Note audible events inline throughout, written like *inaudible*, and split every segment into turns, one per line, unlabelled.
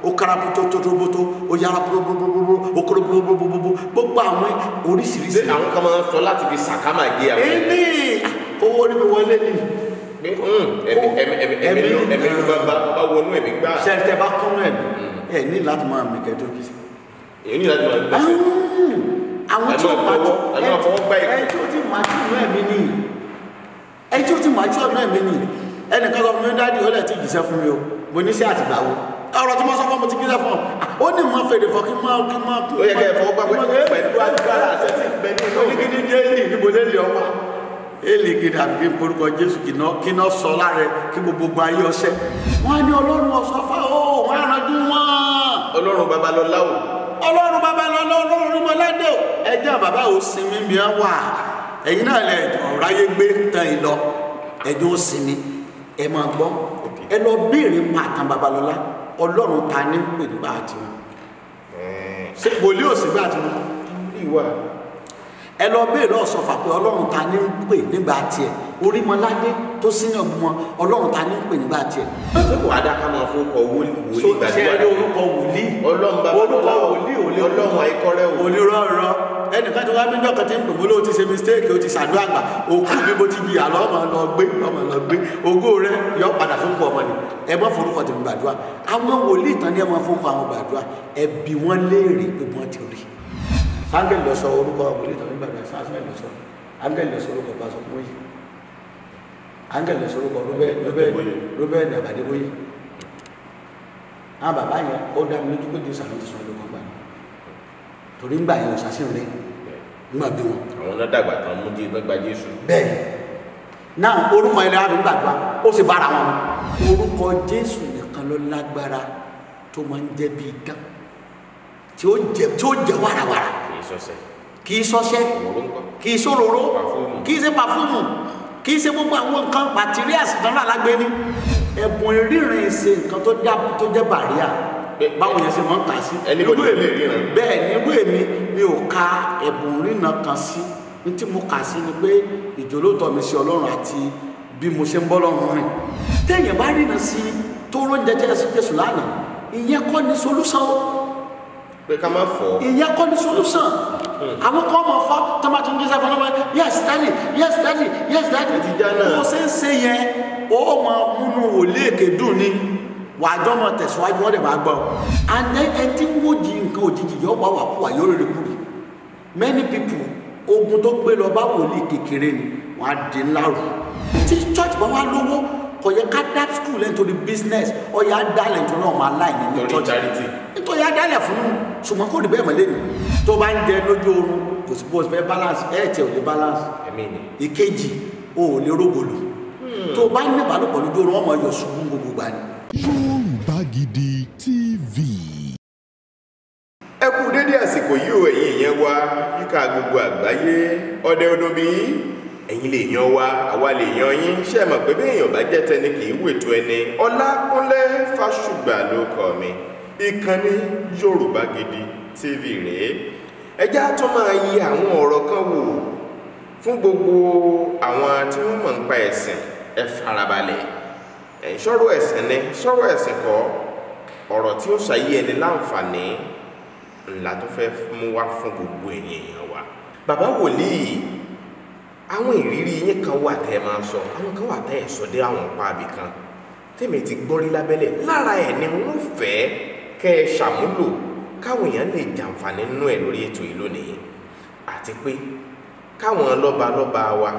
o karabu tó o tó tó o yára búrúbúrúbúrú ó kúrò búrúbúrúbúrú gbogbo àwọn
oríṣiríṣi. ṣé àwọn kan máa ń sọ láti fi sàkámà gé àwọn. èmi
ah, owó orí mi wọlé ni.
Hmm, ẹ̀mí ló bá wọnú ẹ̀mí gbá. sẹ́ńtẹ̀ bá kúnú ẹ̀mí
ẹ̀ hmm. ní láti máa mi kẹ́tọ́ kí. èyí ní láti máa mi kẹ́tọ́ kí. àwọn tí o máa tó ẹ tí o ti máa tó ọ̀nà ẹ̀mí ni ẹ tí o ti máa tó ọ̀nà ẹ̀mí ni ẹnìkan kan mi dá di ọlẹ́ tí ì ọ̀rọ̀ tí mo sọ fún ọmọ tí kí lẹ́fọ̀n ó ní mọ fèrè fọ kí máa kí máa kú. ó yẹ kẹ́ ẹ̀ fọwọ́ gbàgbé pẹ̀lú agbára àtẹ̀sí ìgbẹ́ni ìlú ní kíní jẹ́lì níbo lélẹ̀ ọ̀pá. èlì gidi àbíké porúkọ jésù kìnà kìnà sọ lára kí gbogbo ayé ọsẹ. wọn á ní ọlọ́run ọ̀sọ́fà ó wọn á rànjú wọn. ọlọ́run babalọ́lá o. ọlọ́run babalọ́lá ọlọ́run rímọlẹ́dẹ́ o. ẹjẹ́ bàbá ò sinmi bí wọ́n wà ẹ̀yin náà lẹ̀ ọ̀ráyé gbé tán ìlọ ẹ̀dùn ó sinmi ẹ̀ máa gbọ́ ẹ lọ béèrè pàtàn babalọ́lá ọlọ́run ta ní pè nígbà àti wọn ṣe wòlíò sígbà àti wọn ìwà ẹ lọ béèrè lọ sọfà pé ọlọ́run ta ní ń pè nígbà tiẹ̀ orímọládé tó sínú ọgbọ́n ọlọ́run ta ní ń pè nígbà tiẹ̀. àsìkò adaka
máa fún ọkọ wòlíì
gbàdúrà ṣe é orúkọ wòlíì ọlọ́run bá orúkọ wòlíì ọlọ́run àìkọ́rẹ́ wò. olùrọ̀rọ̀ ẹnìkan tó wá bí dọ́kàn tí ń dùn mọ́lẹ́ o ti ṣe mistake o ti ṣàdó àgbà òkú bí mo ti yí àlọ́ ọmọ lọ gbé ọmọ lọ gbé ògo rẹ yọ padà fún kọ ọmọ ni ẹ mọ forúkọ tèmi gbàdúrà àwọn wòlíì tán ni ẹ mọ fún kọ àwọn gbàdúrà ẹ bí wọn léèrè pé wọn ti rí i áńgẹ́lì lọ sọ orúkọ ọkùnrin tó nígbà bẹ́ẹ̀ sáńgẹ́lì lọ sọ áńgẹ́lì lọ sọ orúkọ pàṣọ fún yìí áńgẹ́lì lọ sọ orúkọ rúbẹ́ẹ̀lì àbàdébóyè àwọn bàbá yẹn ó dá mi lójú pé jésù àwọn ti sọ orúkọ gbà mí torí ńgbà yẹn òṣàṣìn rẹ
ńgbà bí wọn. àwọn náà dàgbà kan mú di gbẹgbà jésù. bẹ́ẹ̀
náà orúkọ yẹn lára fi ń gbàdúrà ó sì bára wọn. orúkọ jésù nìkan ló lágbára tó máa ń jẹ bíi dán tí ó jẹ wàràwàrà kì í sọ́sẹ́ kì í sòróró kì í ṣe pàfúmù kì í ṣe gbogbo àwọn nǹkan pàtíríàsì tán lálágbé ní ẹ̀bùn ríran ìṣe nǹkan tó jẹ́ bàríà
báwo yẹn ṣe máa ń kà sí irú èmi
bẹ́ẹ̀ ni irú èmi mi ò ka ẹ̀bùn ríran kan sí ní tí mo kà sí ni pé ìjòlótọ́ mi sí ọlọ́run àti bí mo ṣe ń bọ́ lọ́rùn rìn téèyàn bá ríran sí tó rọ́jẹjẹ sí jésù lánàá ìyẹn kọ́ ni solúsàn pé ká má fọ. ìyẹn kọ́ ni solution àwọn kan máa fọ tomati ń jẹsẹ fọlọ́wọ́ yes daddy yes daddy yes daddy kò ṣe ń ṣe yẹn ó máa múnú òléèké dùn ni wàjọ́ máa tẹ̀síwájú wọ́n dẹ̀ máa gbọ́ and then ẹ ti ń wòjì nǹkan òjijì yọ wà wà kúwà yóò rere kúrò many people ogun tó gbé lọ bá wòlíì kékeré ni wà á di ńlá rù tí church bá wà lówó kò yẹ ká dá school ẹ̀ nítorí business ọ̀yà dálẹ̀ nítorí ọmọ aláìní ní church nítorí adálẹ̀ fún un ṣùgbọ́n kò rí bẹ́ẹ̀ mọ́ lẹ́nu tó bá ń jẹ lójú oorun kò sí bó o fẹ́ balance ẹ̀ tẹ̀ ò lè balance ìkejì o ò lè rógòlò
hmm.
tó bá ní ìbálòpọ̀ lójú oorun ọmọ yọ ṣùgbọ́n gbogbo gbà ni. Yorùbá
Gidi TV. ẹ kú dédé àsìkò yìí o ẹ̀yin ìyẹn wa yíká gbogbo àgbáyé ọdẹ odòbí ẹ̀yin lè yan wa àwa lè yan yín ṣé ẹ mọ̀ pé bí èèyàn bá jẹ́ tẹni kì í wètò ẹni Ọlákúnlé Fásùgbà ló kọ mi ìkànnì Yorùbá Gidi TV rèé ẹjá tó máa yẹ àwọn ọ̀rọ̀ kan wò fún gbogbo àwọn tí wọ́n mọ̀ nípa ẹ̀sìn ẹ farabalẹ̀ ẹ̀ sọ̀rọ̀ ẹ̀sìn ni sọ̀rọ̀ ẹ̀sìn kọ́ ọ̀rọ̀ tí ó ṣàyí ẹni láǹfààní ńlá tó fẹ́ mú wá fún gbogbo ẹ̀yin èèyàn wa bàbá wòlíì àwọn ìrírí yín kan wà tẹ́ ẹ máa sọ àwọn kan wà tẹ́ ẹ sọ dé àwọn páàbì kan tèmi ti gbọ́rí lábẹ́lẹ̀ lára ẹ̀ ni wọ́n fẹ́ẹ́ kẹ́ ẹ ṣàmúlò káwọn èèyàn lè jàǹfààní nínú ẹ̀ lórí ètò yìí lónìí àti pé káwọn lọ́balọ́ba wa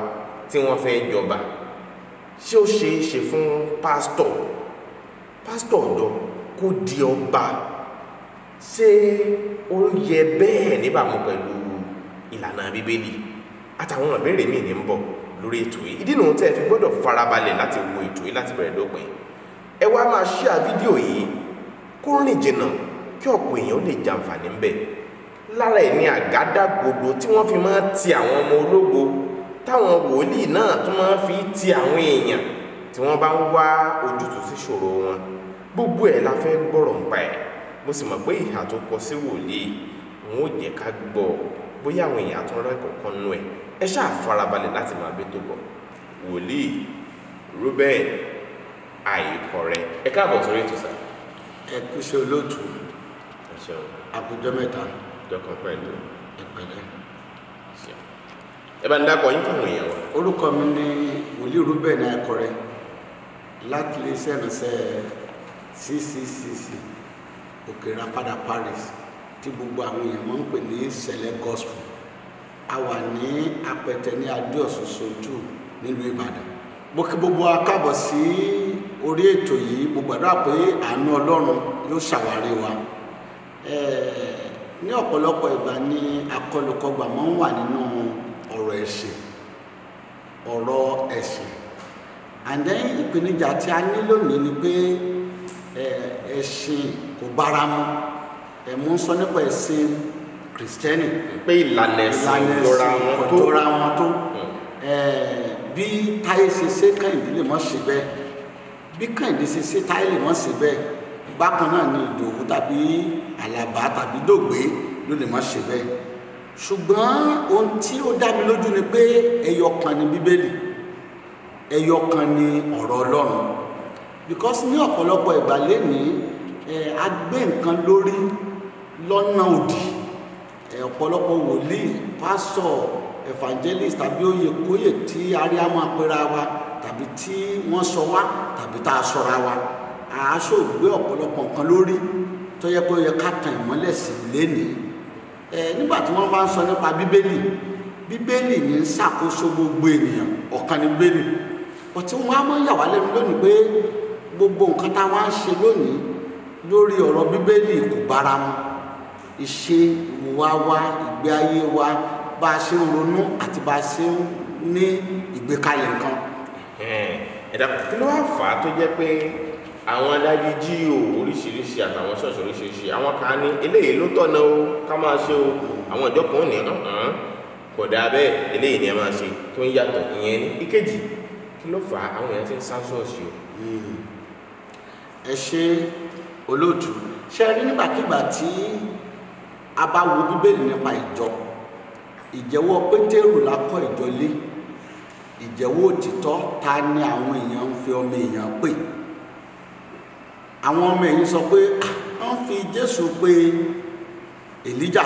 tí wọ́n fẹ́ jọba ṣé ó ṣeé ṣe fún pásítọ̀ pásítọ̀ ọ̀dọ́ kó di ọba ṣé ó yẹ bẹ́ẹ̀ níbàámu pẹ̀lú ìlànà bíbélì àtàwọn ìbéèrè míì ní ń bọ̀ lórí ètò yìí ìdí nìyẹn tẹ́ ẹ fi gbọ́dọ̀ farabalẹ̀ láti wo ètò yìí láti bẹ̀rẹ̀ dópin ẹ wá máa ṣíà fídíò yìí kó rìn jìnnà kí ọ̀pọ̀ èèyàn lè jàǹfààní ń bẹ̀ lára ẹ̀ ní àgádágodo tí wọ́n fi máa ti àwọn ọmọ ológo táwọn wòlíì náà tún máa fi ti àwọn èèyàn tí wọ́n bá ń wá ojútùú sí ṣòro wọn gbogbo ẹ̀ la fẹ́ gbọ́rọ̀ ń pa ẹ̀ mo sì mọ̀ pé ìhà tó kọ sí wòlíì n ó jẹ́ ká gbọ́ bóyá àwọn èèyàn tó ń rẹ́ kọ̀ọ̀kan nú ẹ̀ ẹ ṣáà farabalẹ̀ láti máa bẹ́ tó bọ̀ wòlíì Reuben àìkọ̀rẹ́ ẹ káàbọ̀ sórí ètò
ẹkúṣe olóòtú
àkójọ mẹ́ta dọkàn pẹ̀lú ẹpẹlẹ.
ẹ bá ń dákọ yín fáwọn èèyàn wa. orúkọ mi ni wòlíì rúbẹ̀ ní akọrẹ láti lè sẹ́nusẹ́ cccc òkèrapadà Paris tí gbogbo àwọn èèyàn máa ń pè ní sẹlẹ gospel a wà ní apẹtẹ ní adé ọ̀sùn sojú nílùú Ìbàdàn mo kí gbogbo akábọ̀ sí. Si orí ètò yìí mo gbàdúrà pé àánú ọlọ́run yóò ṣàwárí wa ní ọ̀pọ̀lọpọ̀ ìgbà ni akọlùkọgbà máa ń wà nínú ọ̀rọ̀ ẹ̀sìn ọ̀rọ̀ ẹ̀sìn and then ìpèníjà tí a ní lónìí ni pé ẹ̀sìn kò bára mu ẹ̀mú ń sọ nípa ẹ̀sìn kìrìsìtẹ́nì pé ìlànà ẹ̀sìn kò jọra wọn tó hmm. bí táyé ṣe ṣe kẹ́hìndínlẹ̀ mọ́ ṣe bẹ́ẹ̀ bí kàìndé ṣe ṣe táìlì wọn ṣe bẹ́ẹ̀ bákan náà ni ìdòwú tàbí àlàbá tàbí dògbé ló lè má ṣe bẹ́ẹ̀ ṣùgbọ́n ohun tí ó dá mi lójú ni pé ẹyọ kan ni bíbélì ẹyọ kan ni ọ̀rọ̀ ọlọ́run because ní ọ̀pọ̀lọpọ̀ ìgbà lénìí ẹ a gbé nǹkan lórí lọ́nà òdì ẹ ọ̀pọ̀lọpọ̀ wòlíì pásọ̀ evangelist tàbí oyè kóyè tí ariamu apẹ̀rẹ̀ wa tàbí tí wọ́n sọ wá tàbí tá a sọra wa àásò gbé ọ̀pọ̀lọpọ̀ nǹkan lórí tó yẹ kó yẹ ká tan ìmọ́lẹ̀ sí lénìí ẹ nígbà tí wọ́n bá ń sọ nípa bíbélì bíbélì ní ń ṣàkóso gbogbo ènìyàn ọ̀kan ní bíbélì ọtí wọn á mọ yà wá lẹ́nu lónìí pé gbogbo nǹkan tá a wá ń ṣe lónìí lórí ọ̀rọ̀ bíbélì kò bára mu ìṣe ìwà wa ìgbé ayé wa bá a ṣe ń ronú àti bá a ṣe ń ní ìgbékalẹ̀ nǹkan
ẹ̀dá kí ló wá fà á tó jẹ́ pé àwọn adájú jí o oríṣiríṣi àtàwọn ṣọ́ọ̀ṣì oríṣiríṣi àwọn kan ní eléyìí ló tọ̀nà o ká máa ṣe o àwọn ìjọ kan ní hàn kò dáa bẹ́ẹ̀ eléyìí ni ẹ máa ṣe tó ń yàtọ̀ ìyẹn ní ìkejì kí ló fà á àwọn èèyàn ti ń sá ṣọ́ọ̀ṣì o. Hmm. ẹ ṣe olóòtú ṣe
rí nígbàkigbà tí a bá wo bíbélì nípa ìjọ ìjẹ́wọ́ pétérù la ìjọ lé ìjẹ́wọ́ òtítọ́ ta ni àwọn èèyàn ń fi ọmọ èèyàn pè àwọn ọmọ èèyàn sọ pé wọ́n fi Jésù pè Èlíjà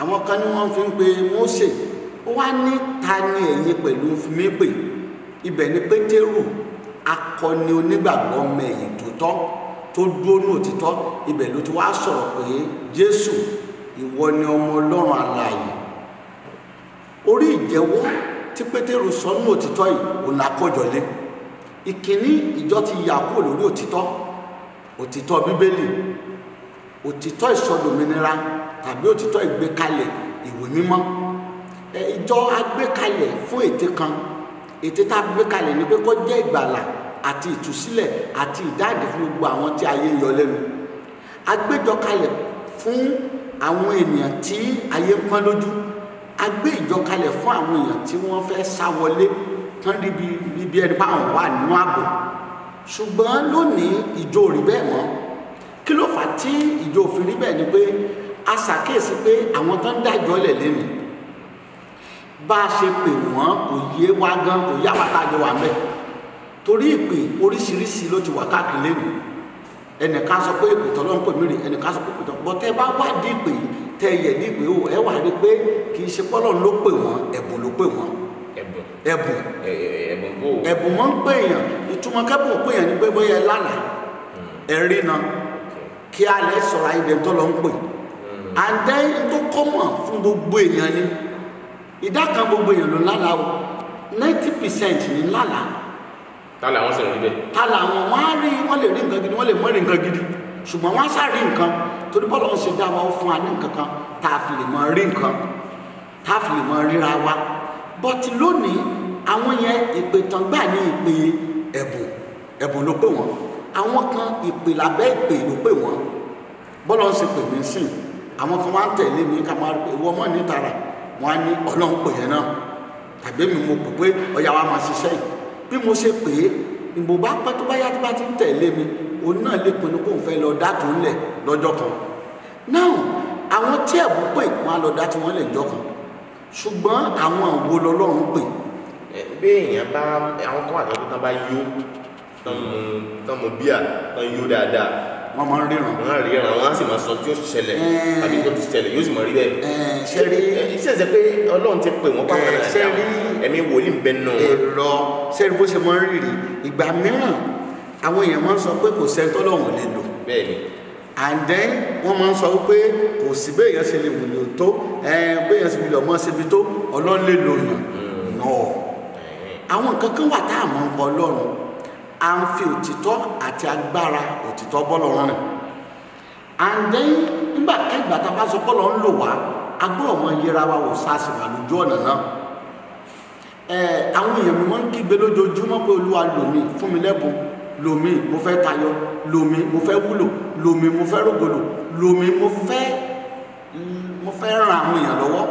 àwọn kan ní wọ́n fi ń pè Mósè ó wá ní ta ni ẹ̀yin pẹ̀lú mi pè ibẹ̀ ni Pétérù akọni onígbàgbọ́ ọmọ ẹ̀yìn tó tọ́ tó dúró ní òtítọ́ ibẹ̀ ló ti wá sọ̀rọ̀ pé Jésù ìwọ ni ọmọ Ọlọ́run alààyè orí ìjẹ́wọ́ tí pétérù sọnù òtítọ́ yìí òun àkọjọ lé ìkíní ìjọ ti yà kúrò lórí òtítọ́ òtítọ́ bíbélì òtítọ́ ìsọdòmìnira tàbí òtítọ́ ìgbékalẹ̀ ìwé mímọ́ ìjọ agbékalẹ̀ fún ète kan ète tá a gbé kalẹ̀ ni pé kó jẹ́ ìgbàlà àti ìtúsílẹ̀ àti ìdáàdì fún gbogbo àwọn tí ayé yọ lẹ́nu agbẹjọ kalẹ̀ fún àwọn ènìyàn tí ayé ń pọ́n lójú agbé ìjọkalẹ̀ fún àwọn èèyàn tí wọ́n fẹ́ sá wọlé tán ríbi ríbi ẹni bá wọn wà nínú ààbò ṣùgbọ́n lónìí ìjọ ò rí bẹ́ẹ̀ mọ́ kí ló fà á tí ìjọ òfin rí bẹ́ẹ̀ ni pé a ṣàkíyèsí pé àwọn tó ń dájọ́ lẹ̀ lẹ́nu bá a ṣe pè wọ́n kò yé wa gan kò yá wa tá a jọ wà mẹ́ torí ìpè oríṣiríṣi ló ti wà káàkiri lẹ́nu ẹnìkan sọ pé ìpè tọ́lọ́ ń pè mí rè ẹnìkan sọ pé ìpè tọ́lọ́ bọ́tẹ́ bá wádìí ìpè yìí tẹ yẹ o ẹ wà rí pé kì í ṣe pọ́lọ̀ ló pè wọ́n ẹ̀bùn ló pè wọ́n ẹ̀bùn ẹ̀bùn wọn ń pè èèyàn ìtumọ̀ kẹ́bùn pè èèyàn ní pé bóyá ẹ lánàá hmm. ẹ rí na kí alẹ́ sọ̀rọ̀ ayé tó lọ ń pè hmm. and then tó kọ́mọ̀ fún gbogbo èèyàn ni ìdá kan gbogbo èèyàn ló lálàá o ninety percent ni lálàá.
tálà wọn sọ̀rọ̀ níbẹ̀. tálà
wọn wọn á rí wọn lè rí nǹkan gidi wọn lè mọ̀ rí nǹkan gidi ṣùgbọ́n wọ́n á sá rí nǹkan torí bọ́ọ̀lù ọ̀hún ṣe dá wa ó fún wa ní nǹkan kan tá a fi lè mọ rí nǹkan tá a fi lè mọ ríra wa bọ́tí lónìí àwọn yẹn ìpè gbà ní ìpè ẹ̀bùn ẹ̀bùn ló pè wọ́n àwọn kan ìpè lábẹ́ ìpè ló pè wọ́n bọ́ọ̀lù ọ̀hún ṣe pè mí sìn àwọn kan wá ń tẹ̀lé mi ká máa wọ́n mọ́ nítara wọ́n á ní ọlọ́run pè yẹn náà tàbí mi òun náà lè pinnu kó n fẹ́ lọ dátun lẹ̀ lọ́jọ́ kan náà àwọn tí ẹ̀bùn pè wọ́n á lọ dá tí wọ́n lè jọ kan
ṣùgbọ́n àwọn wo lọ́lọ́run pè. bí èèyàn bá àwọn kan àtọ́jú tán bá yó tán mu bíà tán yó dáadáa wọ́n máa ń ríran. wọ́n máa ń ríran wọ́n á sì máa sọ tí yóò ṣẹlẹ̀ àbí tó ti ṣẹlẹ̀ yóò sì máa rí bẹ́ẹ̀. ṣe rí iṣẹ́ pé ọlọ́run ti pè wọ́n pàmò náà ẹ̀mí wòlíì ń bẹ náà. èrò ṣe rí bó ṣe máa ń
rírì ìgbà mìíràn àwọn èèyàn máa ń sọ pé kò sẹ́ni tọ́lọ́run lè lò and then wọ́n máa ń sọ wípé kò sí béèyàn ṣe lè wùlò tó eh, béèyàn ṣe wùlò ọmọ ṣebi tó ọlọ́run lè lò yàn hmm. náà àwọn nǹkan kan wà tá à mọ̀ nípa ọlọ́run à ń fi òtítọ́ àti agbára òtítọ́ bọ́lọ́run rìn and then nígbàkẹ́gbà tá a bá sọ bọ́lọ́ ń lò wá a gbọ́dọ̀ mọ yẹra wa wò sars wà lójú ọ̀nà náà eh, àwọn èèyàn mi wọ́n ń kígbe lójoojúmọ́ pé olúwa lò mí fún mi lẹ́bùn lomi mo fẹ́ tayọ lomi mo fẹ́ wúlò lomi mo fẹ́ rògbòlò lomi mo fẹ́ mo fẹ́ ran àwọn èèyàn lọ́wọ́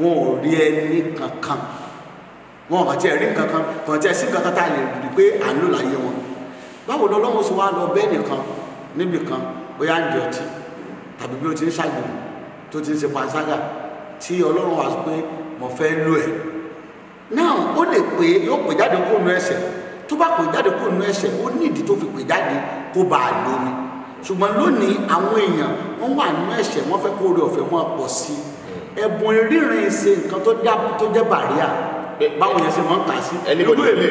wọn ò rí ẹni kankan wọn ò bàtí ẹ̀rí kankan kàn tí ẹ sí kankan tá a lè rí pé à ń lò láyé wọn báwo lọ́lọ́wọ́ sọ wá lọ bẹ́ẹ̀ nìkan níbì kan bóyá ń jẹ ọtí tàbí bí ó ti ń ṣàgbèrè tó ti ń ṣe panṣágà tí ọlọ́run wá sọ pé mo fẹ́ lò ẹ̀ náà ó lè pé yóò pè jáde kó nu ẹsẹ̀ tó bá pè jáde kó nu ẹsẹ̀ ó nídìí tó fi pè jáde kó bá a lò ní ṣùgbọ́n lónìí àwọn èèyàn wọ́n wà nínú ẹ̀ṣẹ̀ wọ́n fẹ́ kó orí ọ̀fẹ́ wọn pọ̀ sí i ẹ̀bùn rírin ṣe nǹkan tó jẹ́ bàríà báwọn yẹn ṣe máa kà sí irú èmi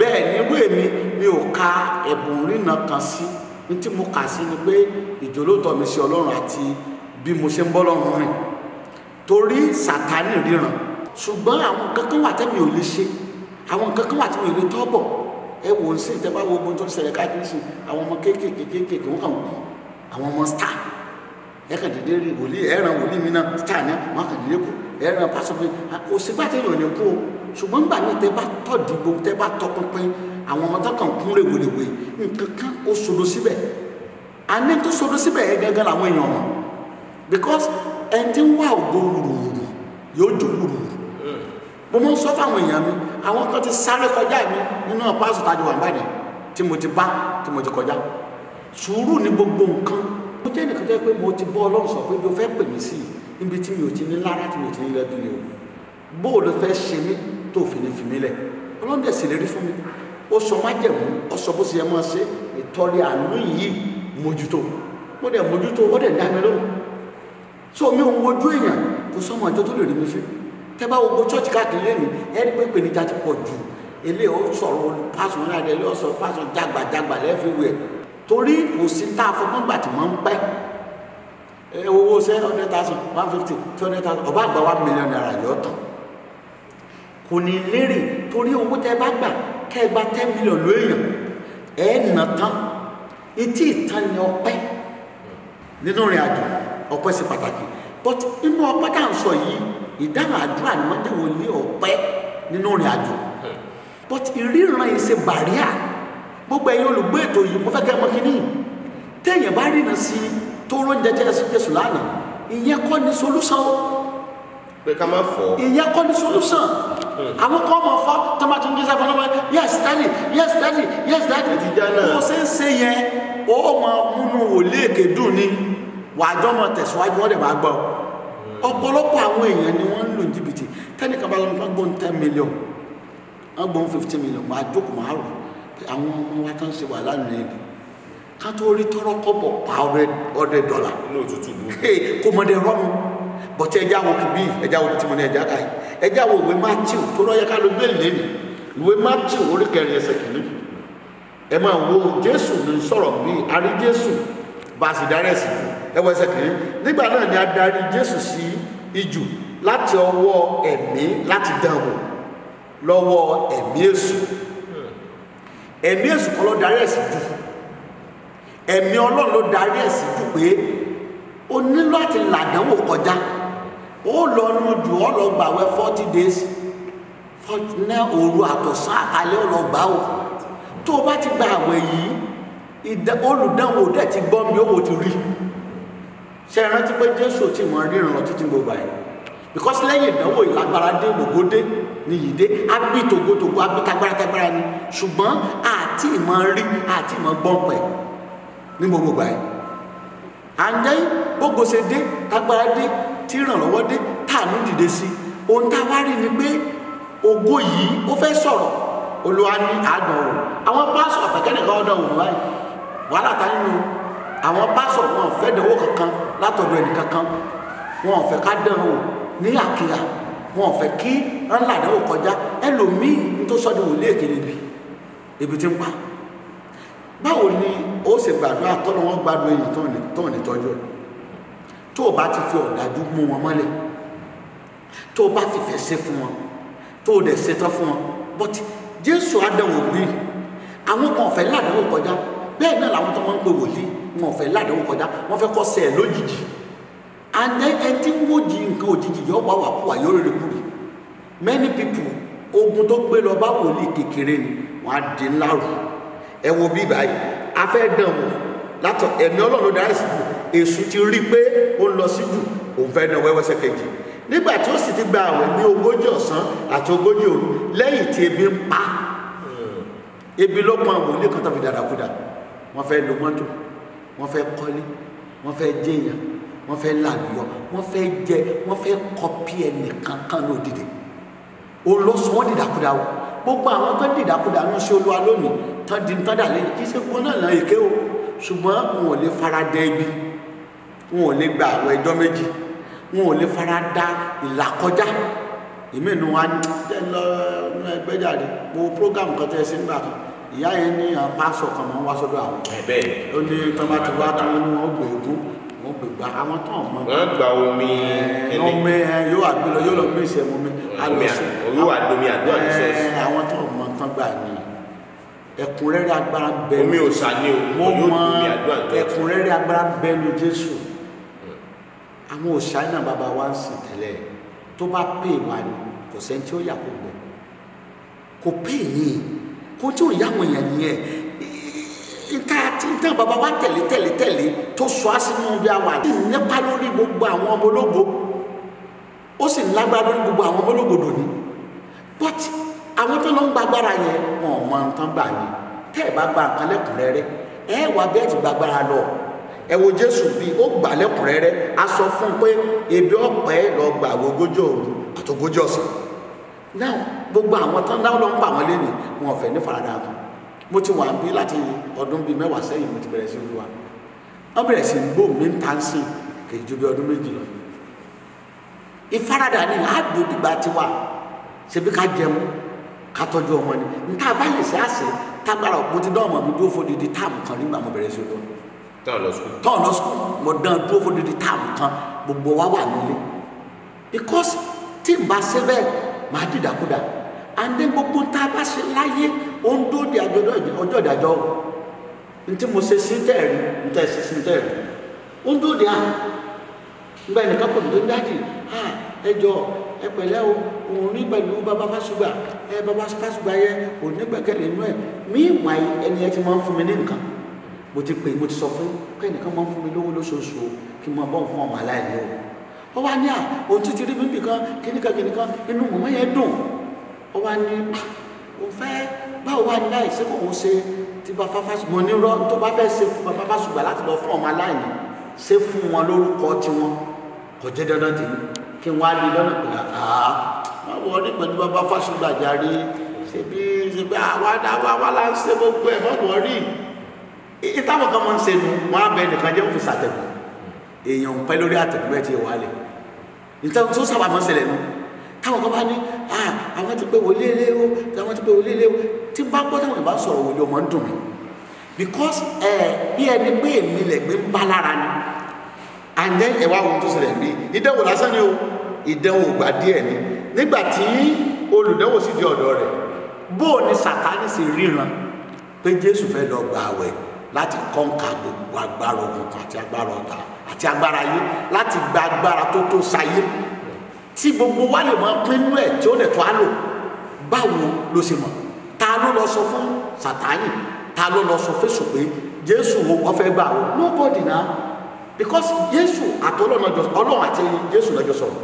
bẹ́ẹ̀ ni irú èmi mi ò ka ẹ̀bùn rínà kan sí ní tí mo kà sí ni pé ìjòlótọ́ mi sí ọlọ́run àti bí mo ṣe ń bọ́ lọ́run rìn torí sàtánì ríran ṣùgbọ́n àwọn kankan wà tẹ́mi ò lè ṣe àwọn kankan wà tẹ́mi ò lè tọ́ bọ̀ ẹ wò ń sìn tẹ́bá wo ogun tó ṣẹlẹ̀ káàkiri sùn àwọn ọmọ kéékèèké kéékèèké wọ́n kàn wọ́n àwọn ọmọ star ẹ kàn dédé rí wòlíì ẹran wòlíì mi náà star ni wọ́n kàn dédé kù ẹran pásọ pé kò sígbà téèyàn ní kú o ṣùgbọ́n gbà ní tẹ́ bá tọ́ dìbò tẹ́ bá tọ́ pinpin àwọn ọmọ tó kàn kún rèwèrèwè nǹkan kan ó sodo síbẹ̀ àní tó sodo síbẹ̀ ẹ gángan làwọn èèyàn because ẹni tí ń wá ògbó rúrùrù yóò mo mọ́ ń sọ fáwọn èèyàn mi àwọn kan ti sáré kọjá mi nínú pásítọ̀ tàjú wà báyìí tí mo ti bá tí mo ti kọjá
sùúrù ní gbogbo nǹkan
mo jẹ́ nìkan jẹ́ pé mo ti bọ́ ọlọ́run sọ pé mo fẹ́ pè mí sí i níbi tí mi ò ti ní lára tí mi ò ti ní lẹ́bi ni o bó o lè fẹ́ ṣe mí tó fi ní fi mí lẹ̀ ọlọ́run dẹ̀ sì lérí fún mi ó sọ májẹ̀mú ó sọ bó ṣe yẹ máa ṣe ìtọ́rí àánú yìí mójútó mo dẹ̀ mójútó ó dẹ̀ dá mi lóhùn so mi ò wojú èèyàn kò sọ́mọ́ ọjọ́ tó lè rí mi fi tẹ́ bá gbogbo church káàkiri lẹ́nu ẹni pé ìpèníjà ti pọ̀ jù eléyìí o sọ̀rọ̀ pásọ̀ náà ilé ó sọ̀rọ̀ pásọ̀ jágbàjágbà everywhere torí kò sí tá a fọgbọ́n gbà tí wọ́n ń pẹ́ owó seven hundred thousand one fifty two hundred thousand ọba àgbà one million naira yọ tán kò ní lérè torí owó tẹ bá gbà kẹ gba ten million ló èèyàn ẹ nà tán etí ìtàn ni ọpẹ́ nínú ìrìn àjò ọpẹ́ sí pàtàkì but inú ọpẹ́ tá à ń sọ yìí ìdáhùn àdúrà ni máa ń jẹ́wọ́ ní ọ̀pẹ́ nínú ìrìn àjò but ìríran ìṣe bàríà gbogbo ẹ̀yin olùgbé ètò yìí mo fẹ́ kẹ́ mọ́ kínní téèyàn bá rìnà sí tó rọ́ jẹjẹ jésù lánàá ìyẹn kọ́ ni solúsàn o
pé ká má fọ́
ìyẹn kọ́ ni solúsàn àwọn kan mọ̀ fọ́ tó máa ti ń jíṣẹ́ fún ọmọ yes daddy yes daddy yes daddy mo ṣe ń ṣe yẹn ó mọ múnú òlé èké dùn ni wàá jọ́ mọ tẹ̀síwájú wọ́n dẹ̀ máa gbọ́ ọ̀pọ̀lọpọ̀ àwọn èèyàn ni wọ́n ń lò jìbìtì tẹ́nìkan bá lọ́nà gbọ́n ten million wọ́n gbọ́n fifteen million máa jókòó máa rò pé àwọn ọmọ wa kan ṣe wà lánàá ibi ká tó rí tọrọ kọ́bọ̀ pa ọdẹ dọ́là kò mọ̀ dẹ̀ rọ́mù bọ̀tí ẹja wo kìbí ẹja wo tí mo ní ẹja ká yìí ẹja wo ìwé Matthew tó lọ́yẹ ká ló gbé lé ní ìwé Matthew orí kẹrin ẹsẹ̀ kìíní ẹ máa wo Jésù ní sọ̀rọ̀ bíi àrí Jésù bá a sì darí ẹ̀sìn ẹwọ ẹsẹ̀ kìíní nígbà náà ni a darí Jésù sí ijù láti ọwọ́ ẹ̀mí láti dán wò lọ́wọ́ ẹ̀mí èṣù ẹ̀mí èṣù kan ló darí ẹ̀sìn jù ẹ̀mí Ọlọ́run ló darí ẹ̀sìn jù pé o nílò àti làdánwò kọjá ó lọ nu jù ọ lọ gbàwẹ̀ forty days ní òru àtọ̀sán àtàlẹ́ ọ lọ gbà ó tó o bá ti gba àwẹ̀ yìí olùdánwò dẹ̀ ti gbọ́ bí owó ti rí ṣe é rántí pé jésù ti mọ ríran lọ títí gbogbo àyè because lẹ́yìn ìdánwò ìlágbára dé gbogbo dé nìyí dé agbi tògótògó agbi tagbáratágbára ni ṣùgbọ́n àti ìmọ̀ rí àti ìmọ̀ gbọ́n pẹ̀ ní gbogbo àyè àǹdẹ́ gbogbo ṣe dé tagbára dé tí ìrànlọ́wọ́ dé tààmì dìde sí ohun tá a wá rí ni pé ògo yìí ó fẹ́ sọ̀rọ̀ olúwa ní àádọ́ òun àwọn pásọ̀ àfẹ́kẹ́ nìkan ọ̀dọ̀ òun báyìí wàhálà ta nínú àwọn pásọ̀ wọn fẹ́ dánwò kankan látọ̀dọ̀ ẹnì kankan wọn fẹ́ ká dánwò ní àkìyà wọn fẹ́ kí ńlá dánwò kọjá ẹlòmíì tó sọ́dọ̀ wò lé èkèlè bì ebi ti ń pa báwo ni ó ṣe gbàdúrà tọ́nà wọn gbàdúrà èyí tó ní tọ́jú ẹ̀ tó o bá ti fi ọ̀dájú mú wọn mọ́lẹ̀ tó o bá ti fẹ́ ṣe fún wọn tó o dẹ̀ ṣetán fún wọn bọ́tí jésù adáwò gbé àwọn kan fẹ́ ládàáwò kọjá bẹ́ẹ̀ náà làwọn tó máa ń pe wòlíì wọn ò fẹ́ ládàá kọjá wọn fẹ́ kọ́ sẹ́ ẹ̀ lójijì àná ẹtí ń wòjì nǹkan òjijì yọ wà wà kúwà yóò rere kúrì many people ogun tó gbé lọ bá wòlíì kékeré ni wọn á di ńlá rù ẹ wo bí báyìí a fẹ́ dàn wò látọ̀ ẹ̀mí ọlọ́run darí sí i èṣù ti rí i pé ó ń lọ sí jù òun fẹ́ dàn wẹ́wẹ́ sẹ́kẹ̀jì nígbà tí ó sì ti gba àwẹ̀ ní ogójì ọ̀sán àti ogójì òru lẹ́yìn tí ebi ń pa ebi ló pọn wòlíì kan tó fi dàdàkúdà wọ́n fẹ́ lo mọ́tò wọ́n fẹ́ kọ́lé wọ́n fẹ́ jẹyàn wọ́n fẹ́ làlùyọ wọ́n fẹ́ jẹ wọ́n fẹ́ kọ́pì ẹnìkan kan ló dìde òun ló sọ wọ́n dìdàkudà o gbogbo àwọn tó dìdàkudà ń ṣe olúwa lónìí tán di tán dà lẹ́yìn kí ṣe kó náà náà èké o ṣùgbọ́n wọn ò lè fara dẹ ibi wọn ò lè gba àwọn ẹjọ́ méjì wọn ò lè fara da ìlàkọjá èmi wa ní ẹgbẹ́jáde gbogbo program kan tẹ́ ẹ sí nígbà kan ìyá yẹn ní pásọ kan máa ń wá sọ́dọ̀ àwọn
ó ní tọ́ba ti wá tán ní wọ́n gbé egún wọ́n gbé gbà àwọn tán mọ́. wọ́n gba omi ẹni omi yóò wá gbé lọ yóò lọ gbé ìṣẹ̀mú
mi. omi wà domi àdó àdúsẹ́sì.
àwọn tán mọ́ tán gbà ní
ẹ̀kúnrẹ́rẹ́ agbára bẹ́ẹ̀ omi ò sàní o mo mọ ẹ̀kúnrẹ́rẹ́ agbára bẹ́ẹ̀ ní Jésù hmm. àwọn òṣà iná bàbá wa ń sìn tẹ́lẹ̀ tó bá pè wá ní kò sẹ́ni ó yà kó gbẹ kò pè ní kò tí ò yá àwọn èèyàn nìyẹn ìta àti ìta bàbá wa tẹ̀lé tẹ̀lé tẹ̀lé tó sọ á sínú ibi àwọn àti nípa lórí gbogbo àwọn ọmọ ológo ó sì lágbára lórí gbogbo àwọn ọmọ ológo dòní but àwọn tó lọ ń gbàgbára yẹn wọn ò mọ nǹkan gbà yẹn tẹ́ ẹ bá gba nǹkan lẹ́kùnrẹ́rẹ́ ẹ wà bẹ́ẹ̀ ti gbàgbára lọ ẹ wo Jésù bíi ó gbà lẹ́kùnrẹ́rẹ́ a sọ fún un pé ebi ọ̀pẹ́ lọ gbà wọ òru àtogójì ọ̀sán now gbogbo àwọn tán dáwọ́ ló ń pa àwọn lẹ́nu wọn ọ̀fẹ́ ní farada kan mo ti wà bí láti ọdún bíi mẹ́wàá sẹ́yìn mo ti bẹ̀rẹ̀ sí wíwá wọ́n bẹ̀rẹ̀ sí ń bò mí ń ta ń sìn kì í ju bí ọdún méjì lọ ìfaradà ni àdòdìgbà tiwa ṣebí ká jẹun ká tọ́jú ọmọ ni nta báyìí sí àṣẹ tágbára mo ti dán ọmọ mi dúró fódìdí táàmù kan nígbà mo bẹ̀rẹ̀ sí lọ. tọ́ọ̀ lọ sùkúl. tọ́ọ̀ lọ sùkúl mo dán dúró fódìdí táàmù kan gbogbo wa wà nílé because tí n bá ṣe bẹ́ẹ̀ màá dìdàkudà àndé gbogbo tá a bá ṣe láyé ó ń dó di àjọ ọjọ́ ìdájọ́ ntí mo ṣe sí tẹ́ẹ̀rí ntẹ́ ṣe sí tẹ́ẹ̀rí di à ah, nígbà ẹnìkan pọ̀ tó ń dájì à ẹ jọ ẹ pẹ̀lẹ́ o òun ní pẹ̀lú bàbá fásùgbà ẹ bàbá fásùgbà yẹ òun ní gbẹ̀kẹ̀lé inú ẹ̀ mí ìwà ẹni ẹ ti máa ń fún mi ní nǹkan mo ti pè mo ti sọ fún kẹ́nìkan máa ń fún mi lówó lóṣooṣù kí n máa bọ́ fún ọmọ aláìní o ó wá ní à òun ti ti rí bíbí kan kíníkan kíníkan inú mọ̀mọ́ yẹn dùn ó wá ní òun fẹ́ báwo wá ní láì sẹ́kọ̀ọ́ òun ṣe ti bá fáfásùgbà mo ní rọ tó bá fẹ́ ṣe fún fáfásùgbà láti lọ fún ọmọ aláìní ṣe fún wọn lórúkọ tiwọn kò jẹ́ dandan tèmi kí wọ́n á lè lọ́nà pé àá wọ́n wọ ní pẹ̀lú bàbá fásùgbà jàre ṣe bí ṣe bí àwa dáwà wà láń ṣe gbogbo ẹ̀ mọ́tò rí ìtàwọn kan máa ń ṣe nu wọn á bẹ nìkan jẹ́ òfin ṣàtẹ̀kù èèyàn ń pẹ́ lórí àtẹ̀kù bẹ́ẹ̀ ti wà lẹ̀ nǹkan tó sábà máa ń ṣẹlẹ̀ nù táwọn kan bá ní àwọn ti pé wòlé lé o àwọn ti pé wòlé lé o tí bá gbọ́ táwọn ìbá sọ̀rọ̀ wòlé ọmọ ń dùn mí because bí ẹni pé èmi lẹ̀gbẹ́ ń bá lára ni and then ẹ̀wá ohun tó ṣẹlẹ̀ bí ìdánwò lásán ni o ìdánwò gbà díẹ̀ ni nígbà tí olùdánwò sì di ọ̀dọ̀ rẹ̀ bó o ní sàtánì sì ríran pé Jésù fẹ́ lọ gbà àwẹ̀ láti kọ́ńkà gbogbo agbára ogun àti agbára ọ̀tá àti agbára yìí láti gba agbára tó tó sáyé tí gbogbo wa lè máa pinnu ẹ̀ tí ó lè tó á lò báwo ló ṣe mọ̀ ta ló lọ sọ fún Sátánì ta ló lọ sọ fésù pé Jésù wọn fẹ́ gbà ó nobody na because Jésù àtọ́lọ́nàjọ Ọlọ́run àti Jésù lọ́jọ́ sọ̀rọ̀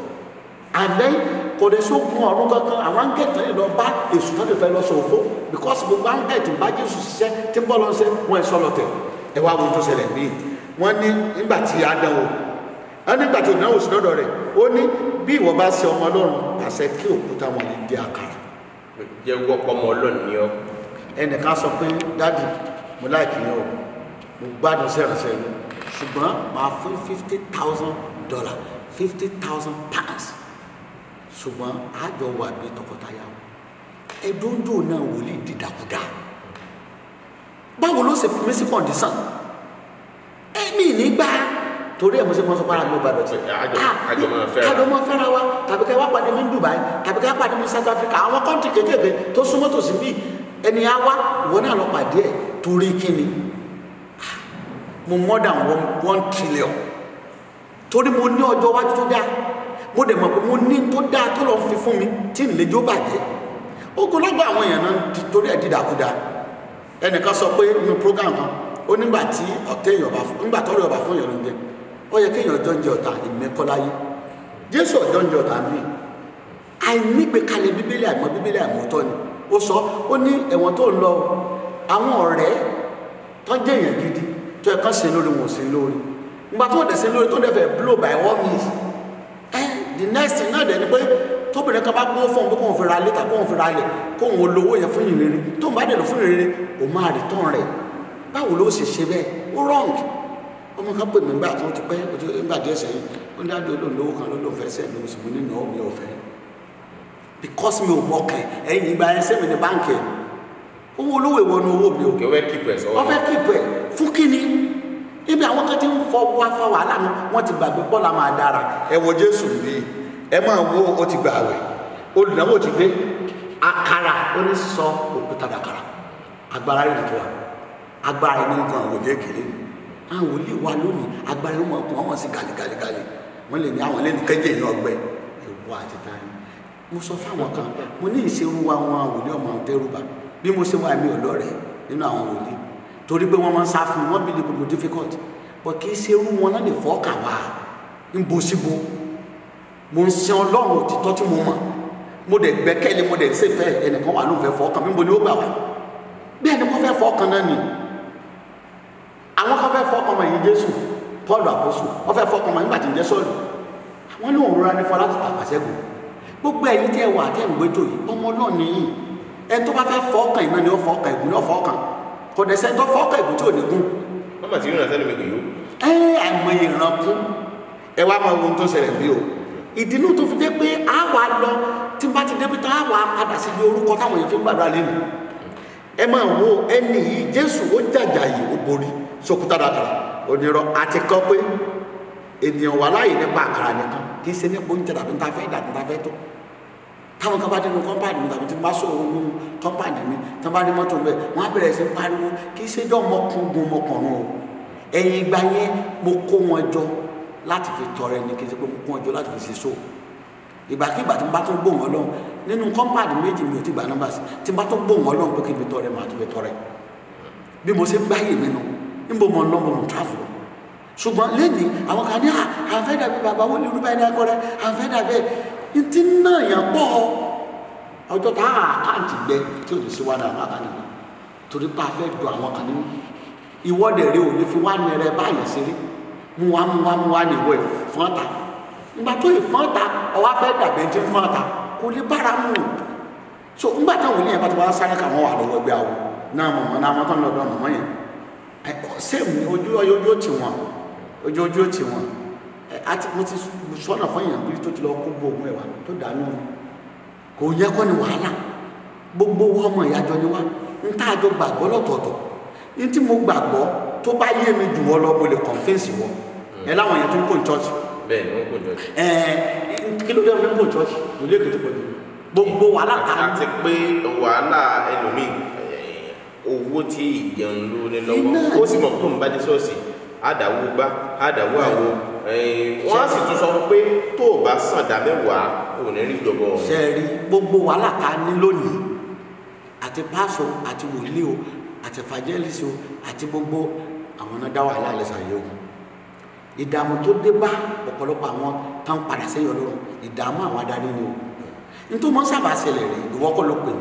and then kò dé sókun ọ̀run kankan àwọn áńgẹ̀tì lè lọ bá èṣù tó lè fẹ́ lọ sọ òfó because gbogbo áńgẹ̀tì bá Jésù ṣiṣẹ́ tí bọ́ọ̀lù ń ṣe wọ́n ẹ̀ sọ̀rọ̀ tẹ̀ ẹ̀ wá wo tó ṣẹlẹ̀ bíi wọ́n ní nígbà tí a dán o wọ́n nígbà tí òdìnà òsì lọ́dọ̀ rẹ̀ ó ní bí ìwọ bá ṣe ọmọ ọlọ́run pàṣẹ kí òkúta wọn yìí di àkàrà.
jẹ́ wọ́pọ̀ ọmọ ọlọ́run ni ọ. ẹnìkan sọ pé
dáàdì mo láìkí yẹn o mo gbádùn sẹ́rẹ̀sẹ̀ mi ṣùgbọ́n màá fún fifty thousand dollar fifty thousand pounds ṣùgbọ́n àjọ wà ní tọkọtaya ẹdúndùn náà wòlíì dìdàkudà báwo ló ṣe fi mí sí kọ̀ǹdísàn ẹ̀mí nígbà torí ẹ̀ mo ṣe mọ sọ para mi ò bá dọ̀tí. àjọ máa fẹ́ra àjọ máa fẹ́ra wa tàbí ká wá pàdé mi ní Dubai tàbí ká pàdé mi ní South Africa àwọn kọ́ńtì kékèké tó súnmọ́ tòsí bíi ẹni á wá ìwọ náà lọ pàdé ẹ̀ torí kíni mo more than one one trillion torí mo ní ọjọ́ iwájú tó dáa mo dẹ̀ mọ̀ pé mo ní tó dáa tó lọ fi fún mi tí ìlejò bàjẹ́ ogunlọ́gbà àwọn èèyàn náà torí ẹ̀ dídàkudà ẹnìkan sọ pé mi program kan ó nígbà tí ọ̀tẹ̀yìn ọba fún nígbà tọ́lọ̀ ọba fún ìyọ̀nù jẹ ó yẹ kéèyàn ọjọ́ ń jẹ ọ̀tá èmi kọ́ jésù ọjọ́ ń jẹ ọ̀tá mi àìnígbèkalẹ̀ bíbélì àìmọ̀ bíbélì àìmọ̀tọ́ ni ó sọ ó ní ẹ̀wọ̀n tó ń lọ àwọn ọ̀rẹ́ tó jẹ́ èèyàn gidi tó ẹ̀ka ṣe lórí wọn ṣe lórí ìgbà tó dẹ̀ ṣe lórí tó dẹ̀ blow by all means ẹ the next thing náà dẹ̀ ni pé tóbìnrin kan bá gbọ́ fún un pé kóun fi ra ilé tàbí kóun fi ra ilẹ̀ kóun olówó yẹn fún ìrere tóun bá dẹ̀ lọ fún ìrere òun máa rìtọ́n rẹ̀ báwo ló ṣe ṣe bẹ́ẹ̀ ó wrong ọmọ kan pè mí nígbà tó ti pẹ́ ojú nígbà díẹ̀ sẹ́yìn ó ní àdó lòun lówó kan ló lòun sẹ́yìn lòun sì nínú ọ̀mí ọ̀fẹ́ because mi ò mọ̀kẹ́ ẹ̀yìn ìgbà ẹ̀ sẹ́mi ní báńkì owó olówó ìwọ ni owó mi ò kẹ́ wẹ́ kíkù ẹ̀ sọ́wọ́ wọ́n fẹ́ kíkù ẹ̀ fún kíni ibi àwọn kan ti ń fọ wá fọ wàhálà nu wọ́n ti gbàgbé bọ́ọ̀lù àmà dára ẹ wo Jésù bíi ẹ máa wo ó ti gbà wẹ̀ olùdámọ̀ ti gbé àkàrà ó ní sọ òkúta dàkàrà agbára yìí tó wà agbára ẹni nǹkan àwọn òde kéré àwọn òlì wa lónìí agbára ẹni wọn kún wọn sí gàlégàlégàlé wọn lè ní àwọn lẹnu kẹjẹ ìyẹn ọgbẹ ìwọ àti tani mo sọ fáwọn kan mo ní ìṣerú wa wọn àwòlé ọmọ àtẹrùbà bí mo ṣe wà mí ọlọrẹ nínú àwọn òlì torí pé wọn máa ń sá fún wọn bí lè gbogbo difficult but kì í ṣe irú wọn náà lè fọ́ọ̀kà wá ń bo síbo mo ń sin ọlọ́run òtítọ́ tí mo mọ̀ mo dẹ̀ gbẹ́kẹ̀lé mo dẹ̀ ṣèfẹ́ ẹnìkan wà ló ń fẹ́ fọ́ọ̀kàn mi mo ní ó gbà wá bí ẹni mo fẹ́ fọ́ọ̀kàn náà nìyí àwọn kan fẹ́ fọkàn mọ̀ yìí jésù paul àpòsù wọ́n fẹ́ fọkàn mọ̀ nígbà tí ń jẹ́ sọ́ọ̀lù wọ́n ní òun rọra ní fọlá ti tàpàṣẹ́gun gbogbo ẹ̀yin tí ẹ wà tẹ́ ń gbẹ́tò yìí ọmọ náà nìyí ẹ tó bá fẹ́ fọkàn iná ni ó fọkàn ègún náà fọkàn kò dẹ̀ sẹ́ni tó fọkàn ègún tí ò ní gún. wọ́n mà ti rí ìrànṣẹ́ lómi gbìyànjú. ẹ àìmọye ìran ẹ wá máa wo ohun tó ṣẹlẹ̀ bí o ìdínú tó fi jẹ́ pé a wà lọ tí bá ti débi tán a wà padà sí ibi orúkọ táwọn èèyàn fi ń gbàdúrà lẹ́nu ẹ máa wo ẹni yìí jésù ó jàjà yìí ó sókútà dàkàrà onírọ́ àti kọ́ pé ènìyàn wà láàyè nípa àkàrà nìkan kì í ṣe nípa oúnjẹ tàbí níta fẹ́ dàbí níta fẹ́ tó táwọn kan bá dénú kọ́mpáàdì mi tàbí tí wọ́n bá sọ owó kọ́mpáàdì mi tí wọ́n bá ní mọ́tò bẹ́ẹ̀ wọ́n á bẹ̀rẹ̀ sí pariwo kì í ṣe jọ́ ọmọkùnrin ọmọkùnrin o ẹ̀yìn ìgbà yẹn mo kó wọn jọ láti fi tọrẹ ní kí n ṣe pé mo kó wọn jọ láti fi ṣe so ìgbàkigbà tí n bá tún gbó wọn lọ́hùn nínú níbo mọ̀ lọ travel. tráfù ṣùgbọ́n lẹ́ni àwọn kan ní àfẹ́ ah, dàbí bàbá wọlé olúbá ẹni akọrẹ àfẹ́ dàbí ntí náà yàn pọ̀ ọjọ́ tá a àkáǹtì gbẹ tí ò ní sí wá náà àkáǹtì gbẹ torí pa fẹ́ do àwọn kan nínú ìwọ́de rẹ ò ní fi wá nẹrẹ báyìí ṣeré mú wá mú wá mú wá ní ìwọ ìfọ́nta ìgbà tó ìfọ́nta ọwọ́ afẹ́ dàbẹ̀ tí ìfọ́nta kò ní bára mú so ńgbà táwọn ni bá ti wá sáré káwọn wà lọ́wọ́ ẹgbẹ́ àwọn náà mọ̀mọ́ náà mọ́tọ́ ní ọ̀dọ́ mọ̀mọ́ yẹn sẹ́ẹ̀mù ojú ojú ó tì ojú ojú ó tì àti mo ti sọ́nà fún èèyàn bí tó ti lọ kó gbó ẹ̀wà tó dànù kò yẹ kọ́ ni wàhálà gbogbo owó ọmọ ìyájọ ni wá ń tá gbàgbọ́ lọ́tọ̀ọ̀tọ̀ ní tí mo mi jù lọ mo lè hmm. ẹ láwọn
tó ń kó ni kó ẹ kí ló dé owó tí ìjẹun ló ní lọ́wọ́ ó sì mọ̀ tó ń bá dé ṣọ́ọ̀ṣì àdàwó gbá àdàwó àwo wọ́n á sì tún sọ pé tó o bá san dá mẹ́wàá kò ní rí ìjọba ọ̀hún. ṣe
rí gbogbo wàhálà ta ní lónìí àti pásọ àti wòlíì o àti fàjẹ́lìsì o àti gbogbo àwọn náà dá wàhálà ẹ̀ yìí o ìdààmú tó dé bá ọ̀pọ̀lọpọ̀ àwọn tán padà sẹ́yìn ọlọ́run ìdààmú àwọn adarí ni o nítorí wọ́n sábà ṣẹlẹ̀ rí ìwọ́kọ̀ ló pè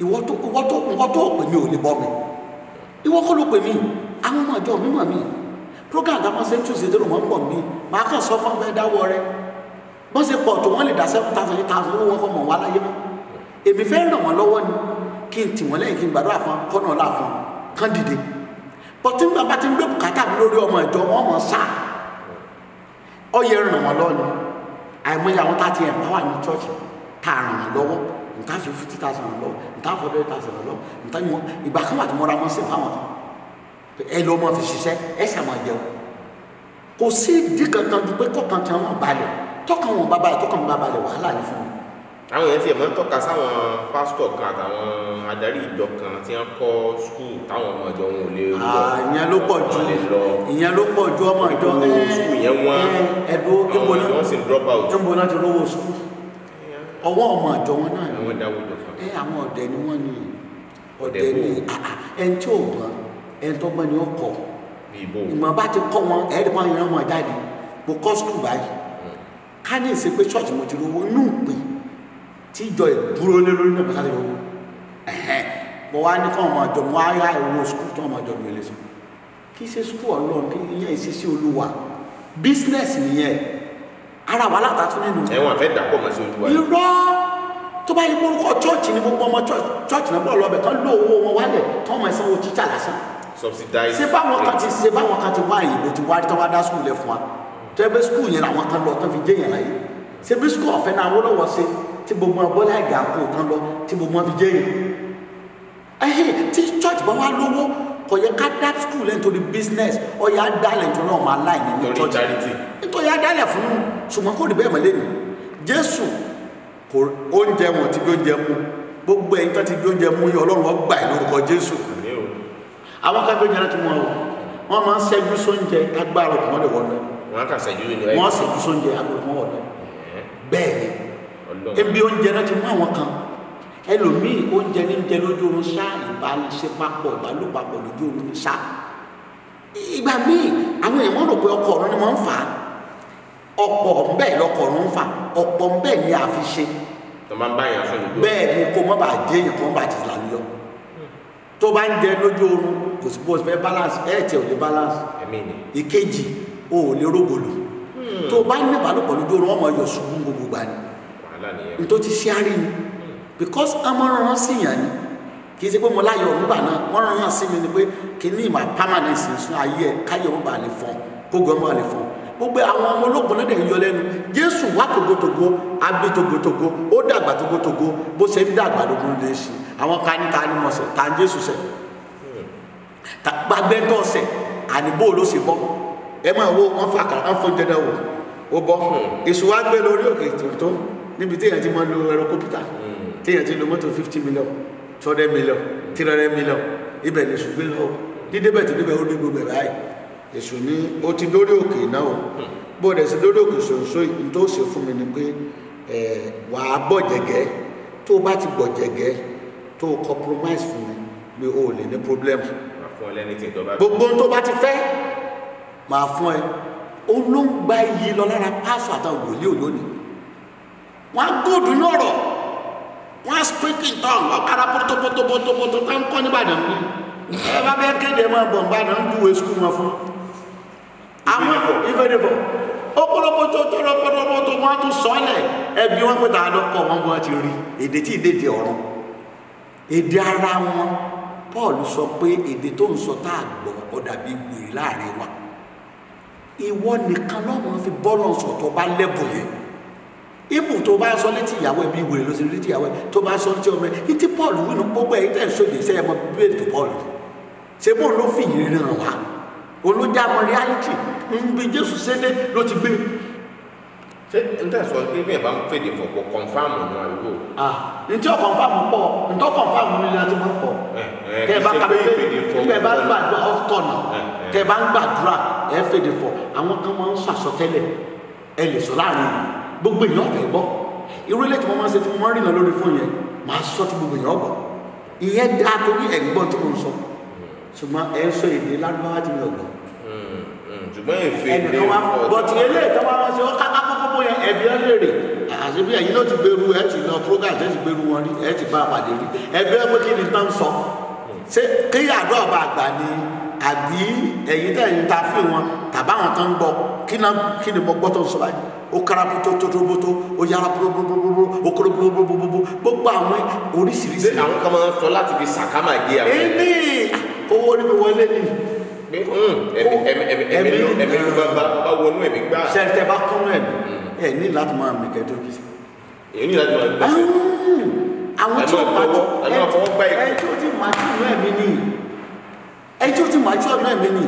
ìwọ tó ìwọ tó ìwọ tó pè mí ò lè bọ́ mi ìwọ kọ́ ló pè mí àwọn ọmọ ìjọ mi mọ̀ mí program dáwọn ṣe ń tún ṣètò wọn pọ̀ mí màá kàn sọ fún ọgbẹ́ dáwọ́ rẹ bọ́n ṣe pọ̀ tó wọ́n lè dá seven thousand eight thousand owó wọn kọ́ mọ̀ wá láyé mọ́ èmi fẹ́ ràn wọ́n lọ́wọ́ ni kí n tì wọ́n lẹ́yìn kí n gbàdúrà fún kọ́nà ọ̀la fún kán dìde bọ́tí ń bàbá ti ń gbé bùkátà mi lórí ọmọ ìjọ wọn mọ̀ sáà ó yẹ ràn wọ́n lọ́wọ́ ni àìmọye àwọn tá a ti ẹ̀ bá wà ní chọ́ọ̀chì tá a ràn wọ́n lọ́wọ́ n ta fi fifty thousand lọ n ta fọ hundred thousand lọ n ta mọ ìgbà kan wà tí mo ra mọ sí fáwọn ẹ lọ mọ fi ṣiṣẹ́ ẹ ṣàmọ jẹun kò sí ìdí kankan ju pé kọkàn tí wọn balẹ̀ tọkàn wọn bá balẹ̀ tọkàn wọn bá balẹ̀ wàhálà ni fún mi.
àwọn èèyàn tiẹ̀ máa ń tọ́ka sáwọn pásítọ̀ kan àtàwọn adarí ìjọ kan tí wọ́n kọ́ skul táwọn ọmọ ìjọ wọn ò lè lọ. ìyẹn ló pọ̀ ju ìyẹn ló pọ̀ ju ọmọ
ìjọ ẹ ẹ
ẹdùn ìbọn
náà ti rówó skul ọwọ́ ọmọ àjọ wọn náà ni ẹ àwọn ọ̀dẹ̀ ni wọ́n ni ọ̀dẹ̀ ni ẹni tí ò gbọ́n ẹni tó gbọ́n ni ó kọ̀ ìmọ̀ bá ti kọ́ wọn ẹ̀ẹ́dì wọn yẹn wọn jáde mo kọ́ skul báyìí ká ní ìsìn pé ṣọ́ọ̀ṣì mo ti rí owó inú ìpè tí ìjọ ìdúró lé lórí náà bàtà lówó mo wá ní kọ́ ọmọ àjọ mo wá yá owó skul tó ọmọ àjọ mi lè sọ kí ṣe skul ọlọ́run kí ìyẹn ìṣesí
ara wà látà tún nínú. ẹ̀wọ̀n fẹ́ dàpọ̀ mọ́ sí olúwa. irọ́
tó bá yẹ kó orúkọ chọ́ọ̀chì ni gbogbo ọmọ chọ́ọ̀chì náà bọ̀ lọ́bẹ̀ tán ló owó wọn wálẹ̀ tán mọ̀ ẹ̀sán títà lásán.
subsidize ṣé báwọn kan ti
ṣe báwọn kan ti wá ìbò ti wá tán wá dá skul lẹ fún wa tó ẹgbẹ́ skul yẹn làwọn kan lọ tán fi jẹ́ yẹn láyé ṣé bí skul ọ̀fẹ́ náà wọ́n lọ́wọ́ tí gbogbo wọn bọ́lá ìgbà kó kò yẹ ká dá skul lẹ́yìn torí business ó yà á dálẹ̀ nítorí ọmọ aláìní ní church nítorí á dálẹ̀ fún ṣùgbọ́n kò rí bẹ́ẹ̀ mọ́lẹ́ ni jésù oúnjẹ wọn ti bí oúnjẹ mú gbogbo ẹ̀yin tó ti bí oúnjẹ mú yọ ọlọ́run ọgbà ẹ̀ lórúkọ jésù àwọn kan bí oúnjẹ láti wọn o wọn máa ń ṣẹ́jú sóúnjẹ agbára òkú wọn lè
wọlé wọn kà ṣẹ́jú sóúnjẹ agbára òkú
wọn wọlé bẹ́ẹ̀ ni ebi oúnjẹ náà ti mú àwọn kan ẹlòmíì oúnjẹ ní jẹ lójú oorun ṣá ìbánisepapọ̀ ìbálòpapọ̀ lójú oorun ní ṣá ìgbà míì àwọn èèyàn rò pé ọkọ ọ̀run ni wọ́n ń fà á ọ̀pọ̀ ńbẹ lọkọ ọ̀run ń fà ọ̀pọ̀ ńbẹ ni a fi ṣe
bẹ́ẹ̀ ni kó má
bàa dé èèyàn kó má bàa ti là lọ tó bá ń jẹ lójú oorun kò sí bó fẹ́ balance ẹ̀ tẹ̀ ò lè balance ìkejì o ò lè rógòlò
hmm. tó bá ń ní ìbálòpọ̀
lójú oorun ọmọ yọ̀ ṣubú gbogbo gbà ni ti ṣe àárín ni because amọ̀ràn sì yàn ni kì í ṣe pé mo láyọ̀ ọ̀hún gbà náà wọ́n rán yàn sí mi ni pé kí ní ìmọ̀ permanence sún ayé ẹ̀ káyọ̀ ọ̀hún bà lè fọ́n kógo ọmọ lè fọ́n gbogbo àwọn ọmọ ológun náà dẹ̀ yọ lẹ́nu Jésù wá togotogo agbé togotogo ó dàgbà togotogo bó ṣe ń dàgbà lógun lè ṣe àwọn kání kání mọ̀ sẹ̀ tá Jésù sẹ̀ gbàgbẹ́ntọ́ sẹ̀ àníbó ló ṣe bọ́ ẹ máa wo wọn fa àkàrà fún dandan wò ó bọ́ hmm. èṣù wá gbé lórí òkè tó níbi tí èèyàn ti máa lo ẹ̀rọ kọ̀pútà. Hmm téèyàn ti lo mọ́tò fifty million two hundred million three hundred million ibẹ̀ lè ṣùgbẹ́ lọ dídé bẹ̀ tó débẹ̀ ó dé gbogbo ẹ̀ báyìí èṣù ni ó ti dórí òkè náà o bó o dẹ̀ sí dórí òkè ṣòṣò yìí tó ṣe fún mi ni pé wà á bọ̀ jẹ̀gẹ́ tó o bá ti bọ̀ jẹ̀gẹ́ tó o compromise fún mi mi ò lè ní problem
gbogbo tó bá ti fẹ́
màá fún ẹ olóńgbà yìí lọ lára pásọ àtàwọn wòlíì òlónìí wọn á gòdù ní ọ̀rọ̀ wọ́n á speaking tán wọ́n kára pótópótópótópótó tá ń kọ́ nìbàdàn kú ẹ bá bẹ́ẹ̀ kéde mọ́ bọ̀ǹbàdàn ń dùwẹ̀ skul wọn fún àwọn ìfẹ́dẹ̀fọ̀ okoropoto tọrọ pọtọpọtọ wọn tún sọlẹ ẹbí wọn pẹta lọkọ wọn bọ ti rí èdè tí ìdèdè ọ̀rọ̀ èdè ara wọn Paul sọ pé èdè tó ń sọ tá a gbọ́ ọ dàbí wèrè láàrin wa ìwọ nìkan lọ́wọ́ fi bọ́ọ̀lù sọ̀tọ̀ bá lẹ́bùn yẹn ibù tó bá sọ létí ìyàwó ẹbí wèrè ló ṣe létí ìyàwó ẹ tó bá sọ létí ọmọ ẹ ní tí wínú gbogbo ẹ tẹ̀ sóde iṣẹ́ ẹ bíbélì tó paul ṣe bóun ló fi ìrírí hàn wá olójà mọ reality
ń
jésù ṣẹlẹ̀ ló ti gbé ṣe n tẹ sọ pé bí ẹ bá ń fèdè fọ kò kọnfàmù ní àdúgbò. n tí o kọnfàmù pọ n tó kọnfàmù ní láti máa fọ.
kẹ bá ka pé kẹ bá gbàdúrà ọtọnà
kẹ bá gbàdúrà ẹ fèdè fọ àwọn kan máa ń sàsọtẹ́lẹ̀ ẹ lè sọ láàrin yìí gbogbo èèyàn fẹ́ gbọ́ irú ilé tí mo máa ń ṣe tí mo máa ń rìnà lórí fún yẹn máa sọ tí gbogbo èèyàn gbọ́ ìyẹn dáa torí ẹ̀gbọ́n tí mo ń sọ ṣùgbọ́n ẹ̀ ń sọ èdè lárúbáwá tí mi ò gbọ́.
Hmm, hmm, ṣùgbọ́n èfè
ilé ìfọ̀ bọ̀tì ilé ìtọ́wá wọn ṣe ó káká kókó yẹn ẹ̀bí ẹ̀ lè ti gbèrú ẹ̀ ti lọ program ẹ̀ ti gbèrú wọn rí ẹ̀ ẹ̀ ni tán sọ ṣé kí àdó ọba àgbà ni àbí ẹ̀yin tẹ̀yìn ta fi wọn tàbáwọn tán gbọ́ kí ni mo gbọ́ tó ń sọ báyìí ó kára bótótótóbótó ó yára bóbóbóbó ó kóró bóbóbóbó gbogbo àwọn
oríṣiríṣi. ṣé àwọn kan máa ń sọ láti fi sàkámà gé àwọn. èmi
owó ni mi wọlé ni.
Hmm, ẹ̀mí ló bá bá wọnú ẹ̀mí gbá. sẹ́ńtẹ̀ bá kúnú ẹ̀mí ẹ̀ hmm. ní láti máa mi kẹ́tọ́ bí. èyí ní
láti máa gbà
sí. àwọn tí ó bá tó ẹ tí ó ti máa tí ọ̀nà ẹ̀mí ni ẹ tí ó ti máa tí ọ̀nà ẹ̀mí ni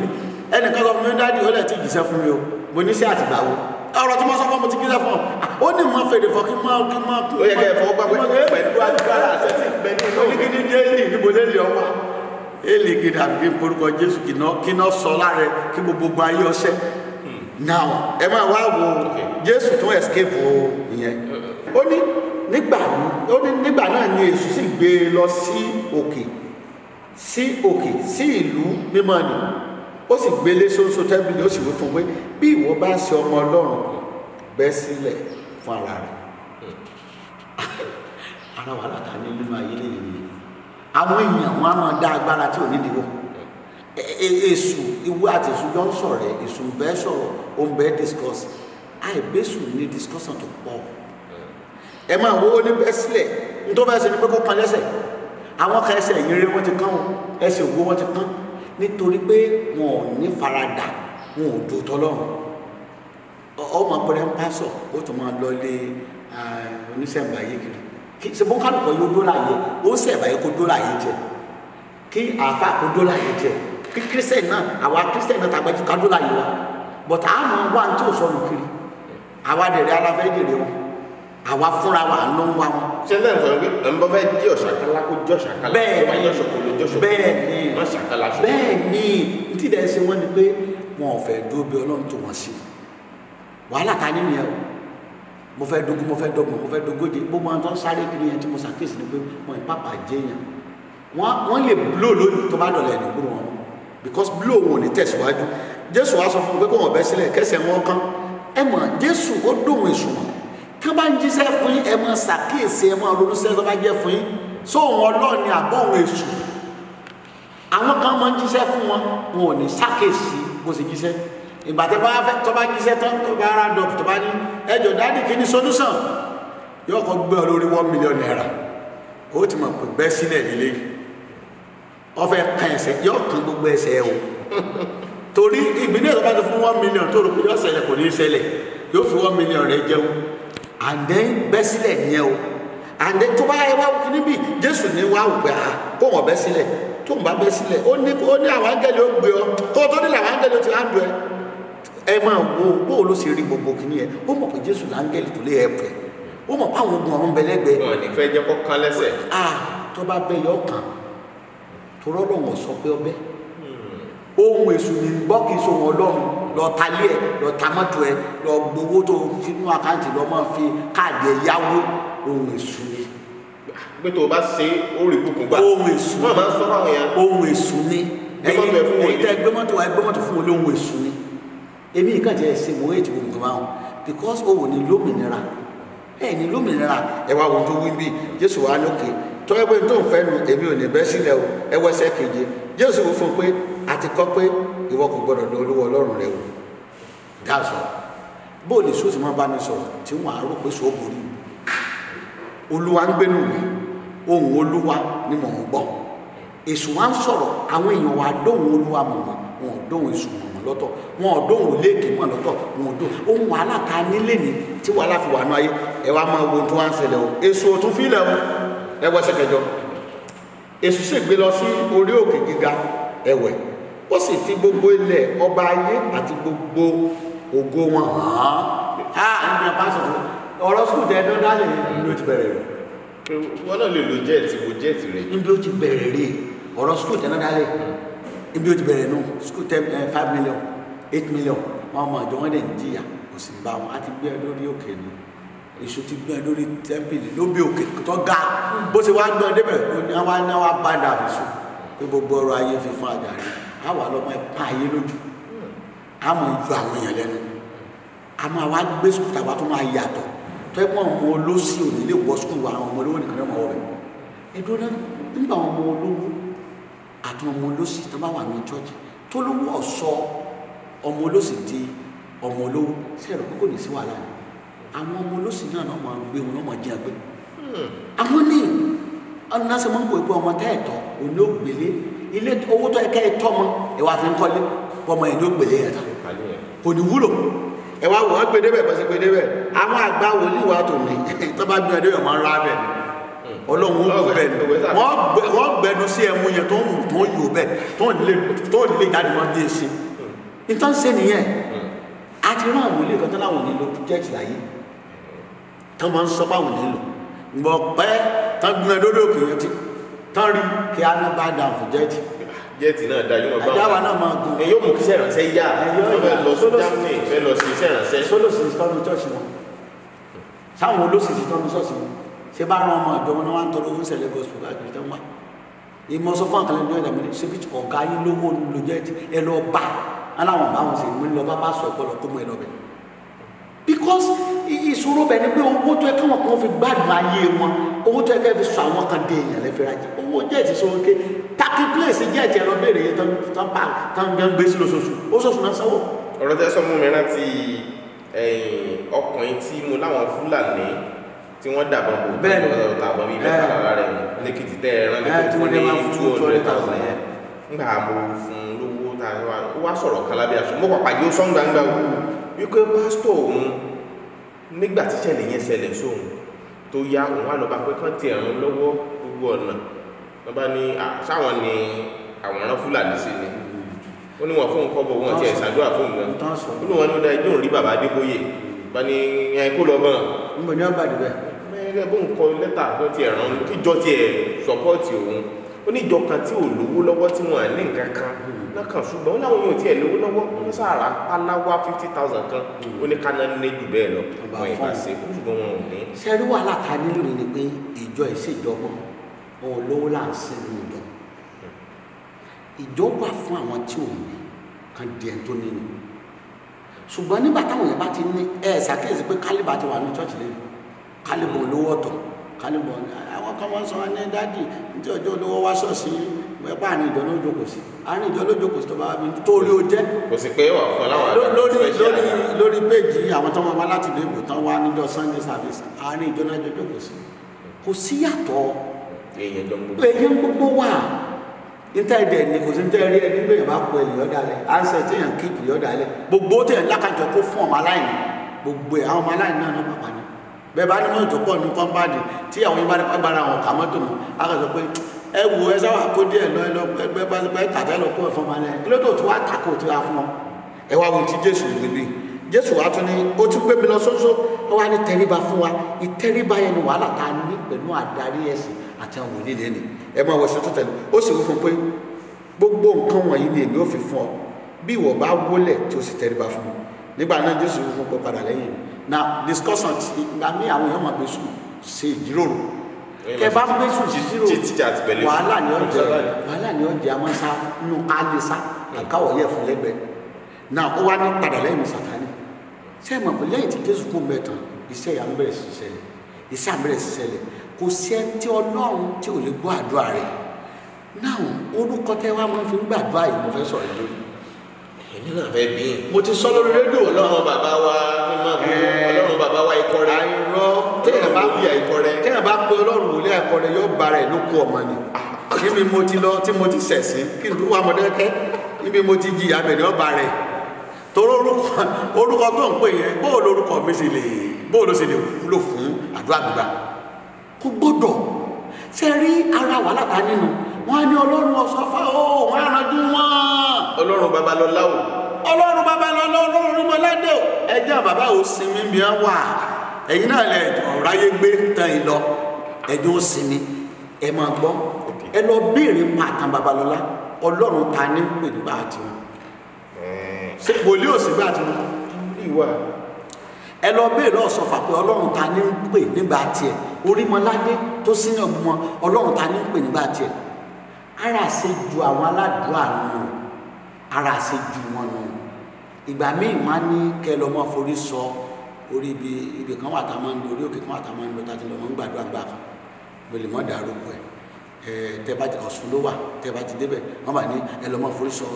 ẹnìkan kan fún mi dáàdi ó lẹ̀ tí ì ọ̀rọ̀ tí mo sọ fún ọmọ tí kí lẹ́fọ̀n ó ní mọ fèrè fọ kí máa kí máa kú. ó yẹ kẹ́ ẹ fọwọ́ gbàgbé pẹ̀lú agbára àtẹ̀sí pẹ̀lú oníkíní jẹ́lì níbo lẹ́lì ọ̀pá èlì gidi àbíké porúkọ Jésù kíná sọ lára kí gbogbo ayé ọṣẹ now ẹ máa wá wo Jésù tún escape o ìyẹn ó ní nígbà ó ní nígbà náà ni Èṣù sì gbé e lọ sí òkè sí òkè sí ìlú mímọ́ nìyẹn ó sì gbélé sóńsó tẹ́bìlì ó sì wí fún pé bí ìwọ bá ṣe ọmọ ọlọ́run bẹ́ sílẹ̀ fún ara rẹ̀ *laughs* ara wàhálà ta ní nínú ayé lè nìyí àwọn èèyàn wọn á máa dá agbára tí ò ní dìbò e, e, èṣù ìwé àti èṣù jọ ń sọ̀rọ̀ ẹ̀ bẹ́ sọ̀rọ̀ ó ń bẹ́ discuss àìbẹ́sù ní discussion tó pọ̀ ẹ máa wo ní bẹ́ sílẹ̀ nítorí bẹ́ẹ̀ sẹ́ ni pé kó kan lẹ́sẹ̀ àwọn kan ẹsẹ̀ ìyìnrere wọ́n ti kán ẹsẹ̀ ògbó wọ́n ti kán nítorí pé wọn ò ní faradà wọn ò do tọlọ́run ọmọ pẹrẹ ń pásọ ó tún máa lọ lé oníṣẹ́ǹbáyé kiri kí ṣebọn kálukọ̀ yóò dóòlà yẹ ó ṣẹ̀ǹbáyé kó dóòlà yẹ jẹ kí àáfà kó dóòlà yẹ jẹ kí kírísítẹ̀n náà àwa kírísítẹ̀n náà tàgbà ká dóòlà yẹ wa bọ̀tà àmọ́ wa ń tó sọnù kiri àwa dẹ̀rẹ̀ aláfẹ́ dẹ̀rẹ̀ wọn àwa fúnra wa ló ń wá wọn.
ṣé náà sọ pé ẹ̀ ń bọ́ fẹ́ jí ọ̀ṣàkálá kó jọ ṣàkálá kó bá yọ ṣòkòlò jọ ṣòkòlò bẹ́ẹ̀ ni má ṣàkálá ṣòkòlò. bẹ́ẹ̀ ni
tí dẹ̀ ṣe wọ́n ni pé wọn ò fẹ́ dúró bí ọlọ́run tó wọ́n ṣe wàhálà ta nínú yẹn o mo fẹ́ dogun mo fẹ́ dọ́gbọ̀n mo fẹ́ dógóje gbogbo àwọn tó ń sáré kiri yẹn tí mo ṣàkíyèsí ni pé wọn ìpapà jẹ yẹn wọn lè blo lónìí tó bá dọ̀lẹ́ ẹ̀ wọn because blo wọn ò ní tẹ̀síwájú jésù wá sọ fún mi pé kó wọn bẹ́ sílẹ̀ kẹsẹ̀ wọn kán ẹ mọ̀ jésù ó dóhun èṣù kí wọ́n bá ń jíṣẹ́ fún yín ẹ máa ṣàkíyèsí ẹ máa ronú sẹ́yìn tó bá jẹ́ fún yín sóhun ọlọ́run ni àbọ̀ òun èṣù àwọn kan máa ń jíṣẹ́ fún wọn wọn ò ní ṣàkíyèsí bó ṣe jíṣẹ́ ìgbà tó bá fẹ́ tó bá jíṣẹ́ tán tó bá ara dọ̀ tó bá ní ẹjọ́ dáàdì kí ni solúsàn yóò kọ́ gbé ọ lórí one million naira ó ti mọ̀ pé bẹ́ẹ̀ sílẹ̀ nílé ọfẹ́ kan ẹsẹ̀ yóò kan gbogbo ẹ o torí ìgbìnlẹ̀ tó bá ti fún one million tó rò pé yóò ṣẹlẹ̀ kò ní í ṣẹlẹ̀ yóò fi one million rẹ jẹun and then bẹ́ sílẹ̀ o and then tó bá yẹ wá níbi jésù ní wá òpè à ah, kó wọn bẹ́ sílẹ̀ tó ń bá bẹ́ sílẹ̀ ó ní ó ní àwọn áńgẹ́lì ó gbé ọ kó tó ní làwọn áńgẹ́lì ó ti á dùn ẹ ẹ máa wo bó o ló ṣe rí gbogbo kìíní yẹn ó mọ̀ pé jésù láńgẹ́lì tó lé ẹ pẹ̀ ó mọ̀ pé àwọn ogun ọ̀run
bẹ lẹ́gbẹ̀ẹ́. wọn ò ní fẹ́ jẹ́ kó kán lẹ́sẹ̀.
ah tó bá bẹ yọ kàn tó rọ́rọ̀ ohun èṣù ní gbọ́ kì í ṣòwò ọlọ́run lọ talé ẹ lọ ta mọ́tò ẹ lọ gbowó tó sínú àkáǹtì lọ máa fi káàdì ẹ yáwó ohun èṣù ni. pé tó o bá ṣe
ó rí bùkún gbà ohun èṣù ni
ohun èṣù ni ẹyin tẹ gbé mọ́tò wa gbé mọ́tò fún wọn lóhun èṣù ni èmi nǹkan jẹ́ ṣe mọ̀ èyí tí mo mọ̀ báwọn because òun ni lómìnira ẹ ní lómìnira ẹ wá wọn tó wí bí Jésù wa lókè tọ́ ẹ pé tó ń fẹ́ nu èmi ò ní bẹ́ sílẹ̀ o ẹ wẹ́sẹ̀ keje Jésù fún pé a ti kọ́ pé ìwọ kò gbọ́dọ̀ dán olówó ọlọ́run rẹ o dáàsọ bó o lè sọ́ọ̀sì máa bá mi sọ̀rọ̀ tí wọ́n á rò pé sọ́ọ̀bù rí olúwa ń gbénu mi ohùn olúwa ni mò ń gbọ́ èṣù wa ń sọ̀rọ̀ àwọn èèyàn wa dóhùn olúwa mọ̀mọ́ wọn ò dóhùn èṣù mọ̀mọ́ lọ́tọ̀ wọn ò dóhùn oléèké mọ̀ lọ́tọ̀ wọn ò dóhùn ohun wàhálà ta nílé ni tí wàhálà fi wà nù ayé ẹ wá máa wo tó wá ń ṣẹlẹ̀ o èṣù ò tún fílẹ̀ o ẹ wọ ẹsẹ̀ kẹjọ èṣù sì gbé lọ sí orí òkè gíga ẹ̀wẹ̀ ó sì fi gbogbo ilẹ̀ ọba ayé àti gbogbo ògo wọn hàn án á ní apá sọ̀rọ̀ ọ̀rọ̀ sùkúù tẹ ẹ̀dọ́ dálẹ̀ ní o ti bẹ̀rẹ̀ rẹ̀. wọn náà lè lo jẹ́ẹ̀tì wo jẹ́ẹ̀tì rẹ̀. níbi ó ti bẹ̀rẹ̀ rẹ̀ ọ̀rọ̀ sùkúù tẹ ẹ̀dọ́ dálẹ̀ níbi ó ti bẹ̀rẹ̀ nù sùkúù tẹ five million eight million wọn mọ àjọ wọn dẹ̀ ń jìyà kò sì bá wọn á ti gbé ẹ lórí òkè ni èso ti gbé ẹ lórí tẹ́ḿpìlì ló bí òkè tó ga bó ṣe wá gbọ́n débẹ̀ ó ní wá ní wá bá dà fèsò pé gbogbo ọrọ̀ ayé fi fún àjàre á wà lọ́mọ ẹ̀ pa ayé lójú á mọ̀ ju àwọn èèyàn lẹ́nu a máa wá gbé sùkúta wa tó máa yàtọ̀ tó ẹ pọ́n ọmọ olóṣì òní lè wọ sùkúù àwọn ọmọ olówó nìkan náà mọ̀ rẹ̀ ẹ̀dọ́ náà nígbà àwọn ọmọ olówó àti ọmọ olóṣì tó bá wà ní chọ́ọ̀chì tó lówó ọ̀sọ́ ọmọ olóṣì di ọmọ olówó sí kókò ní sí wàhálà ni àwọn ọmọ olóṣì náà náà máa gbé wọn náà máa jẹun gbé hmm. àwọn ní ọ̀nà náà ń pè pé ọmọ ilé owó tó ẹkẹ tọ́ mọ ẹ wá fi ń kọ́lé bọ́mọ ẹ̀ ní ó gbèlé yẹn tán kò ní wúlò ẹ wá wọ́n gbé débẹ̀ bọ́sẹ̀ àwọn àgbà wòlíì wa tò ní *laughs* tó bá gbé débẹ̀ máa ń ra bẹ̀ ọlọ́run ó bẹ̀ ni wọ́n gbẹnu sí ẹmu yẹn tó ń wù tó ń yò bẹ̀ tó ń lè jáde wọn dé sí i nítorí ṣe nìyẹn a ti rán àwọn ilé ìkọ́tọ́ láwọn nílò jẹ́ẹ̀tì láyé tó máa ń sọ fáwọn nílò gbọ̀pẹ́ tó gbìyànjú lókè tán rí kí á ná bá dà fún jẹ́ẹ̀tì.
jẹ́ẹ̀tì náà dájú mọ́ báwọn àjáwá náà máa gùn. ẹ yóò mú kí iṣẹ́ ìrànṣẹ́ yá wọ́n fẹ́ lọ sí Germany fẹ́ lọ sí iṣẹ́ ìrànṣẹ́.
sólòsì tọ́nu church wọn sáwọn olóṣèlú tọ́nu ṣọ́ọ̀ṣì wọn ṣé bá rán ọmọ ọ̀dọ́ wọn wá ń tọrọ owó sẹ̀lẹ̀ gospel káàkiri tó ń wá ìmọ̀ sọ fún àkàlẹ́ ìdúró ìdàgbẹ́ ṣé bí ọ̀gá yín lówó lójẹ́ ẹ lọ bá aláwọn bá wọn sì mú lọ bá bá sọ ọpọlọ kó mú ẹ lọ bẹ̀rẹ̀ because ìṣòro bẹ̀ ni pé owó tó yẹ káwọn kan fi gbádùn ayé wọn owó tó yẹ ká fi sọ àwọn kan dé èèyàn lẹ́fẹ̀ẹ́ rajì owó jẹ́ ti sọ ké taki place
jẹ́ ti ẹ̀rọ béèrè yẹn tán pa
tán gan gbé sí lóṣooṣù
oṣooṣù náà sanwó. ọ̀rọ̀ tẹ́ sọ mú mi rántí ọkùnrin tí mo láwọn Fúlàní tí wọ́n dàbọn bò bẹ́ẹ̀ dàbọn bíi mẹ́ta lára rẹ̀ lẹ́kìtì tẹ́ ẹ rán lẹ́kìtì fún ní two hundred thousand yẹn nígbà mo fún lówó tá a wá sọ̀rọ̀ kálábíà sọ mo pàpàjẹ́ ó sọ́ngbàngbà wù wípé pásítọ̀ òun nígbà tí ṣẹlẹ̀ yẹn ṣẹlẹ̀ sóun tó yá òun wà lọ́ba pé kán ti ẹ̀rùn lọ́wọ́ gbogbo ọ̀nà lọ́ba ní sáwọn ni àwòrán fúlàní sí ni ó ní wọn fóun kọ́bọ̀ wọn ti ẹ̀sán àdúrà gan ó ní wọn ní ó dá ẹjọ́ ni wọn bàdé bẹ́ẹ̀. bẹ́ẹ̀ bóun kọ lẹ́tà tó ti ẹ̀ràn kíjọ ti ẹ̀ ó ní ìjọ kan tí ò lówó lọ́wọ́ tí wọ́n ní nǹkan kan lọ́kàn ṣùgbọ́n láwọn yóò tiẹ̀ lówó lọ́wọ́ wọ́n sàrà páláwá fifty thousand kan ó ní káná ní jù bẹ́ẹ̀ lọ wọ́n ìbá ṣe ṣùgbọ́n wọn ò ní. sẹ́rí wàhálà ta nínú
rẹ̀ ni pé ìjọ ìṣèjọba òun lówó là ń ṣe ní ìjọ ìjọba fún àwọn tí ò ní kan di ẹni tó nínú ṣùgbọ́n nígbà táwọn yẹn bá ti ní ẹ̀ ṣàkíyèsí pé kálíbà ti wà àwọn kan wọ́n sọ wọn ní dádì ní ọjọ́ olówó wá ṣọ́ọ̀ṣì ẹ̀pá àrùn ìjọ ló jókòó sí àrùn ìjọ ló jókòó sí tó bá wà bíi tó ló jẹ́. kò sí pé wà fún láwọn àgbà lórí lórí lórí péjì àwọn tó wọn wá láti ilé ìbò tán wá níjọ Sunday service àrùn ìjọ náà jọ jókòó sí kò sí yàtọ̀ èèyàn gbogbo wà níta ni kò sí níta ẹ̀rí ẹni gbé yorùbá kọ èèyàn dalẹ̀ ansẹ̀ tí èèyàn kíkì yọ̀ dalẹ̀ gbogbo tẹ̀ lákàjọ kó fún ọmọ aláìní bẹ́ẹ̀ bá ní mọ́tò tó pọ̀ ní kọ́mpáàdì tí àwọn yìí bá ní pàgbára àwọn kà mọ́tò mọ́ a kà sọ pé ẹ wo ẹ sáwà kó díẹ̀ lọ ẹlọ ẹgbẹ́ bá pẹ́ tàbí ẹlọ kó ẹ̀fọn máa kí ló tó tó wá tako tó wá fún ọ ẹ wá wo ti Jésù gbèbí Jésù wá tún ní ó tún gbé mi lọ sóńsó ó wá ní tẹríba fún wa ìtẹríba yẹn ni wàhálà ta ní pẹ̀lú àdarí ẹ̀sìn àti àwọn òní lẹ́nu ẹ máa wọ ṣètò tẹ̀lé na discussion ti ìgbà ní àwọn èèyàn máa gbèsù ṣe ìjíròrò kẹ bá gbèsù
ìjíròrò wàhálà ni ọjẹ
wàhálà ni ọjẹ a máa sá nù alisa àkáwọ yẹ fún lẹgbẹ na ó wá ní padà lẹ́yìn sàtáni ṣé mọ̀ pé lẹ́yìn tí jésù kú mẹ́tàn iṣẹ́ ìyá ń bẹ̀rẹ̀ sí ṣẹlẹ̀ iṣẹ́ à ń bẹ̀rẹ̀ sí ṣẹlẹ̀ kò sí ẹ tí ọlọ́run tí ò lè gbọ́ àdúrà rẹ̀ náà orúkọ tẹ́ wá máa fi ń gbàdúrà yìí mo fẹ́ sọ̀rọ̀ lórí
èmi náà fẹ́ bí yẹn. mo ti sọ lórí rédíò
ọlọ́run bàbá wa ọlọ́run bàbá wa ikọ̀ rẹ. àìrọ téèyàn bá bí àìkọ rẹ. téèyàn bá pe ọlọ́run wòlé àìkọ rẹ yóò bá rẹ lóko ọmọ ni. níbi mo ti lọ tí mo ti sẹ̀ sí kí n tó wà mọ́ dẹ́kẹ́ níbi mo ti jìyà bẹ̀rẹ̀ ọba rẹ̀ torí orúkọ tó ń pè yẹn bóò lórúkọ mi sì lè bóò ló sì lè wúlò fún àdúrà gbígbà kó gbọ́dọ̀ ṣe rí ara wàhálà ta nínú wọn á ní ọlọ́run ọ̀sọ́fà ó wọn wọn
ọlọ́run babalọ́lá o
ọlọ́run babalọ́lá ọlọ́run rímọ́ládé o ẹjẹ́ bàbá ò sinmi bí wọ́n wà ẹ̀yin náà lẹ ọ̀ráyé gbé tán yìí lọ ẹjọ́ ò sinmi ẹ máa gbọ́ ẹ lọ béèrè pàtàn babalọ́lá ọlọ́run ta ní pèlúgbà tiwọn
ṣe wòlíì ò sí gbà
tiwọn ìwà ẹ lọ béèrè ọ̀sọ̀fà pé ọlọ́run ta ní pè nígbà tiẹ̀ orímọládé tó sínú ọgbọ́n ọlọ́run ta ní pè nígbà tiẹ̀ ara ṣe ju àwọn aládùúrà nù ara ṣe ju wọn nù ìgbà míì má ní kẹ lọ mọ forí sọ orí ibi ibi kan wà tá a máa ń lọ orí òkè kan wà tá a máa ń lọ tàbí lọmọ ń gbàdúrà gbà kan gbèlè mọ dàrú pẹ ẹ tẹ bá ti Ọ̀ṣun ló wà tẹ bá ti débẹ̀ wọn bá ní ẹ lọ forí sọ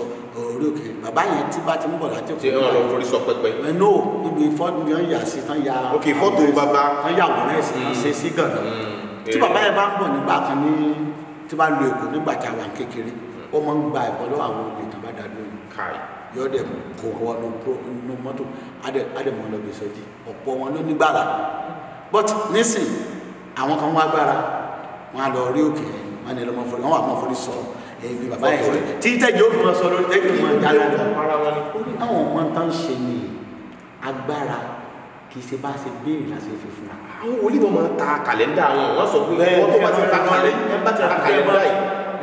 orí òkè bàbá yẹn tí bá ti ń bọ̀ láti òkè. ṣé forí sọ pẹpẹ. ẹ no ibi fọ́tò yẹn yà sí tán ya. ok fọ́tò bàbá. tán yà wọ́n rẹ̀ sí ṣe
sí gànà mm, tí bàbá yẹn
bá ń bọ̀ nígbà kan ní tí bá lu èkó nígbà tí a wà kékeré ó máa ń gba ẹ̀kọ́ lọ́wọ́ àwọn òbí t káì yóò dẹ̀ kó wọn nu mọ́tò àdẹ̀mọ́ lọ bí sọ́jí ọ̀pọ̀ wọn ló nígbàrà but nísìn àwọn kan wá gbára wọn á lọ rí òkè wọn ni lọmọ fọlẹ wọn wà mọ fọlẹ sọ̀rọ̀ ẹbí bàbá yẹn sọ̀rọ̀ tí tẹjọ òfin wọn sọ̀rọ̀ tẹjọ wọn jáde ó ní àwọn ọmọ tá ń ṣe ní
agbára kì í ṣe bá ṣe béèrè láti fi fún wa. àwọn onímọ̀ máa ta kàlẹ́ndà wọn wọ́n sọ pé wọ́n tó bá ti ta kàlẹ́ndà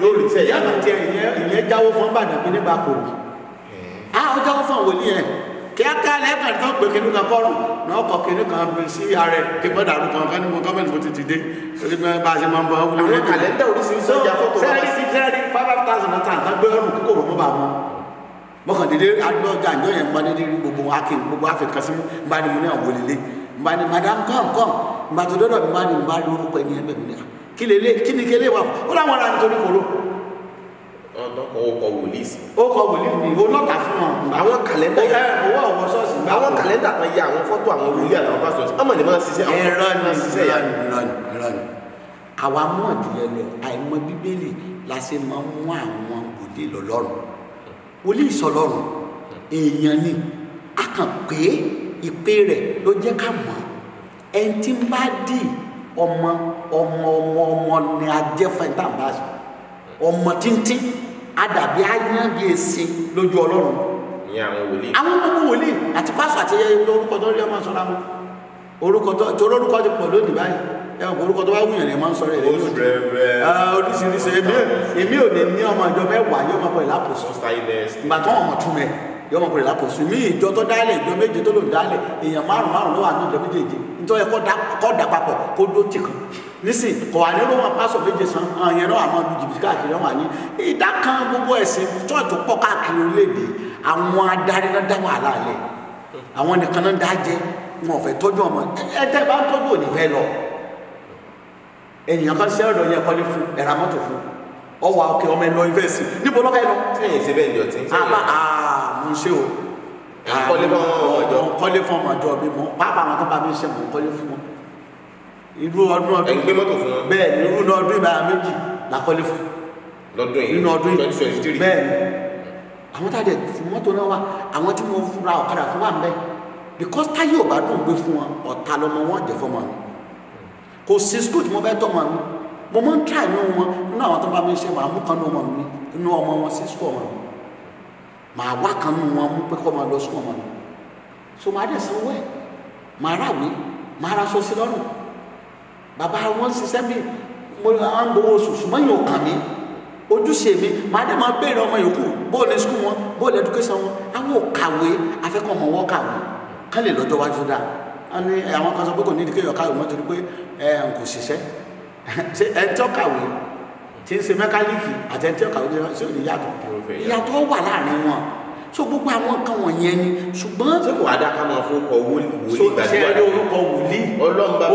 yóò rí sẹ́yìn. ìyá àti
ìyẹn jáwọ́ fún bàdàn bí nígbà kò rí á ọjọ́ fún àwọn òní ẹ̀ kíákíá lẹ́ẹ̀kan tó gbé kinní kan kọ́rùn náà kọ kinní kan bí sí ààrẹ kébọ́dà àrùn kan kánimọ̀ gọ́ọ̀mẹ̀ntì bó ti ti dé torí pé bá a ṣe máa ń bọ ọ́ wúlò lẹ́jọ́ kàlẹ́ndà oríṣiríṣi ọjà fọ́tò wọn. sẹ́ẹ̀rì sí sẹ́ẹ̀rì five thousand and ten tán gbé ọrùn kókò rò mọ́ bàá mọ́ mọ́kàndínlẹ́ adúlọ́ ọjà ìjọ yẹn gba dédé rí gbogbo akin gbogbo afẹ́kasí gba ni mo ní àwọn olèlé gba ni madam come come gba tó dọ́dọ̀ mi gba ni gba lórúkọ ẹni ẹgbẹ́ mi ní kí lélẹ́ kí ni kí lè wà ó láwọn ará nítorí kòró ọ̀dọ́kọ̀
ọkọ̀ wòlíì sí. ó kọ wòlíì ni ó lọ́ka fún wọn. àwọn kàlẹ́ndà yà owó àwọn ṣọ́ọ̀ṣì. àwọn kàlẹ́ndà kan yà àwọn fọ́tò àwọn wòlíì àtàwọn pásítọ̀ ọmọ ni máa ń ṣiṣẹ́ àwọn kan máa ń ṣiṣẹ́ yà.
àwa mú àdìyẹ lọ àìmọ̀ bíbélì la ṣe máa ń mú àwọn òde lọ lọ́rùn wòlíì sọ lọ́rùn èèyàn ni a kàn pé ìpè rẹ̀ ló jẹ́ ká mọ̀ ẹni tí bá dì ọmọ ọmọ ọmọ ọmọ ni a jẹ́ fún bá a ọmọ tíntín adàbí ayánbí èsì lójú ọlọ́run
ní àwọn wòlíì àwọn
gbogbo wòlíì àti pásọ àti ẹyẹ ibi orúkọ tó rí ọmọ sọ láwọn orúkọ tó torí orúkọ ti pọ̀ lónìí báyìí ẹ ọ̀pọ̀ orúkọ tó bá wùyàn lè máa ń sọ̀rọ̀ èdè lónìí ah, oríṣiríṣi èmi ò ní ní ọmọ ìjọ mẹ́wàá yóò máa pọ̀ ìlápòsọ ìgbà tó ọmọ tún mẹ́ yóò máa pọ̀ ìlápòsọ mi ìjọ tó dálẹ̀ ìjọ méje tó lò dálẹ̀ èèyàn márùn-ún márùn-ún ló wà ní ìjọ méjèèjì nítorí kọ́ dà papọ̀ kó dó tìkan nisi kò wà ní roman pastor méje san àwọn yẹn náà àmọ́ lu jìbìtì káàkiri wọn ní ìdá kan gbogbo ẹ̀sìn church pọ̀ káàkiri orílẹ̀-èdè àwọn adarí náà dá wàhálà lẹ̀ àwọn nìkan náà dá jẹ wọn ò fẹ́ tọ́jú ọmọ ẹ̀ẹ́dẹ́ bá ń tọ́jú òní fẹ́ lọ ènìyàn kan ṣiṣẹ́ ọ̀dọ̀ yẹn kọ́lé fún ẹ̀rà mọ́tò fún ọwọ́ ọkẹ́ ọmọ ẹ̀lọ ìfẹ́sì níbo lọ́fẹ́ lọ. sẹ́yìn ṣe bẹ́ẹ̀
ìjọ tí ń sẹ́yìn. àbá àmú ṣe o. kọ́lé fún ọmọ ọjọ́.
kọ́lé fún ọmọ ọjọ́ mi mọ́ pápá àwọn tó bá mi ṣe mọ́ kọ́lé fún wọn irú ọdún ọdún ẹgbẹ́ mọ́tò fún wọn bẹ́ẹ̀ ni irú ọdún ìbára méjì làkọ́lé fún
lọ́dún yìí nínú ọdún yìí
bẹ́ẹ̀ ni àwọn tá a jẹ mọ́tò náà wà àwọn tí mo ra ọ̀kadà fún wa ń bẹ́ because táyé ò bá dùn gbé fún wọn ọ̀tá lọmọ wọn jẹ fọmọ mi kò sí school tí mo fẹ́ tọ́mọ mi mo máa ń try nínú wọn nínú àwọn tó bá mi ṣe màá mú kan nínú ọmọ mi nínú ọmọ wọn sí school ọmọ mi màá wá kan nínú wọn mú pé kọ́ máa lọ school ọmọ mi so màá dẹ̀ sanwó ẹ̀ màá ràwé màá ra aṣọ sí lọ́rùn baba wọn ṣiṣẹ́ bí mo máa ń gbowó oṣù ṣùgbọ́n o kàn mí ojúṣe mi màá dẹ̀ máa béèrè ọmọ yòókù bóò ní skul wọn bóò ní ẹdúkẹ́sán wọn àwọn òkàwé afẹ́kọ̀ọ́ ọmọ wọn kàwé kán lè lọ́jọ́ wájú dá ní àwọn kan sọ pé kò ní ìdíkẹ́ ìyọ̀ká ìmọ̀ torí pé ẹ eh, n kò ṣiṣẹ́ *laughs* ṣe ẹ tí ó kàwé tí ń ṣe mẹkáníìkì àti ẹ tí ó kàwé tí ó ní wà láàrin wọn so gbogbo àwọn nǹkan wọ̀nyẹn ni ṣùgbọ́n. ṣé kò adaka
máa fún ọkọ̀ wòlíì
gbàdúrà so ṣe ẹni orúkọ wòlíì orúkọ